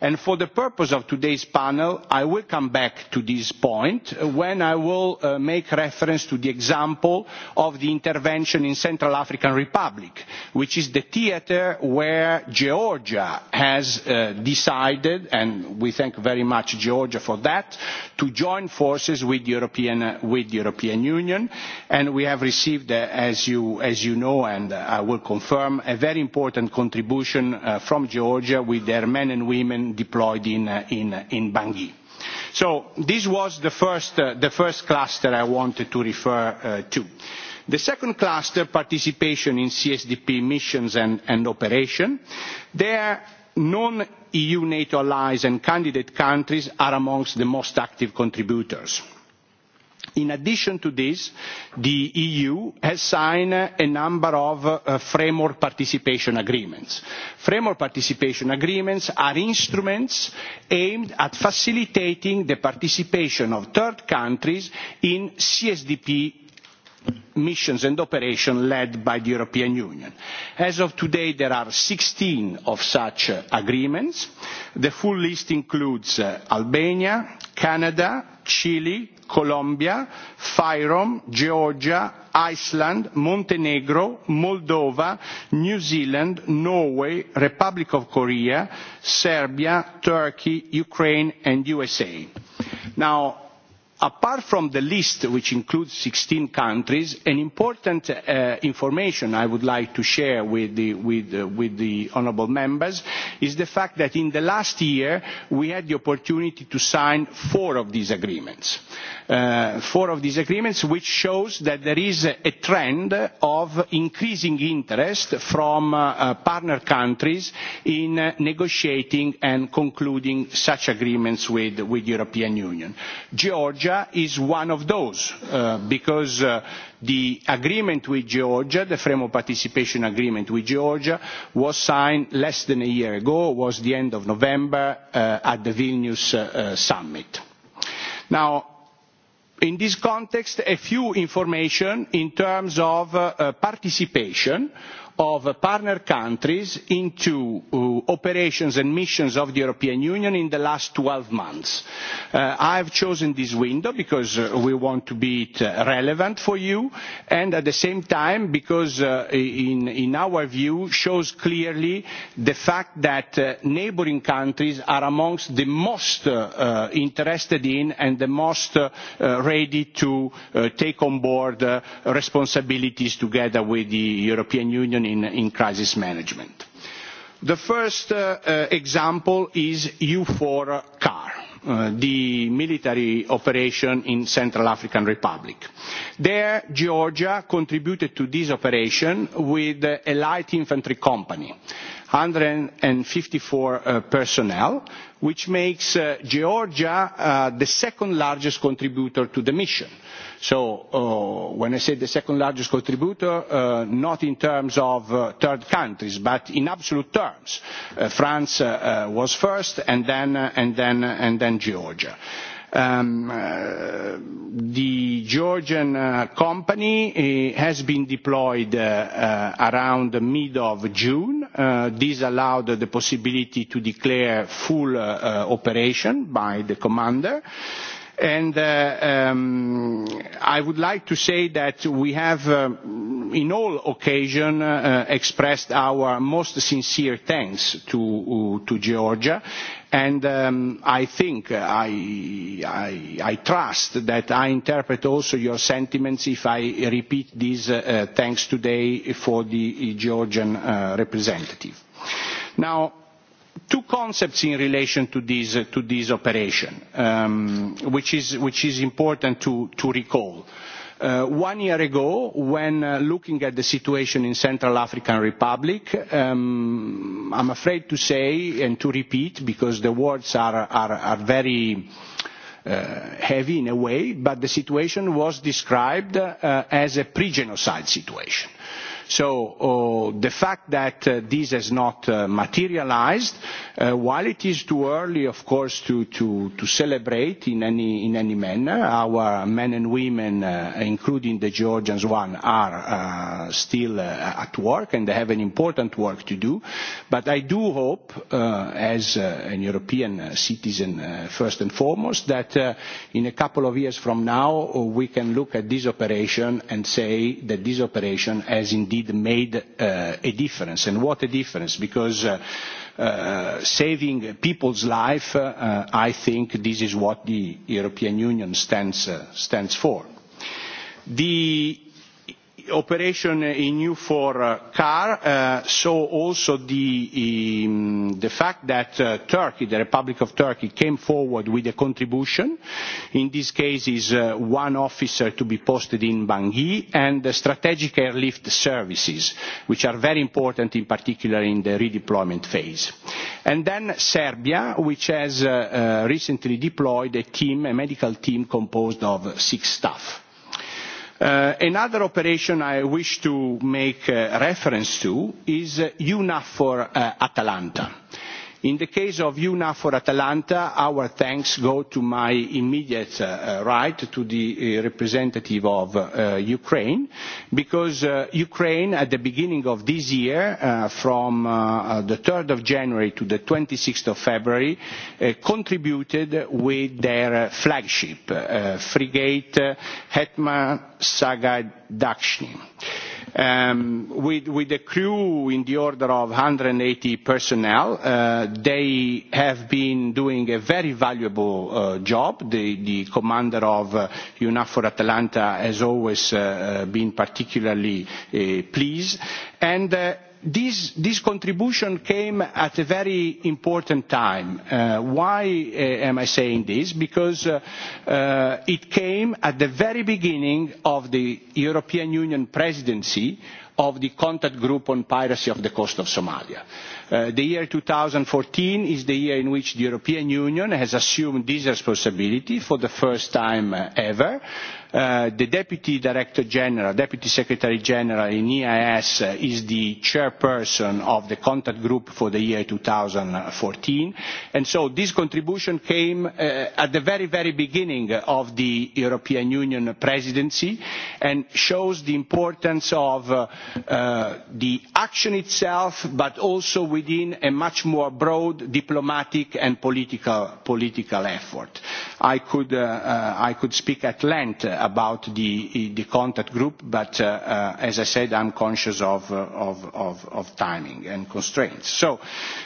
And for the purpose of today's panel, I will come back to this point when I will uh, make reference to the example of the intervention in Central African Republic, which is the theater where Georgia has uh, decided, and we thank very much Georgia for that, to join forces with the European, uh, with the European Union. And we have received, uh, as, you, as you know, and uh, I will confirm, a very important contribution uh, from Georgia with their men and women been deployed in Bangui. So this was the first cluster I wanted to refer to. The second cluster, participation in CSDP missions and operation. There, non-EU NATO allies and candidate countries are amongst the most active contributors In addition to this, the EU has signed a number of framework participation agreements. Framework participation agreements are instruments aimed at facilitating the participation of third countries in CSDP missions and operations led by the European Union. As of today, there are 16 of such agreements. The full list includes Albania, Canada, Chile, Colombia, Fyrom, Georgia, Iceland, Montenegro, Moldova, New Zealand, Norway, Republic of Korea, Serbia, Turkey, Ukraine, and USA. Now, apart from the list which includes sixteen countries an important information i would like to share with the honourable members is the fact that in the last year we had the opportunity to sign four of these agreements four of these agreements which shows that there is a trend of increasing interest from partner countries in negotiating and concluding such agreements with the european union. georgia Georgia is one of those, because the agreement with Georgia, the framework participation agreement with Georgia, was signed less than a year ago, was the end of November at the Vilnius summit. Now, in this context, a few information in terms of participation of partner countries into operations and missions of the European Union in the last 12 months. I have chosen this window because we want to be relevant for you, and at the same time, because in our view, shows clearly the fact that neighbouring countries are amongst the most interested in and the most ready to take on board responsibilities together with the European Union in, crisis management. The first example is EU4 CAR, the military operation in Central African Republic. There, Georgia contributed to this operation with a light infantry company, 154 personnel, which makes Georgia the second largest contributor to the mission So when I say the second largest contributor, not in terms of third countries, but in absolute terms. France was first and then Georgia. The Georgian company has been deployed around the mid of June. This allowed the possibility to declare full operation by the commander. And I would like to say that we have, in all occasions, expressed our most sincere thanks to Georgia. And I think, I trust that I interpret also your sentiments if I repeat these thanks today for the Georgian representative. Now, two concepts in relation to this, uh, to this operation, um, which, is, which is important to, to recall. Uh, one year ago, when uh, looking at the situation in Central African Republic, um, I'm afraid to say and to repeat, because the words are, are, are very uh, heavy in a way, but the situation was described uh, as a pre-genocide situation. Uh, So the fact that this has not materialized, while it is too early, of course, to celebrate in any manner, our men and women, including the Georgians one, are still at work, and they have an important work to do. But I do hope, as an European citizen first and foremost, that in a couple of years from now, we can look at this operation and say that this operation has indeed indeed made uh, a difference. And what a difference, because uh, uh, saving people's life, uh, I think this is what the European Union stands, uh, stands for. The operation in EU for car, so also the fact that Turkey, the Republic of Turkey, came forward with a contribution. In this case is one officer to be posted in Bangui and the strategic airlift services, which are very important in particular in the redeployment phase. And then Serbia, which has recently deployed a team, a medical team composed of six staff another operation I wish to make reference to is EUNAVFOR Atalanta In the case of EUNAVFOR Atalanta, our thanks go to my immediate right, to the representative of Ukraine, because Ukraine at the beginning of this year, from the 3rd of January to the 26th of February, contributed with their flagship, frigate Hetman Saga Dakhshin. With a crew in the order of 180 personnel, they have been doing a very valuable job. The commander of EUNAVFOR Atalanta has always been particularly pleased. and This, this contribution came at a very important time. Uh, why uh, am I saying this? Because uh, uh, it came at the very beginning of the European Union presidency of the contact group on piracy of the coast of Somalia. Uh, the year 2014 is the year in which the European Union has assumed this responsibility for the first time uh, ever the Deputy Director General, Deputy Secretary General in EIS is the chairperson of the contact group for the year 2014. And so this contribution came uh, at the very, very beginning of the European Union presidency and shows the importance of uh, uh, the action itself, but also within a much more broad diplomatic and political, political effort. I could, uh, uh, I could speak at length about the, the contact group, but uh, uh, as I said, I'm conscious of, of, of, of timing and constraints. So,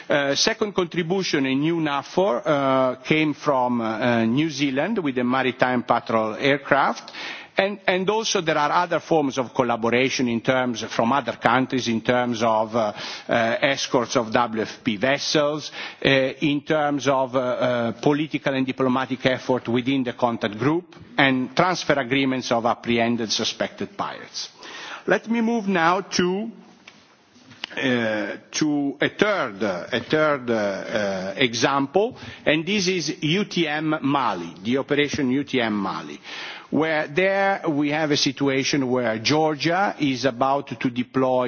uh, second contribution in new NAFOR uh, came from uh, New Zealand with the maritime patrol aircraft And, and also there are other forms of collaboration in terms from other countries in terms of uh, uh, escorts of WFP vessels, uh, in terms of uh, uh, political and diplomatic effort within the contact group, and transfer agreements of apprehended suspected pirates. Let me move now to to a third, a third uh, example, and this is UTM Mali, the operation UTM Mali where there we have a situation where Georgia is about to deploy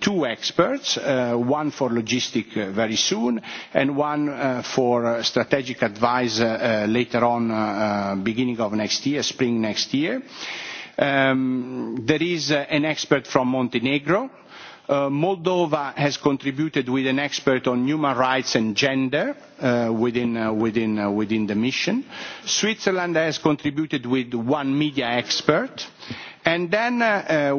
two experts, one for logistics very soon and one for strategic advice later on, beginning of next year, spring next year. There is an expert from Montenegro Moldova has contributed with an expert on human rights and gender within the mission. Switzerland has contributed with one media expert then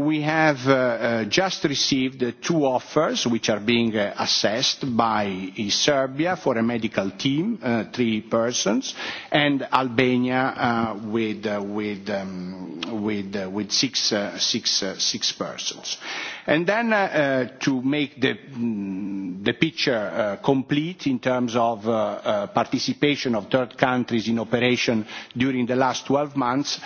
we have just received two offers which are being assessed by Serbia for a medical team, three persons, and Albania with, six, persons. then to make the, picture complete in terms of participation of third countries in operation during the last 12 months,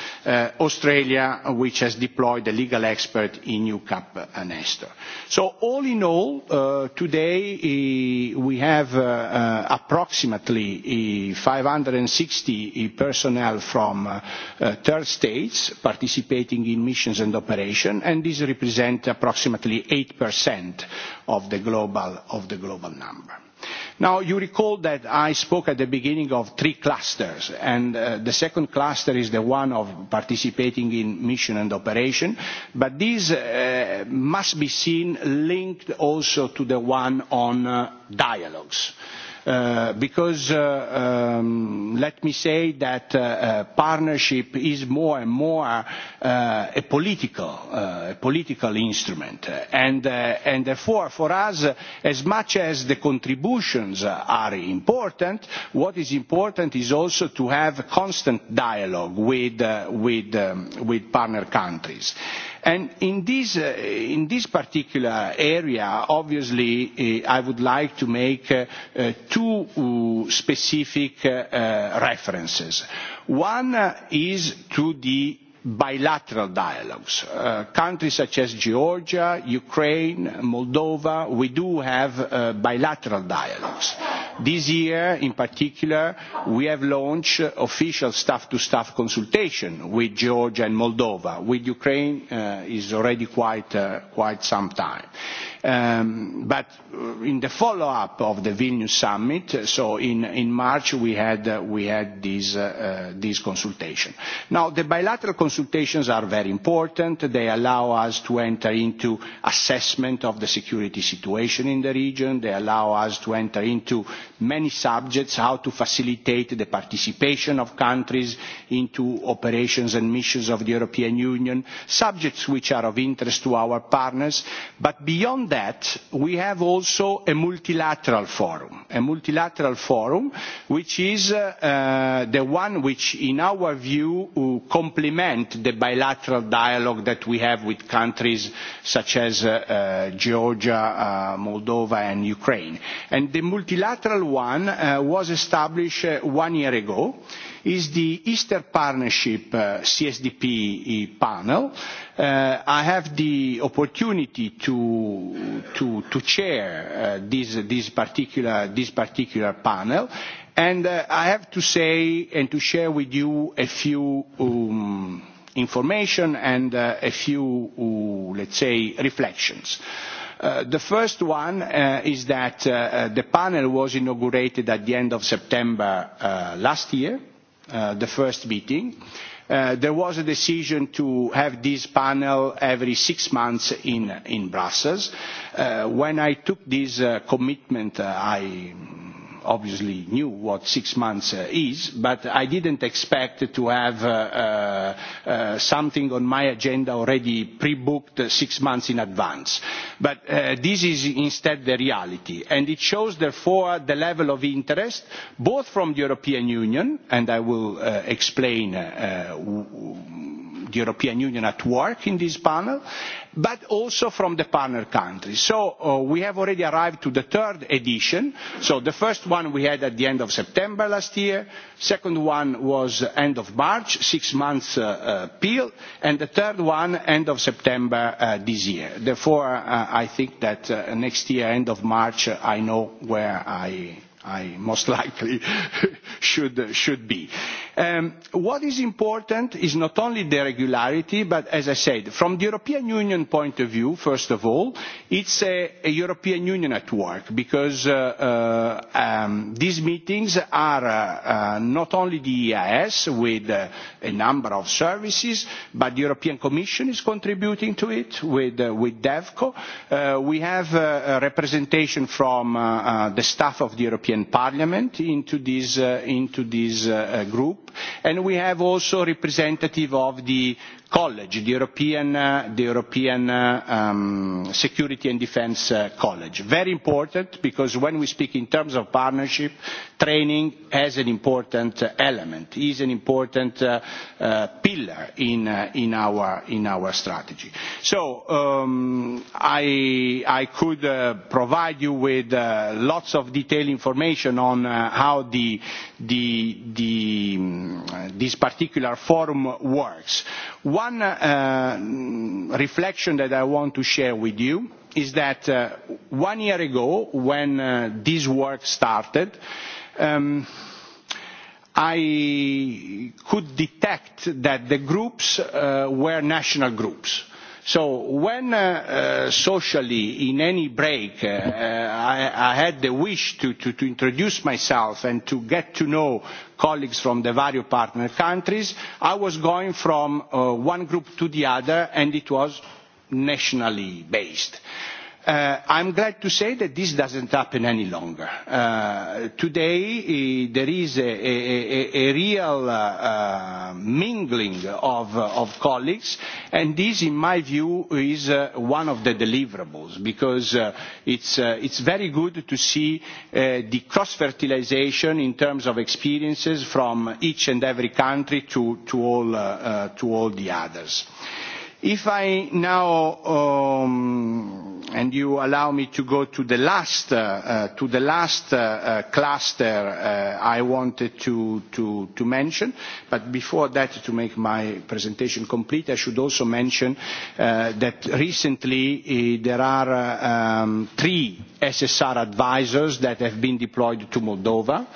Australia, which has has deployed a legal expert in UCAP and Nestor. So all in all, uh, today we have uh, uh, approximately 560 personnel from uh, third states participating in missions and operations, and these represent approximately 8% of the global of the global number. Now, you recall that I spoke at the beginning of three clusters, and uh, the second cluster is the one of participating in mission and operation, but these uh, must be seen linked also to the one on uh, dialogues. Uh, because let me say that partnership is more and more a political instrument. And therefore, for us, as much as the contributions are important, what is important is also to have constant dialogue with partner countries And in this, uh, in this particular area, obviously, uh, I would like to make uh, uh, two uh, specific uh, uh, references. One is to the bilateral dialogues. Uh, countries such as Georgia, Ukraine, Moldova, we do have uh, bilateral dialogues. This year, in particular, we have launched official staff-to-staff consultation with Georgia and Moldova. With Ukraine, uh, is already quite, uh, quite some time Um, but in the follow-up of the Vilnius summit, so in, in March we had, uh, we had these, uh, uh, this consultations. Now the bilateral consultations are very important. They allow us to enter into assessment of the security situation in the region. They allow us to enter into many subjects, how to facilitate the participation of countries into operations and missions of the European Union, subjects which are of interest to our partners. But beyond that, we have also a multilateral forum, a multilateral forum which is uh, the one which, in our view, complement the bilateral dialogue that we have with countries such as uh, uh, Georgia, uh, Moldova, and Ukraine. And the multilateral one uh, was established uh, one year ago is the Eastern Partnership uh, CSDP panel. Uh, I have the opportunity to, to, to chair uh, this, this, particular, this particular panel and uh, I have to say and to share with you a few um, information and uh, a few, uh, let's say, reflections. The first one is that the panel was inaugurated at the end of September last year the first meeting. Uh, there was a decision to have this panel every six months in, in Brussels. Uh, when I took this uh, commitment, uh, I obviously knew what six months uh, is, but I didn't expect to have uh, uh, something on my agenda already pre-booked six months in advance. But uh, this is instead the reality, and it shows therefore the level of interest, both from the European Union, and I will uh, explain uh, the European Union at work in this panel, but also from the partner countries. So uh, we have already arrived to the third edition. So the first one we had at the end of September last year, second one was end of March, six months uh, uh, peel, and the third one end of September uh, this year. Therefore, uh, I think that uh, next year, end of March, uh, I know where I I most likely should, should be. Um, what is important is not only the regularity, but as I said, from the European Union point of view, first of all, it's a, a European Union at work because uh, uh, um, these meetings are uh, uh, not only the EIS with uh, a number of services, but the European Commission is contributing to it with, uh, with DEVCO. Uh, we have uh, a representation from uh, uh, the staff of the European European Parliament into this, into this group. And we have also representative of the college, the European, uh, the European uh, um, Security and Defense uh, College. Very important because when we speak in terms of partnership, training has an important uh, element, is an important uh, uh, pillar in, uh, in, our, in our strategy. So um, I, I could uh, provide you with uh, lots of detailed information on uh, how the, the, the, um, this particular forum works. What One uh, reflection that I want to share with you is that uh, one year ago, when uh, this work started, um, I could detect that the groups uh, were national groups So when uh, uh, socially in any break uh, I, I had the wish to, to, to introduce myself and to get to know colleagues from the various partner countries, I was going from uh, one group to the other and it was nationally based. Uh, Uh, I'm glad to say that this doesn't happen any longer. Uh, today, uh, there is a, a, a, a real uh, uh, mingling of, uh, of colleagues, and this, in my view, is uh, one of the deliverables, because uh, it's, uh, it's very good to see uh, the cross-fertilization in terms of experiences from each and every country to, to, all, uh, uh, to all the others. Uh, If I now, um, and you allow me to go to the last, uh, uh, to the last uh, uh, cluster uh, I wanted to, to, to mention, but before that, to make my presentation complete, I should also mention uh, that recently uh, there are uh, um, three SSR advisors that have been deployed to Moldova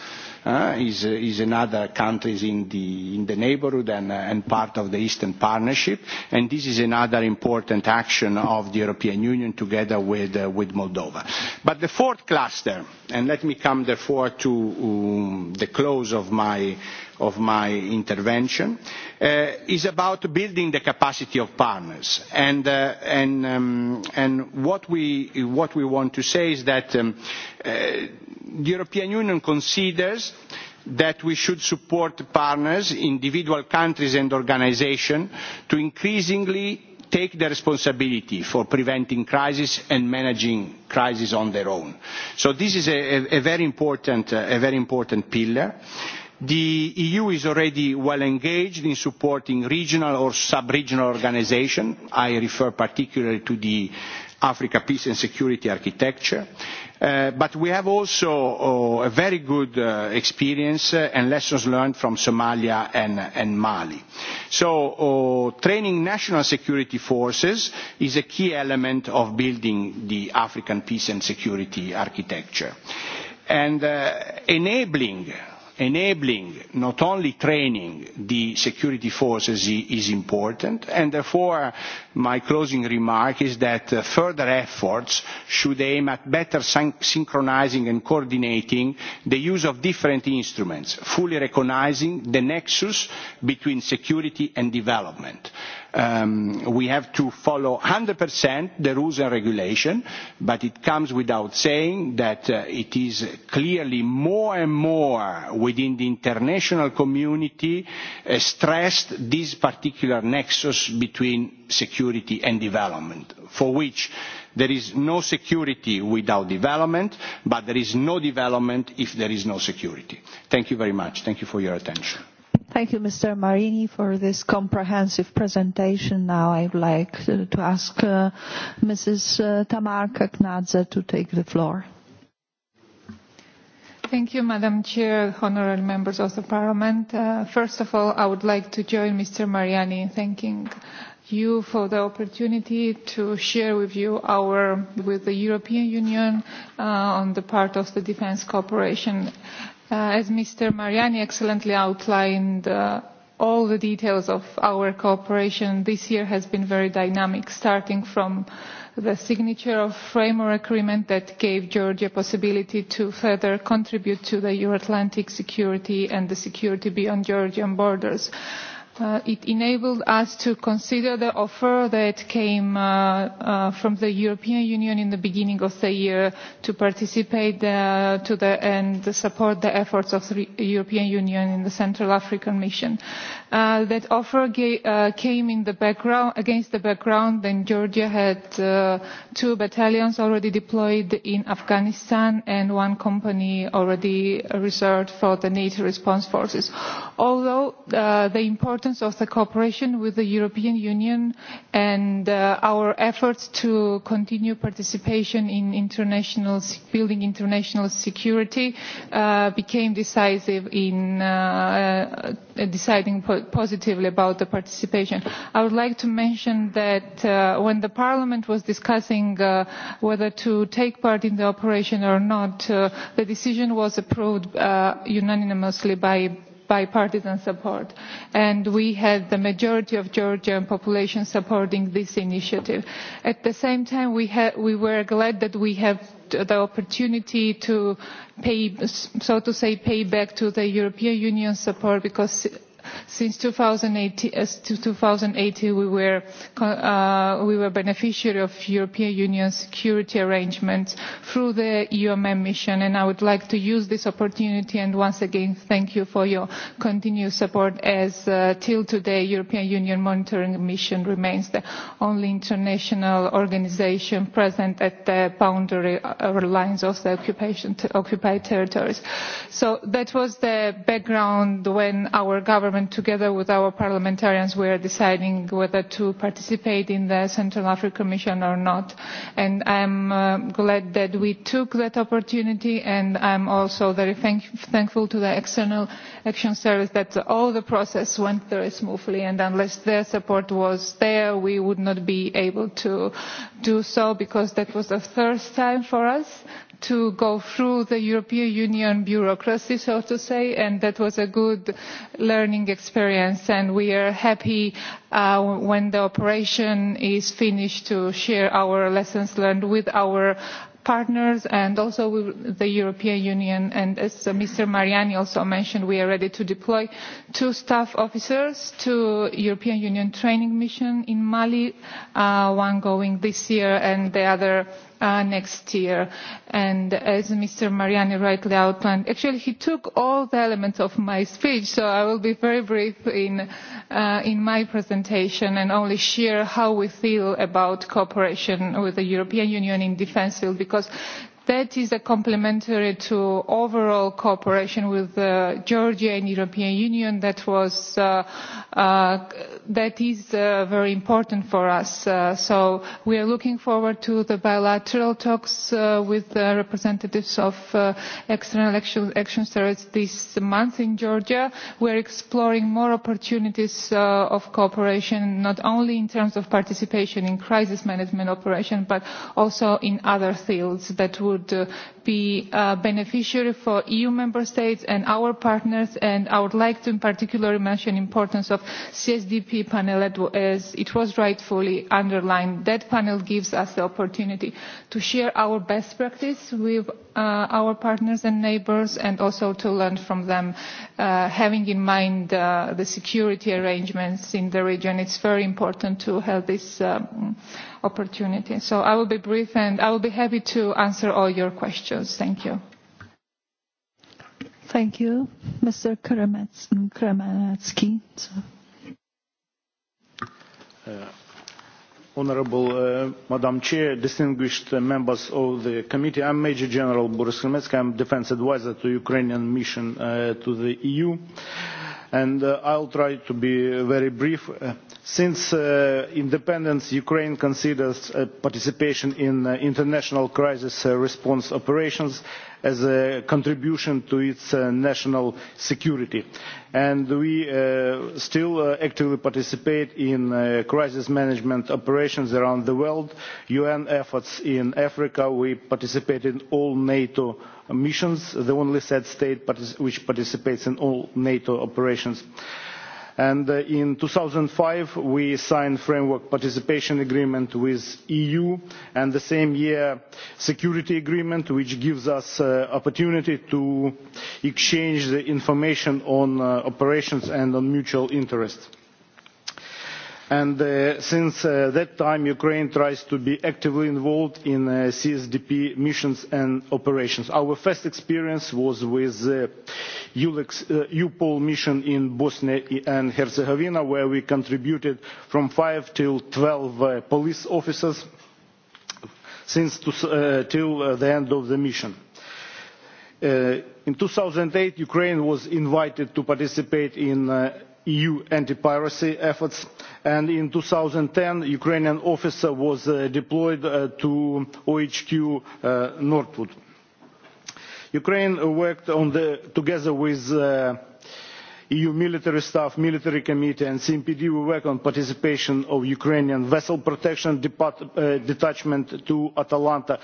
uh, is, is another countries in the, in the neighborhood and, uh, and part of the Eastern Partnership. And this is another important action of the European Union together with, uh, with Moldova. But the fourth cluster, and let me come therefore to um, the close of my, of my intervention, uh, is about building the capacity of partners. And, uh, and, um, and what, we, what we want to say is that um, uh, the european union considers that we should support partners individual countries and organisations to increasingly take the responsibility for preventing crises and managing crises on their own. so this is a very important pillar. the eu is already well engaged in supporting regional or sub regional organisations i refer particularly to the africa peace and security architecture but we have also a very good experience and lessons learned from Somalia and Mali. So training national security forces is a key element of building the African peace and security architecture. And enabling enabling not only training the security forces is important and therefore my closing remark is that further efforts should aim at better synchronizing and coordinating the use of different instruments fully recognizing the nexus between security and development we have to follow 100% the rules and regulation, but it comes without saying that it is clearly more and more within the international community stressed this particular nexus between security and development, for which there is no security without development, but there is no development if there is no security. Thank you very much. Thank you for your attention. Thank you, Mr. Marini, for this comprehensive presentation. Now I would like to ask Mrs. Tamar Kaknadze to take the floor. Thank you, Madam Chair, honorable members of the Parliament. Uh, first of all, I would like to join Mr. Mariani in thanking you for the opportunity to share with you our, with the European Union uh, on the part of the defense cooperation as Mr. Mariani excellently outlined, all the details of our cooperation this year has been very dynamic, starting from the signature of framework agreement that gave Georgia possibility to further contribute to the Euro-Atlantic security and the security beyond Georgian borders Uh, it enabled us to consider the offer that came uh, uh, from the European Union in the beginning of the year to participate uh, to the, and support the efforts of the European Union in the Central African Mission uh, that offer ga- uh, came in the background against the background then Georgia had uh, two battalions already deployed in Afghanistan and one company already reserved for the NATO response forces. Although uh, the importance of the cooperation with the European Union and uh, our efforts to continue participation in international building international security uh, became decisive in uh, uh, deciding positively about the participation. I would like to mention that uh, when the Parliament was discussing uh, whether to take part in the operation or not, uh, the decision was approved uh, unanimously by bipartisan support. And we had the majority of Georgian population supporting this initiative. At the same time, we, ha we were glad that we have the opportunity to pay, so to say, pay back to the European Union support because Since 2018, as we were, uh, we were beneficiary of European Union security arrangements through the UMM mission, and I would like to use this opportunity and once again thank you for your continued support as uh, till today European Union monitoring mission remains the only international organization present at the boundary or lines of the occupation occupied territories. So that was the background when our government government, together with our parliamentarians, we are deciding whether to participate in the Central Africa Mission or not. And I'm uh, glad that we took that opportunity, and I'm also very thank thankful to the External Action Service that all the process went very smoothly, and unless their support was there, we would not be able to do so because that was the first time for us to go through the European Union bureaucracy, so to say, and that was a good learning experience. And we are happy uh, when the operation is finished to share our lessons learned with our partners and also with the European Union. And as Mr. Mariani also mentioned, we are ready to deploy two staff officers to European Union training mission in Mali, uh, one going this year and the other uh, next year. And as Mr. Mariani rightly outlined, actually he took all the elements of my speech, so I will be very brief in, uh, in my presentation and only share how we feel about cooperation with the European Union in defense field because That is a complementary to overall cooperation with uh, Georgia and European Union that was uh, uh, that is uh, very important for us. Uh, so we are looking forward to the bilateral talks uh, with the representatives of uh, external action, action service this month in Georgia. We are exploring more opportunities uh, of cooperation, not only in terms of participation in crisis management operation, but also in other fields that would would be a beneficiary for EU member states and our partners. And I would like to in particular mention the importance of the CSDP panel as it was rightfully underlined. That panel gives us the opportunity to share our best practice with our partners and neighbours and also to learn from them, having in mind the security arrangements in the region. It's very important to have this opportunity. So I will be brief and I will be happy to answer all your questions questions. Thank you. Thank you. Mr. Kremeneczki. Honorable Madam Chair, distinguished members of the committee, I'm Major General Boris Kremeneczki. I'm defense advisor to Ukrainian mission to the EU and I'll try to be very brief. Since independence, Ukraine considers participation in international crisis response operations as a contribution to its national security. And we still actively participate in crisis management operations around the world, UN efforts in Africa. We participate in all NATO missions, the only said state which participates in all NATO operations. And in two thousand five we signed framework participation agreement with the EU, and the same year security agreement, which gives us uh, opportunity to exchange the information on operations and on mutual interests and since that time ukraine tries to be actively involved in csdp missions and operations. our first experience was with the eupol mission in bosnia and herzegovina where we contributed from five to twelve police officers since till the end of the mission. in two thousand eight ukraine was invited to participate in eu anti piracy efforts and in two thousand and ten a ukrainian officer was deployed to ohq nordput. ukraine worked together with eu military staff military committee and cmpd will work on participation of ukrainian vessel protection detachment to atalanta.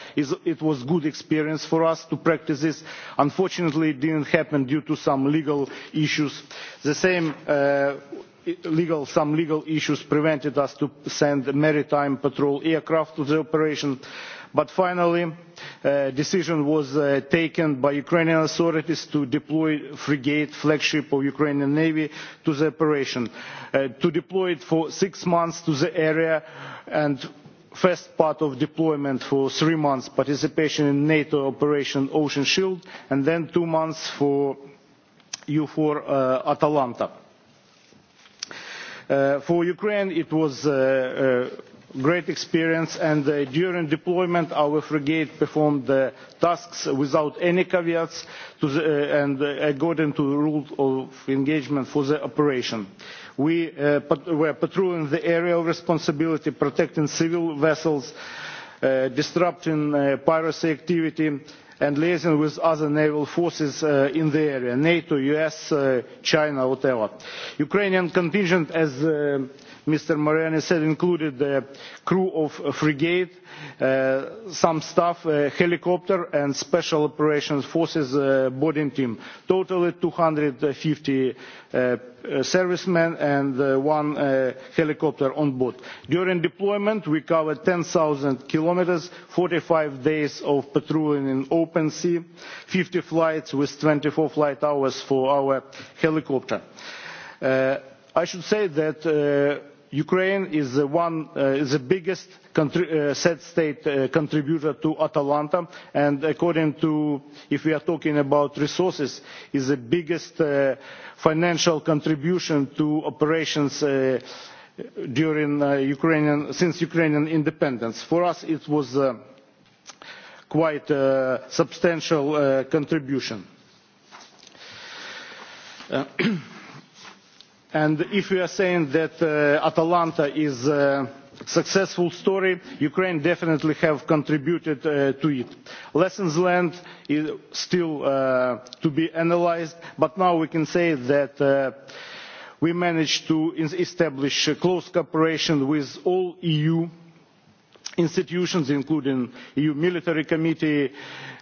it was a good experience for us to practice this. unfortunately it did not happen due to some legal issues. the same legal some legal issues prevented us from sending maritime patrol aircraft to the operation. But finally, a decision was uh, taken by Ukrainian authorities to deploy frigate flagship of Ukrainian Navy to the operation, uh, to deploy it for six months to the area and first part of deployment for three months participation in NATO operation Ocean Shield and then two months for U 4 uh, Atalanta. Uh, for Ukraine, it was uh, uh, great experience and uh, during deployment our frigate performed the tasks without any caveats to the, uh, and uh, according to the rules of engagement for the operation. We uh, pat were patrolling the area of responsibility, protecting civil vessels, uh, disrupting uh, piracy activity, and liaison with other naval forces uh, in the area, NATO, US, uh, China, whatever. Ukrainian contingent, as uh, Mr. Mariani said, included the crew of a frigate, uh, some staff, a helicopter, and special operations forces uh, boarding team. Totally 250 uh, servicemen and one helicopter on board. During deployment, we covered 10,000 kilometers, 45 days of patrolling in open sea, 50 flights with 24 flight hours for our helicopter. I should say that Ukraine is the biggest said state contributor to Atalanta and according to, if we are talking about resources, is the biggest financial contribution to operations during Ukrainian, since Ukrainian independence. For us it was quite a substantial contribution And if you are saying that uh, Atalanta is a successful story, Ukraine definitely have contributed uh, to it. Lessons learned is still uh, to be analyzed, but now we can say that uh, we managed to establish close cooperation with all EU institutions, including EU military committee,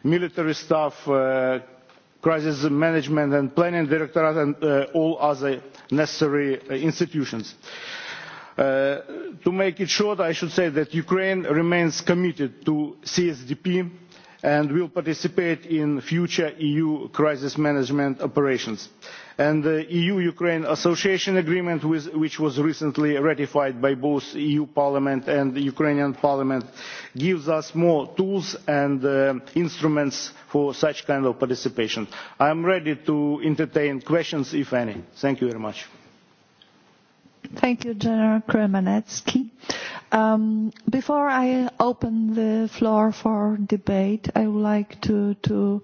military staff, uh, crisis management and planning directorate and all other necessary institutions. to make it short i should say that ukraine remains committed to csdp and will participate in future EU crisis management operations. And the EU-Ukraine Association Agreement, which was recently ratified by both the EU Parliament and the Ukrainian Parliament, gives us more tools and instruments for such kind of participation. I am ready to entertain questions, if any. Thank you very much. Thank you, General Kremenetsky. Um, before I open the floor for debate, I would like to, to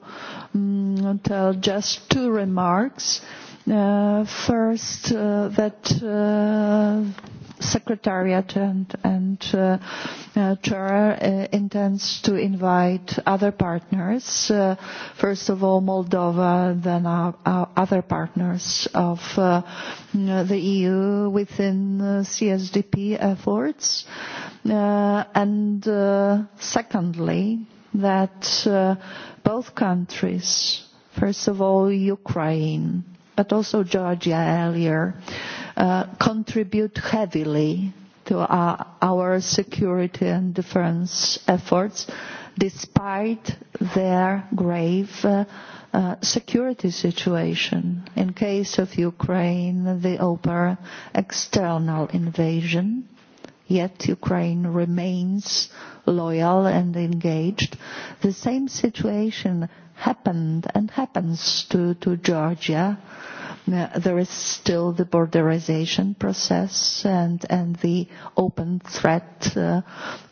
um, tell just two remarks. Uh, first, uh, that uh, secretariat and, and uh, uh, chair uh, intends to invite other partners. Uh, first of all, Moldova, then our, our other partners of uh, the EU within uh, CSDP efforts. Uh, and uh, secondly, that uh, both countries, first of all, Ukraine, but also Georgia earlier, uh, contribute heavily to our security and defense efforts, despite their grave security situation. In case of Ukraine, the open external invasion, yet Ukraine remains loyal and engaged. The same situation happened and happens to Georgia there is still the borderization process and, and the open threat uh,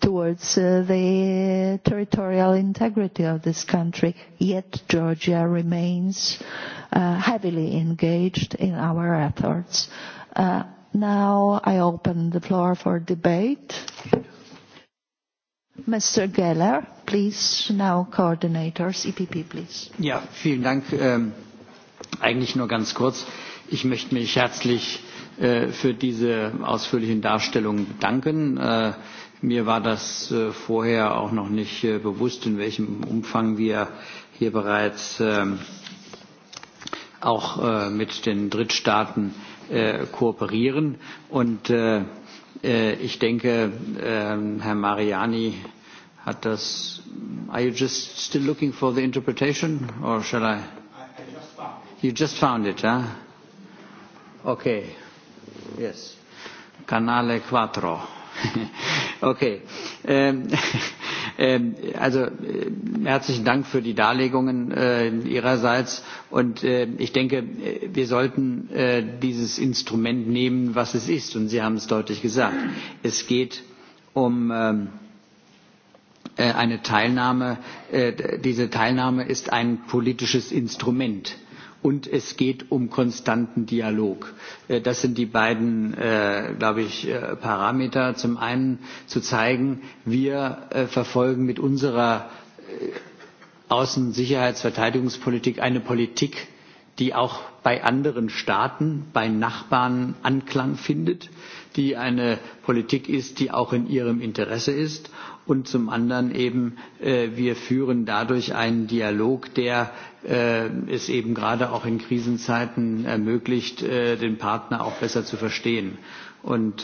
towards uh, the territorial integrity of this country. Yet Georgia remains uh, heavily engaged in our efforts. Uh, now I open the floor for debate. Mr. Geller, please, now coordinators, EPP, please. Yeah, vielen Dank. Um Eigentlich nur ganz kurz. Ich möchte mich herzlich für diese ausführlichen Darstellungen bedanken. Mir war das vorher auch noch nicht bewusst, in welchem Umfang wir hier bereits auch mit den Drittstaaten kooperieren. Und ich denke, Herr Mariani hat das. Are you just still looking for the interpretation or shall I? You just found it, huh? Okay. Yes. Canale 4. okay. Ähm, also herzlichen Dank für die Darlegungen Ihrerseits. Und ich denke, wir sollten dieses Instrument nehmen, was es ist. Und Sie haben es deutlich gesagt. Es geht um eine Teilnahme. Diese Teilnahme ist ein politisches Instrument und es geht um konstanten Dialog. Das sind die beiden, glaube ich, Parameter. Zum einen zu zeigen, wir verfolgen mit unserer Außen-, Sicherheits-, Verteidigungspolitik eine Politik, die auch bei anderen Staaten, bei Nachbarn Anklang findet, die eine Politik ist, die auch in ihrem Interesse ist und zum anderen eben, wir führen dadurch einen Dialog, der es eben gerade auch in Krisenzeiten ermöglicht, den Partner auch besser zu verstehen. Und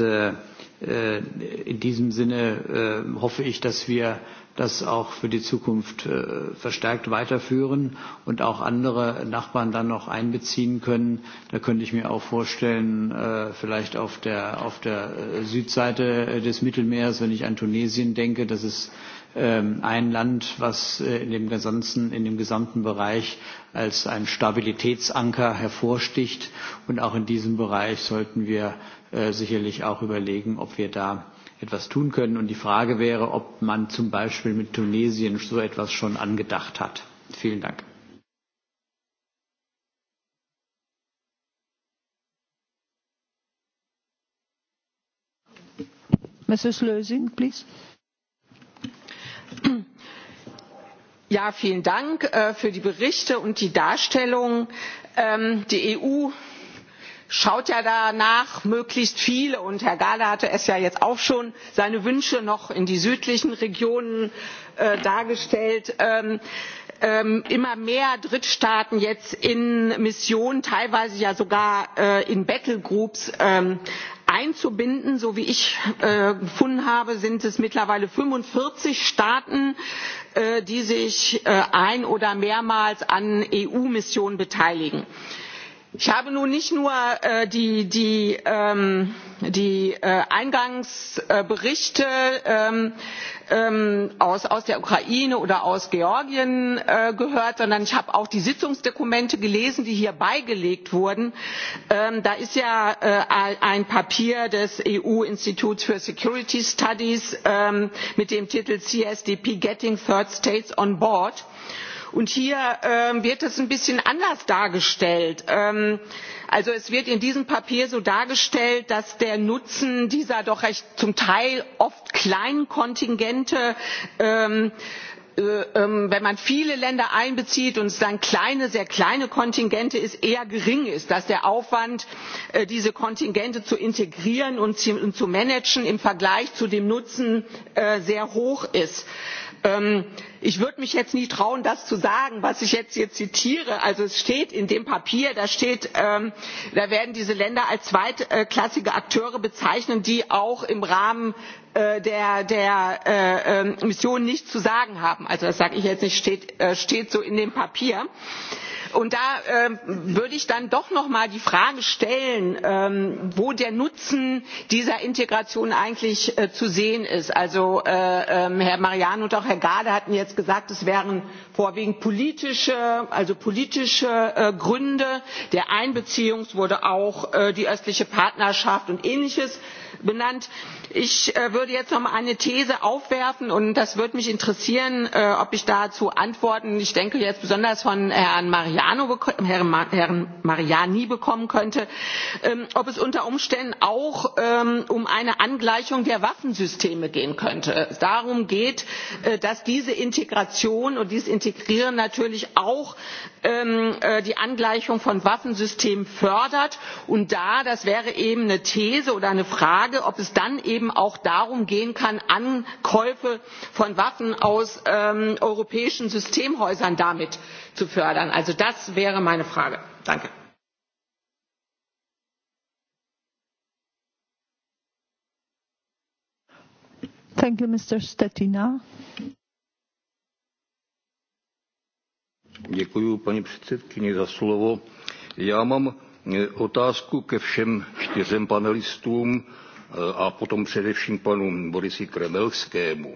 in diesem Sinne hoffe ich, dass wir das auch für die Zukunft verstärkt weiterführen und auch andere Nachbarn dann noch einbeziehen können. Da könnte ich mir auch vorstellen, vielleicht auf der, auf der Südseite des Mittelmeers, wenn ich an Tunesien denke, dass es ein Land, was in dem, gesamten, in dem gesamten Bereich als ein Stabilitätsanker hervorsticht. Und auch in diesem Bereich sollten wir sicherlich auch überlegen, ob wir da etwas tun können. Und die Frage wäre, ob man zum Beispiel mit Tunesien so etwas schon angedacht hat. Vielen Dank. Mrs. Lösing, please. Ja, vielen Dank für die Berichte und die Darstellung. Die EU schaut ja danach möglichst viele und herr gahler hatte es ja jetzt auch schon seine wünsche noch in die südlichen regionen dargestellt immer mehr drittstaaten jetzt in missionen teilweise ja sogar in battlegroups einzubinden. so wie ich gefunden habe sind es mittlerweile fünfundvierzig staaten die sich ein oder mehrmals an eu missionen beteiligen ich habe nun nicht nur die eingangsberichte aus der ukraine oder aus georgien gehört sondern ich habe auch die sitzungsdokumente gelesen die hier beigelegt wurden. da ist ja ein papier des eu instituts for security studies mit dem titel csdp getting third states on board und hier wird es ein bisschen anders dargestellt. also es wird in diesem papier so dargestellt dass der nutzen dieser doch recht zum teil oft kleinen kontingente wenn man viele länder einbezieht und es dann kleine sehr kleine kontingente sind eher gering ist dass der aufwand diese kontingente zu integrieren und zu managen im vergleich zu dem nutzen sehr hoch ist ich würde mich jetzt nicht trauen das zu sagen was ich jetzt hier zitiere also es steht in dem papier da steht da werden diese länder als zweitklassige akteure bezeichnet die auch im rahmen der mission nichts zu sagen haben also das sage ich jetzt nicht steht so in dem papier und da würde ich dann doch noch mal die frage stellen wo der nutzen dieser integration eigentlich zu sehen ist. also herr mariano und auch herr gahler hatten jetzt gesagt es wären vorwiegend politische gründe der einbeziehung es wurde auch die östliche partnerschaft und ähnliches benannt. ich würde jetzt noch mal eine these aufwerfen und das würde mich interessieren ob ich dazu antworten ich denke jetzt besonders von herrn mariani bekommen könnte ob es unter umständen auch um eine angleichung der waffensysteme gehen könnte. es darum geht dass diese integration und dieses integrieren natürlich auch die angleichung von waffensystemen fördert und da das wäre eben eine these oder eine frage frage ob es dann eben auch darum gehen kann ankäufe von waffen aus europäischen systemhäusern damit zu fördern. also das wäre meine frage. danke. paní Já mám otázku ke všem čtyřem panelistům a potom především panu Borisi Kremelskému.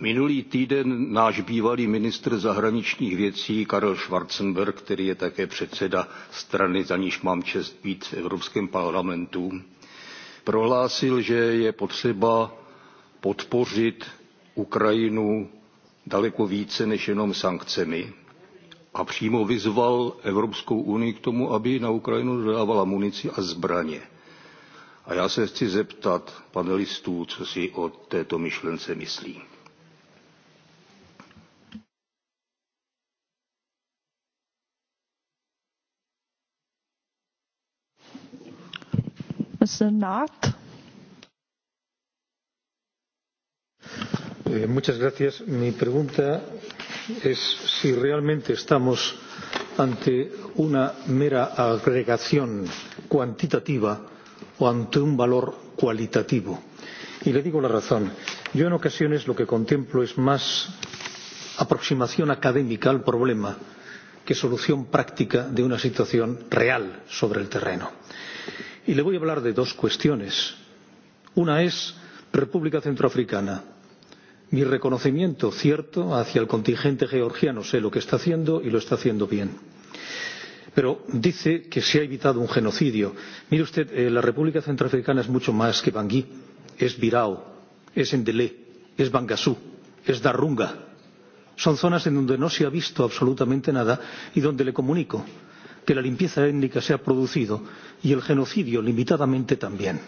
Minulý týden náš bývalý ministr zahraničních věcí Karel Schwarzenberg, který je také předseda strany, za níž mám čest být v Evropském parlamentu, prohlásil, že je potřeba podpořit Ukrajinu daleko více než jenom sankcemi a přímo vyzval Evropskou unii k tomu, aby na Ukrajinu dodávala munici a zbraně. A já se chci zeptat panelistů, co si o této myšlence myslí. Mr. muchas gracias. Mi pregunta es si realmente estamos ante una mera agregación cuantitativa o ante un valor cualitativo. Y le digo la razón. Yo en ocasiones lo que contemplo es más aproximación académica al problema que solución práctica de una situación real sobre el terreno. Y le voy a hablar de dos cuestiones. Una es República Centroafricana. Mi reconocimiento cierto hacia el contingente georgiano. Sé lo que está haciendo y lo está haciendo bien Pero dice que se ha evitado un genocidio. Mire usted, eh, la República Centroafricana es mucho más que Bangui, es Birao, es Endelé, es Bangasú, es Darunga. Son zonas en donde no se ha visto absolutamente nada y donde le comunico que la limpieza étnica se ha producido y el genocidio limitadamente también.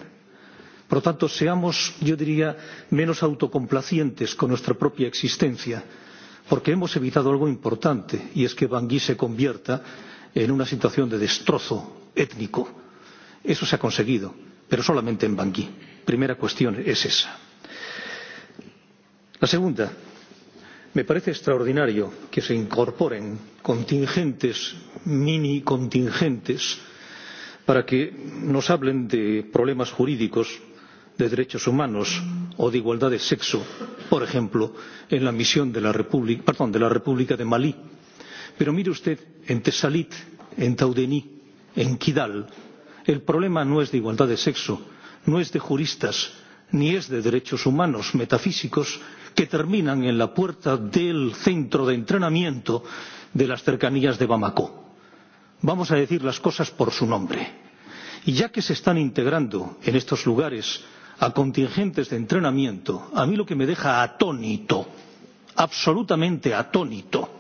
Por lo tanto, seamos, yo diría, menos autocomplacientes con nuestra propia existencia, porque hemos evitado algo importante, y es que Bangui se convierta en una situación de destrozo étnico. Eso se ha conseguido, pero solamente en Bangui. Primera cuestión es esa. La segunda, me parece extraordinario que se incorporen contingentes, mini contingentes, para que nos hablen de problemas jurídicos, de derechos humanos o de igualdad de sexo, por ejemplo, en la misión de la República, perdón, de la República de Malí Pero mire usted, en Tesalit, en Taudení, en Kidal, el problema no es de igualdad de sexo, no es de juristas, ni es de derechos humanos metafísicos que terminan en la puerta del centro de entrenamiento de las cercanías de Bamako. Vamos a decir las cosas por su nombre. Y ya que se están integrando en estos lugares a contingentes de entrenamiento, a mí lo que me deja atónito, absolutamente atónito,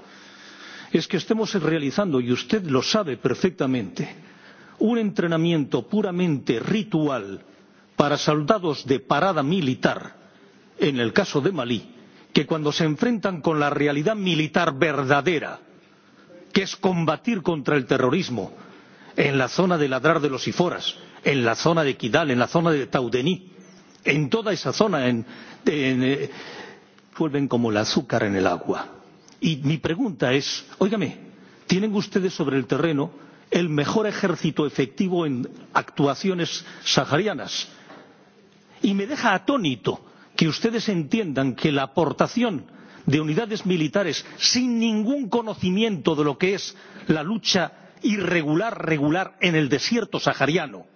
es que estemos realizando y usted lo sabe perfectamente un entrenamiento puramente ritual para soldados de parada militar en el caso de Malí que cuando se enfrentan con la realidad militar verdadera que es combatir contra el terrorismo en la zona de Ladrar de los Iforas, en la zona de Kidal, en la zona de Taudení, en toda esa zona, en, en, eh, vuelven como el azúcar en el agua y mi pregunta es óigame tienen ustedes sobre el terreno el mejor ejército efectivo en actuaciones saharianas y me deja atónito que ustedes entiendan que la aportación de unidades militares sin ningún conocimiento de lo que es la lucha irregular regular en el desierto sahariano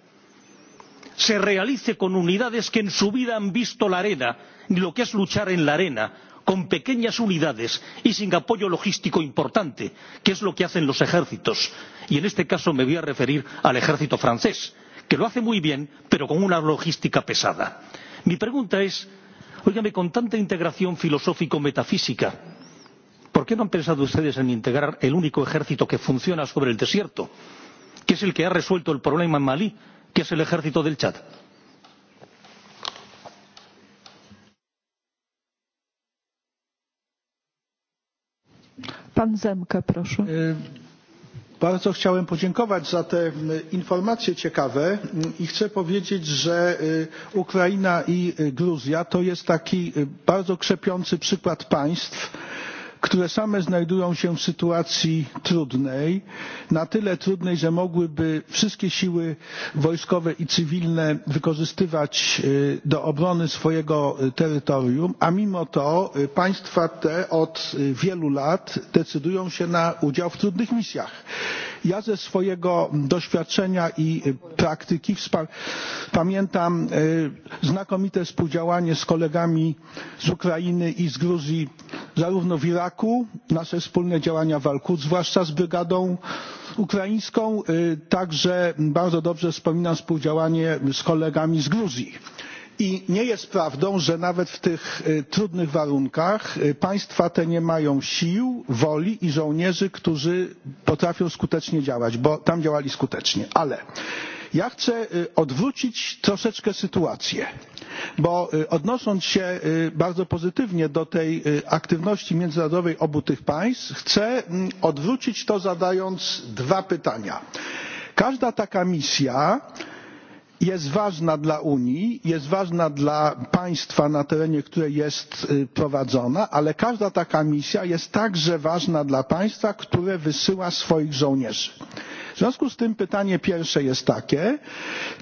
se realice con unidades que en su vida han visto la arena ni lo que es luchar en la arena con pequeñas unidades y sin apoyo logístico importante que es lo que hacen los ejércitos y en este caso me voy a referir al ejército francés que lo hace muy bien pero con una logística pesada. mi pregunta es con tanta integración filosófico metafísica por qué no han pensado ustedes en integrar el único ejército que funciona sobre el desierto que es el que ha resuelto el problema en malí que es el ejército del chad? Pan Zemke, proszę. Bardzo chciałem podziękować za te informacje ciekawe i chcę powiedzieć, że Ukraina i Gruzja to jest taki bardzo krzepiący przykład państw, które same znajdują się w sytuacji trudnej, na tyle trudnej, że mogłyby wszystkie siły wojskowe i cywilne wykorzystywać do obrony swojego terytorium, a mimo to państwa te od wielu lat decydują się na udział w trudnych misjach. Ja ze swojego doświadczenia i praktyki pamiętam znakomite współdziałanie z kolegami z Ukrainy i z Gruzji, zarówno w Iraku, nasze wspólne działania w al zwłaszcza z brygadą ukraińską, także bardzo dobrze wspominam współdziałanie z kolegami z Gruzji I nie jest prawdą, że nawet w tych trudnych warunkach państwa te nie mają sił, woli i żołnierzy, którzy potrafią skutecznie działać, bo tam działali skutecznie. Ale ja chcę odwrócić troszeczkę sytuację, bo odnosząc się bardzo pozytywnie do tej aktywności międzynarodowej obu tych państw, chcę odwrócić to zadając dwa pytania. Każda taka misja jest ważna dla Unii, jest ważna dla państwa, na terenie której jest prowadzona, ale każda taka misja jest także ważna dla państwa, które wysyła swoich żołnierzy. W związku z tym pytanie pierwsze jest takie,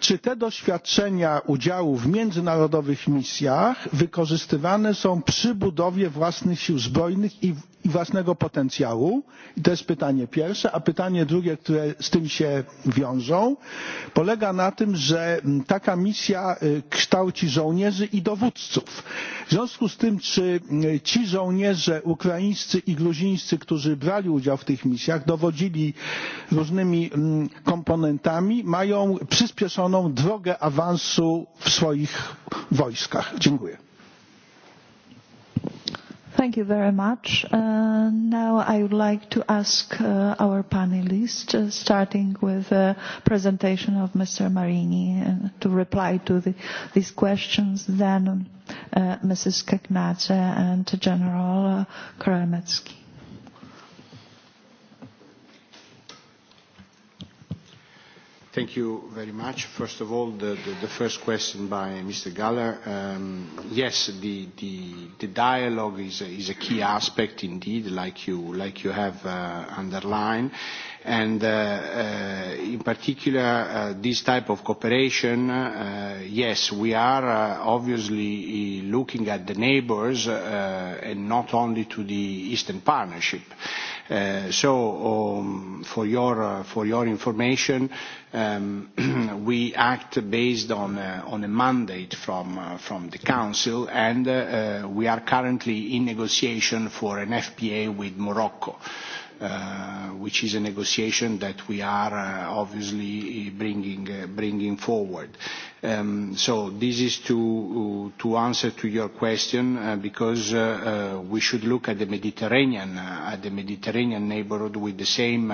czy te doświadczenia udziału w międzynarodowych misjach wykorzystywane są przy budowie własnych sił zbrojnych i i własnego potencjału? I to jest pytanie pierwsze. A pytanie drugie, które z tym się wiążą, polega na tym, że taka misja kształci żołnierzy i dowódców. W związku z tym, czy ci żołnierze ukraińscy i gruzińscy, którzy brali udział w tych misjach, dowodzili różnymi komponentami, mają przyspieszoną drogę awansu w swoich wojskach? Dziękuję. Thank you very much. Uh, now I would like to ask uh, our panelists, uh, starting with a presentation of Mr. Marini, uh, to reply to the, these questions, then uh, Mrs. Keknadze and General uh, Kremetsky. Thank you very much. First of all, the, the, the first question by Mr. Galler. Um, yes, the, the, the dialogue is a, is a key aspect indeed, like you, like you have uh, underlined. And uh, uh, in particular, uh, this type of cooperation, uh, yes, we are uh, obviously looking at the neighbors uh, and not only to the Eastern Partnership So, for your information, we act based on a mandate from the council, and we are currently in negotiation for an FPA with Morocco which is a negotiation that we are obviously bringing forward. So this is to answer to your question, because we should look at the Mediterranean neighborhood with the same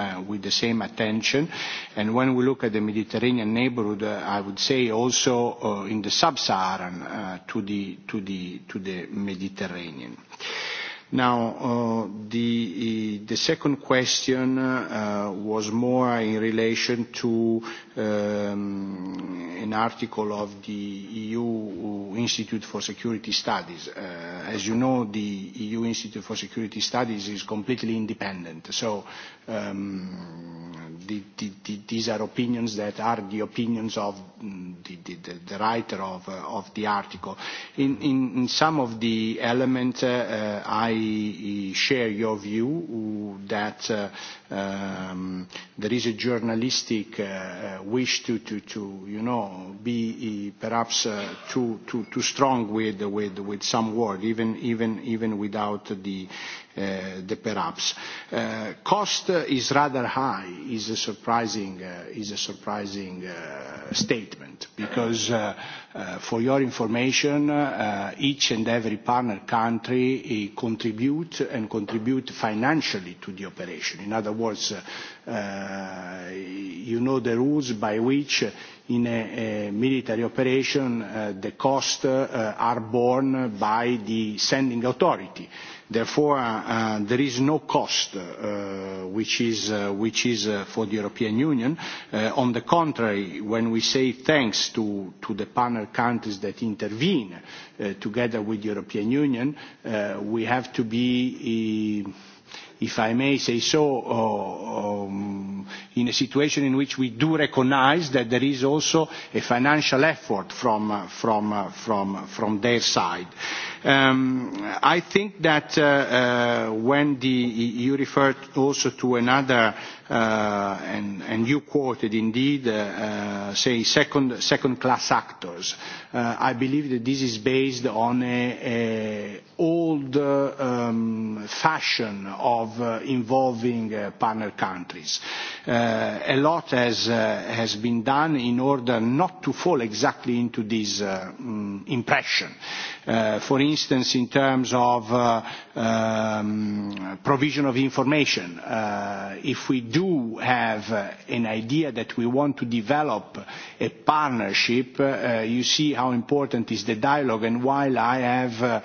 attention. And when we look at the Mediterranean neighborhood, I would say also in the sub-Saharan to the Mediterranean. Now, the second question was more in relation to an article of the EU Institute for Security Studies. As you know, the EU Institute for Security Studies is completely independent, so the, the, the, these are opinions that are the opinions of the, the, the, the writer of, uh, of the article. In, in, in some of the elements, uh, uh, I share your view that uh, um, there is a journalistic uh, wish to, to, to you know, be perhaps uh, too, too, too strong with, with, with some word, even, even, even without the the perhaps. Cost is rather high, is a surprising is a surprising statement, because for your information, each and every partner country contribute and contribute financially to the operation. In other words, you know the rules by which in a military operation, the costs are borne by the sending authority Therefore, there is no cost which is for the European Union. On the contrary, when we say thanks to the partner countries that intervene together with the European Union, we have to be if I may say so, um, in a situation in which we do recognize that there is also a financial effort from, from, from, from their side. Um, I think that uh, uh, when the, you referred also to another, uh, and, and you quoted indeed, uh, uh, say, second, second class actors, uh, I believe that this is based on an a old uh, um, fashion of uh, involving uh, partner countries. Uh, a lot has, uh, has been done in order not to fall exactly into this uh, impression for instance, in terms of provision of information. If we do have an idea that we want to develop a partnership, you see how important is the dialogue. And while I have,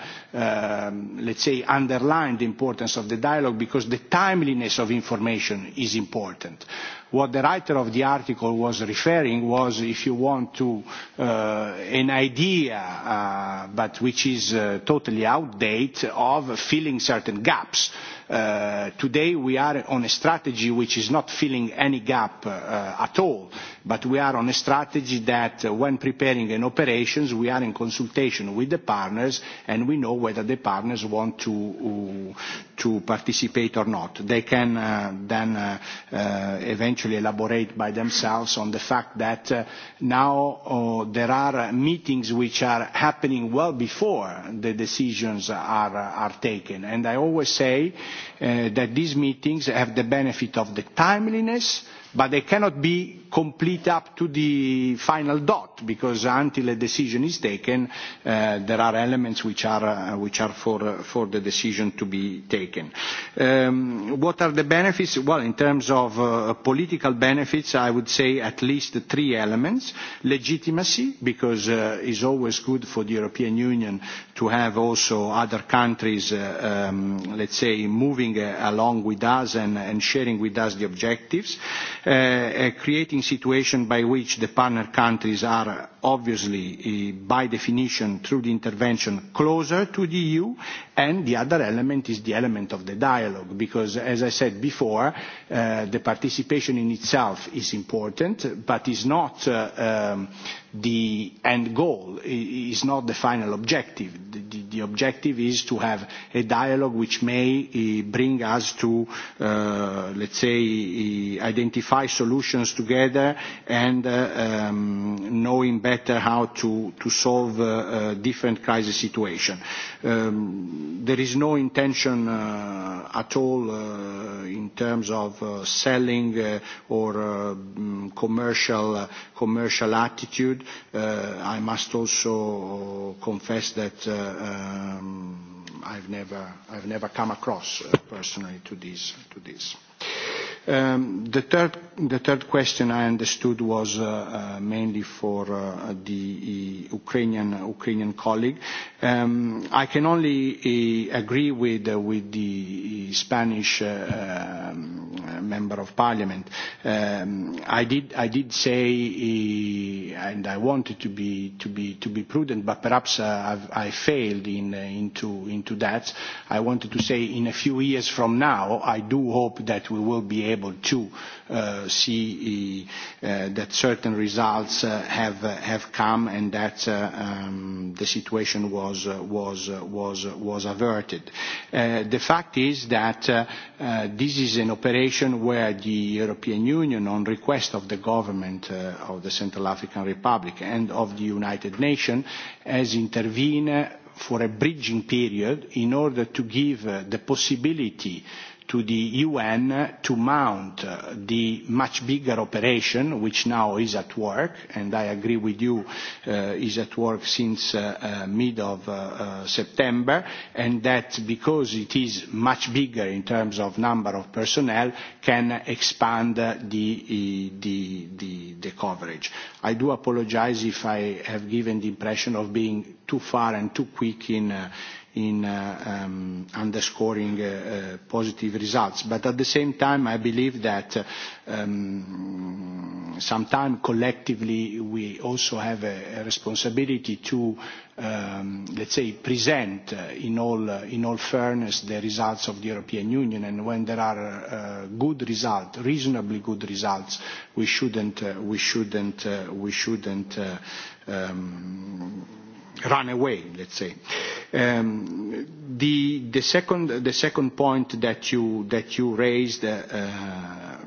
let's say, underlined the importance of the dialogue because the timeliness of information is important. What the writer of the article was referring was, if you want to, uh, an idea, uh, but which is uh, totally outdated, of filling certain gaps Uh, today we are on a strategy which is not filling any gap uh, at all, but we are on a strategy that uh, when preparing an operations we are in consultation with the partners and we know whether the partners want to, uh, to participate or not. They can uh, then uh, uh, eventually elaborate by themselves on the fact that uh, now uh, there are meetings which are happening well before the decisions are, are taken. And I always say that these meetings have the benefit of the timeliness, but they cannot be complete up to the final dot, because until a decision is taken, uh, there are elements which are, uh, which are for, uh, for the decision to be taken. Um, what are the benefits? Well, in terms of uh, political benefits, I would say at least three elements. Legitimacy, because uh, it's always good for the European Union to have also other countries, uh, um, let's say, moving uh, along with us and, and sharing with us the objectives. Uh, uh, creating situation by which the partner countries are obviously, by definition, through the intervention, closer to the EU. And the other element is the element of the dialogue, because, as I said before, the participation in itself is important, but is not the end goal is not the final objective. The, the objective is to have a dialogue which may bring us to, uh, let's say, identify solutions together and uh, um, knowing better how to, to solve uh, uh, different crisis situations. Um, there is no intention uh, at all uh, in terms of uh, selling uh, or uh, commercial, uh, commercial attitude uh, I must also confess that um, I've, never, I've never come across personally to this. To this. The third question I understood was mainly for the Ukrainian colleague. I can only agree with the Spanish member of parliament. I did say, and I wanted to be prudent, but perhaps I failed into that. I wanted to say in a few years from now, I do hope that we will be able able to uh, see uh, that certain results uh, have, uh, have come and that uh, um, the situation was, uh, was, uh, was, uh, was averted. Uh, the fact is that uh, uh, this is an operation where the European Union, on request of the government uh, of the Central African Republic and of the United Nations, has intervened for a bridging period in order to give the possibility to the UN to mount the much bigger operation, which now is at work, and I agree with you, is at work since mid of September, and that because it is much bigger in terms of number of personnel, can expand the coverage. I do apologize if I have given the impression of being too far and too quick in in underscoring positive results. But at the same time, I believe that sometime collectively, we also have a responsibility to, let's say, present in all fairness the results of the European Union. And when there are good results, reasonably good results, we shouldn't run away, let's say. Um, the, the, second, the second point that you, that you raised, uh,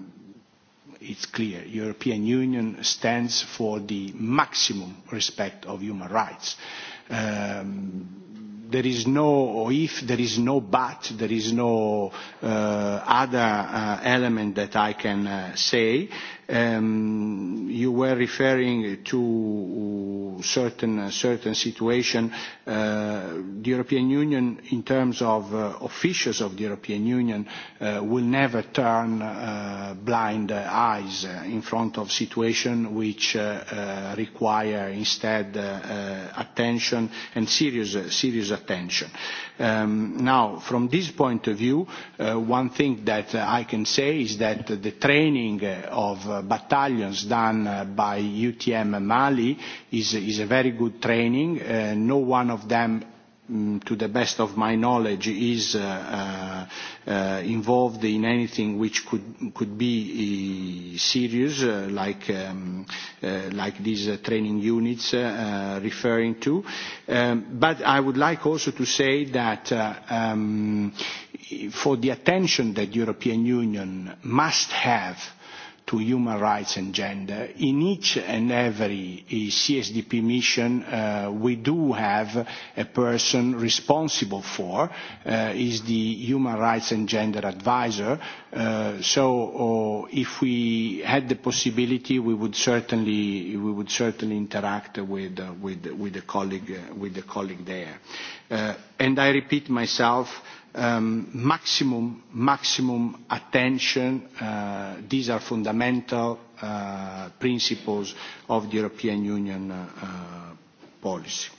it's clear, European Union stands for the maximum respect of human rights. Um, there is no or if, there is no but, there is no uh, other uh, element that I can uh, say. You were referring to certain situation. The European Union, in terms of officials of the European Union, will never turn blind eyes in front of situation which require instead attention and serious attention Now, from this point of view, one thing that I can say is that the training of battalions done by UTM Mali is a very good training. No one of them to the best of my knowledge, is uh, uh, involved in anything which could, could be serious, uh, like, um, uh, like these uh, training units uh, referring to. Um, but I would like also to say that uh, um, for the attention that the European Union must have to human rights and gender. In each and every CSDP mission, uh, we do have a person responsible for, uh, is the human rights and gender advisor. Uh, so uh, if we had the possibility, we would certainly, we would certainly interact with, uh, with, with, the colleague, uh, with the colleague there. Uh, and I repeat myself, uh, maximum, maximum attention. Uh, these are fundamental uh, principles of the European Union uh, policy.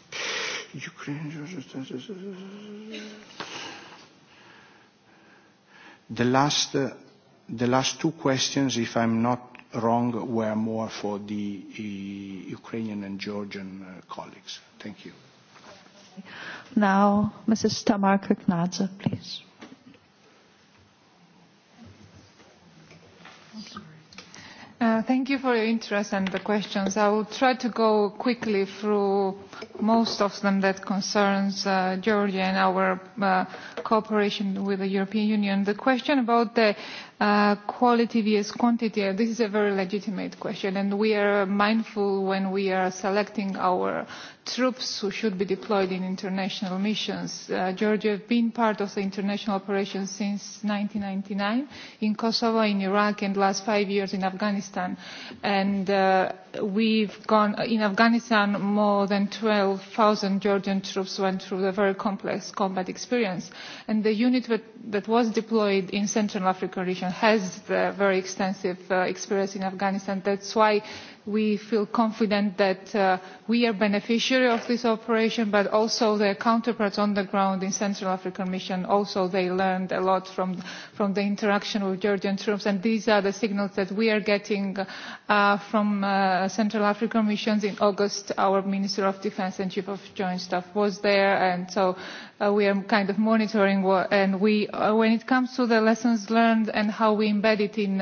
The last, uh, the last two questions, if I'm not wrong, were more for the uh, Ukrainian and Georgian uh, colleagues. Thank you. Now, Mrs. Tamar Kirknadze, please. Uh, thank you for your interest and the questions. I will try to go quickly through most of them that concerns uh, Georgia and our uh, cooperation with the European Union. The question about the uh, quality vs quantity, this is a very legitimate question, and we are mindful when we are selecting our troops who should be deployed in international missions. Uh, Georgia has been part of the international operations since 1999 in Kosovo, in Iraq, and last five years in Afghanistan. And uh, we've gone in Afghanistan, more than 12,000 Georgian troops went through a very complex combat experience. And the unit that, that was deployed in Central African region has the very extensive uh, experience in Afghanistan. That's why we feel confident that we are beneficiaries of this operation but also their counterparts on the ground in the central african mission also they learned a lot from the interaction with georgian troops and these are the signals that we are getting from the central african missions. in august our minister of defence and chief of joint staff was there and so we are kind of monitoring what and we when it comes to the lessons learned and how we embed it in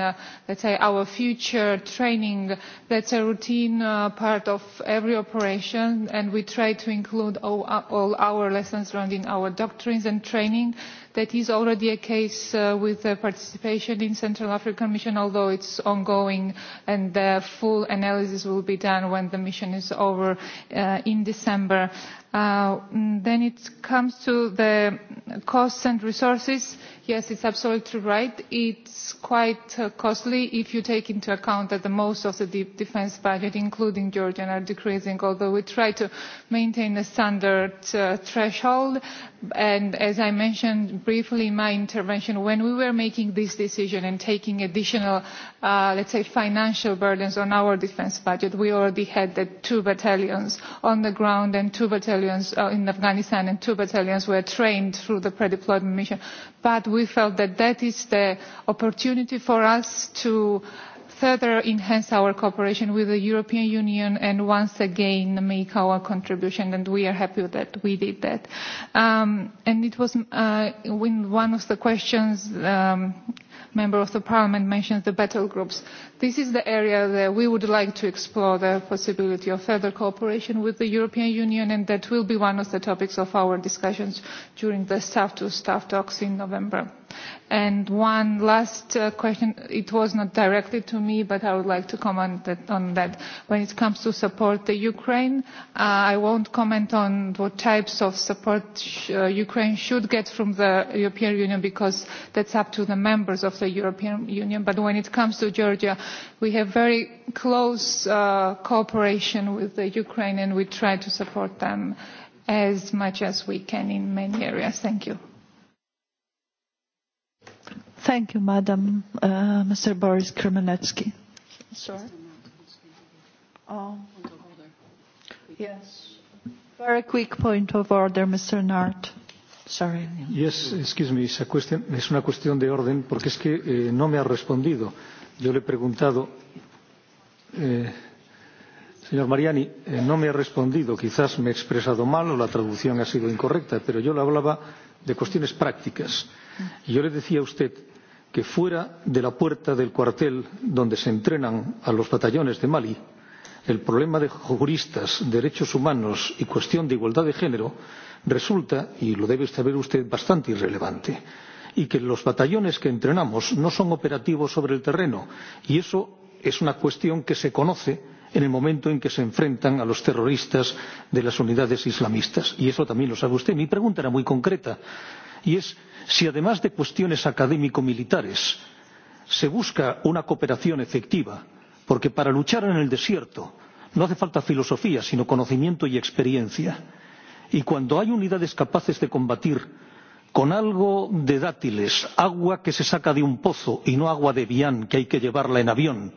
let's say our future training that's a routine uh, part of every operation, and we try to include all, all our lessons learned in our doctrines and training. That is already a case uh, with the participation in Central African Mission, although it's ongoing, and the full analysis will be done when the mission is over uh, in December. Uh, then it comes to the costs and resources. Uh, yes it is absolutely right it is quite costly if you take into account that most of the defence budget including georgian are decreasing although we try to maintain a standard threshold and as i mentioned briefly in my intervention when we were making this decision and taking additional let's say financial burdens on our defence budget we already had the two battalions on the ground and two battalions in afghanistan and two battalions were trained through the pre deployment mission but we felt that that is the opportunity for us to further enhance our cooperation with the European Union and once again make our contribution and we are happy that we did that. Um, and it was uh, when one of the questions um, member of the parliament mentioned the battle groups. This is the area that we would like to explore the possibility of further cooperation with the European Union, and that will be one of the topics of our discussions during the staff-to-staff talks in November. And one last question, it was not directed to me, but I would like to comment on that. When it comes to support for Ukraine, i I won't comment on what types of support Ukraine should get from the European Union because that is up to the members of the European Union. But when it comes to Georgia, We have very close uh, cooperation with the Ukraine and we try to support them as much as we can in many areas. Thank you. Thank you, Madam. Uh, Mr. Boris Kremenetsky. Sorry. Oh. Yes. Very quick point of order, Mr. Nart. Sorry. Yes, excuse me, es una cuestión de orden porque es que eh, no me ha respondido Yo le he preguntado, eh, señor Mariani, eh, no me ha respondido. Quizás me he expresado mal o la traducción ha sido incorrecta, pero yo le hablaba de cuestiones prácticas. Y yo le decía a usted que fuera de la puerta del cuartel donde se entrenan a los batallones de Mali, el problema de juristas, derechos humanos y cuestión de igualdad de género resulta, y lo debe saber usted, bastante irrelevante y que los batallones que entrenamos no son operativos sobre el terreno y eso es una cuestión que se conoce en el momento en que se enfrentan a los terroristas de las unidades islamistas y eso también lo sabe usted. mi pregunta era muy concreta y es si además de cuestiones académico militares se busca una cooperación efectiva porque para luchar en el desierto no hace falta filosofía sino conocimiento y experiencia y cuando hay unidades capaces de combatir con algo de dátiles, agua que se saca de un pozo y no agua de vián que hay que llevarla en avión,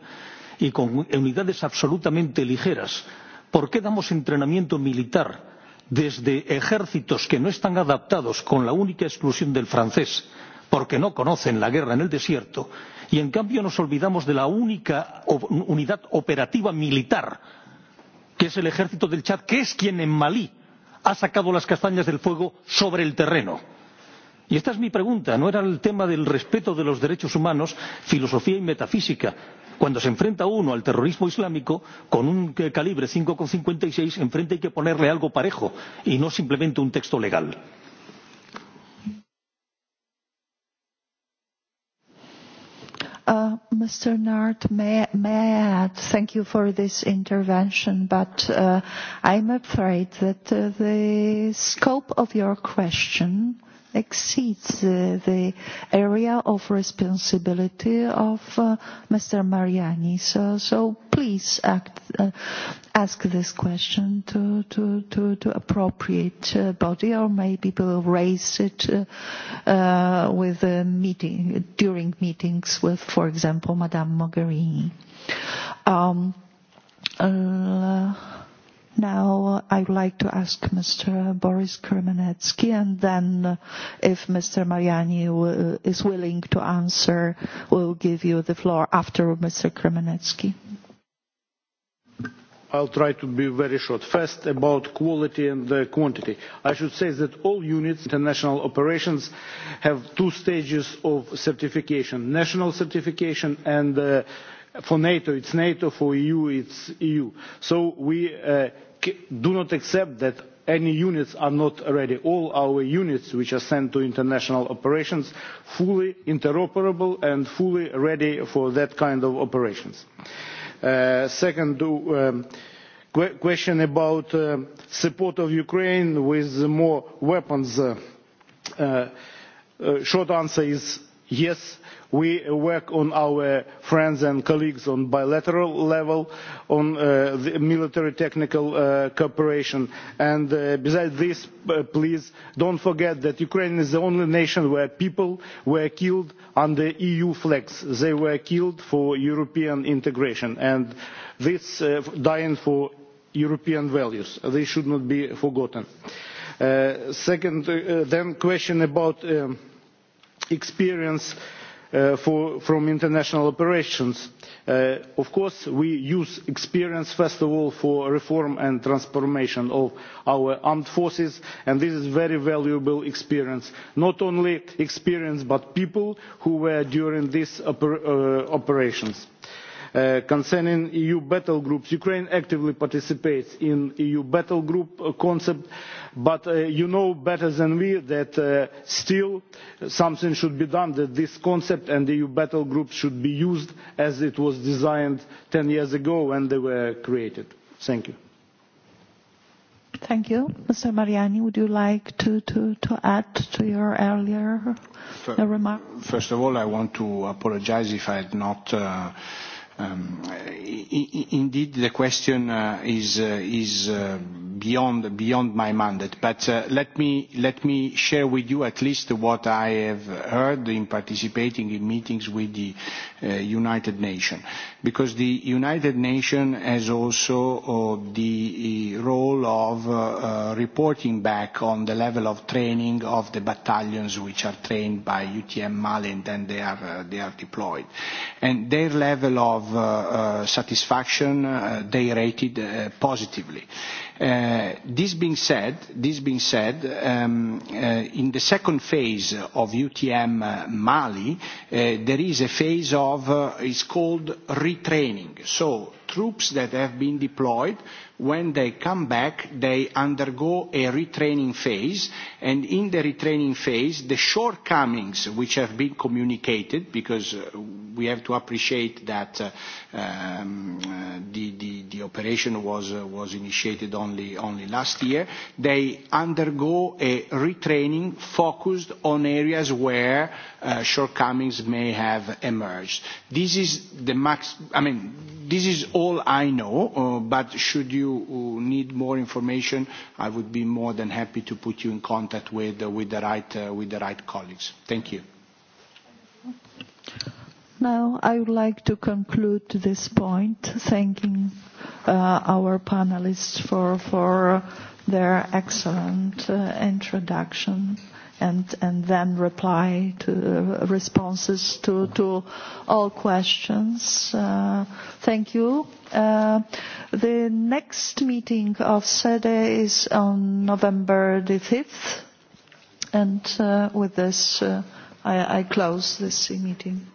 y con unidades absolutamente ligeras. ¿Por qué damos entrenamiento militar desde ejércitos que no están adaptados con la única exclusión del francés, porque no conocen la guerra en el desierto, y en cambio nos olvidamos de la única unidad operativa militar, que es el ejército del Chad, que es quien en Malí ha sacado las castañas del fuego sobre el terreno? Y esta es mi pregunta, no era el tema del respeto de los derechos humanos, filosofía y metafísica. Cuando se enfrenta uno al terrorismo islámico con un calibre 5,56, enfrente hay que ponerle algo parejo y no simplemente un texto legal. Mr. Nart, may I add, thank you for this intervention, but I'm afraid that the scope of your question exceeds uh, the area of responsibility of uh, Mr. Mariani. So, so please act, uh, ask this question to, to, to, to appropriate uh, body or maybe we'll raise it uh, uh, with a meeting, during meetings with, for example, Madame Mogherini. Um, uh, Now, I would like to ask Mr. Boris Kremeneczki, and then if Mr. Mariani is willing to answer, we'll give you the floor after Mr. Kremeneczki. I'll try to be very short. First, about quality and quantity. I should say that all units, international operations, have two stages of certification: national certification and, for NATO, it's NATO, for EU, it's EU. So we do not accept that any units are not ready. all our units which are sent to international operations, are fully interoperable and fully ready for that kind of operations. Second, question about support of Ukraine with more weapons. Short answer is yes We work on our friends and colleagues on bilateral level, on military technical cooperation. And besides this, please don't forget that Ukraine is the only nation where people were killed under EU flags. They were killed for European integration and this dying for European values. They should not be forgotten. second, then question about experience uh, from international operations. of course, we use experience, first of all, for reform and transformation of our armed forces, and this is very valuable experience. Not only experience, but people who were during these operations concerning EU battle groups, Ukraine actively participates in EU battle group concept, but you know better than we that still something should be done, that this concept and EU battle groups should be used as it was designed ten years ago when they were created. Thank you. Thank you. Mr. Mariani, would you like to to to add to your earlier remark? First of all, I want to apologize if I had not uh Um, indeed, the question uh, is, uh, is uh, beyond, beyond my mandate, but uh, let, me, let me share with you at least what I have heard in participating in meetings with the uh, United Nations, because the United Nations has also uh, the role of uh, uh, reporting back on the level of training of the battalions which are trained by UTM Mali and then they are, uh, they are deployed. And their level of of satisfaction, they rated positively. This being said, in the second phase of UTM Mali, there is a phase of, it's called retraining. So troops that have been deployed when they come back, they undergo a retraining phase, and in the retraining phase, the shortcomings which have been communicated, because we have to appreciate that um, the, the, the operation was, uh, was initiated only, only last year, they undergo a retraining focused on areas where uh, shortcomings may have emerged. This is the max. I mean, this is all I know. Uh, but should you need more information, I would be more than happy to put you in contact with uh, with the right uh, with the right colleagues. Thank you. Now, I would like to conclude this point, thanking uh, our panelists for, for their excellent uh, introduction and and then reply to responses to to all questions. Uh, thank you. Uh, the next meeting of SEDE is on November the 5th, and uh, with this, uh, I, I close this meeting.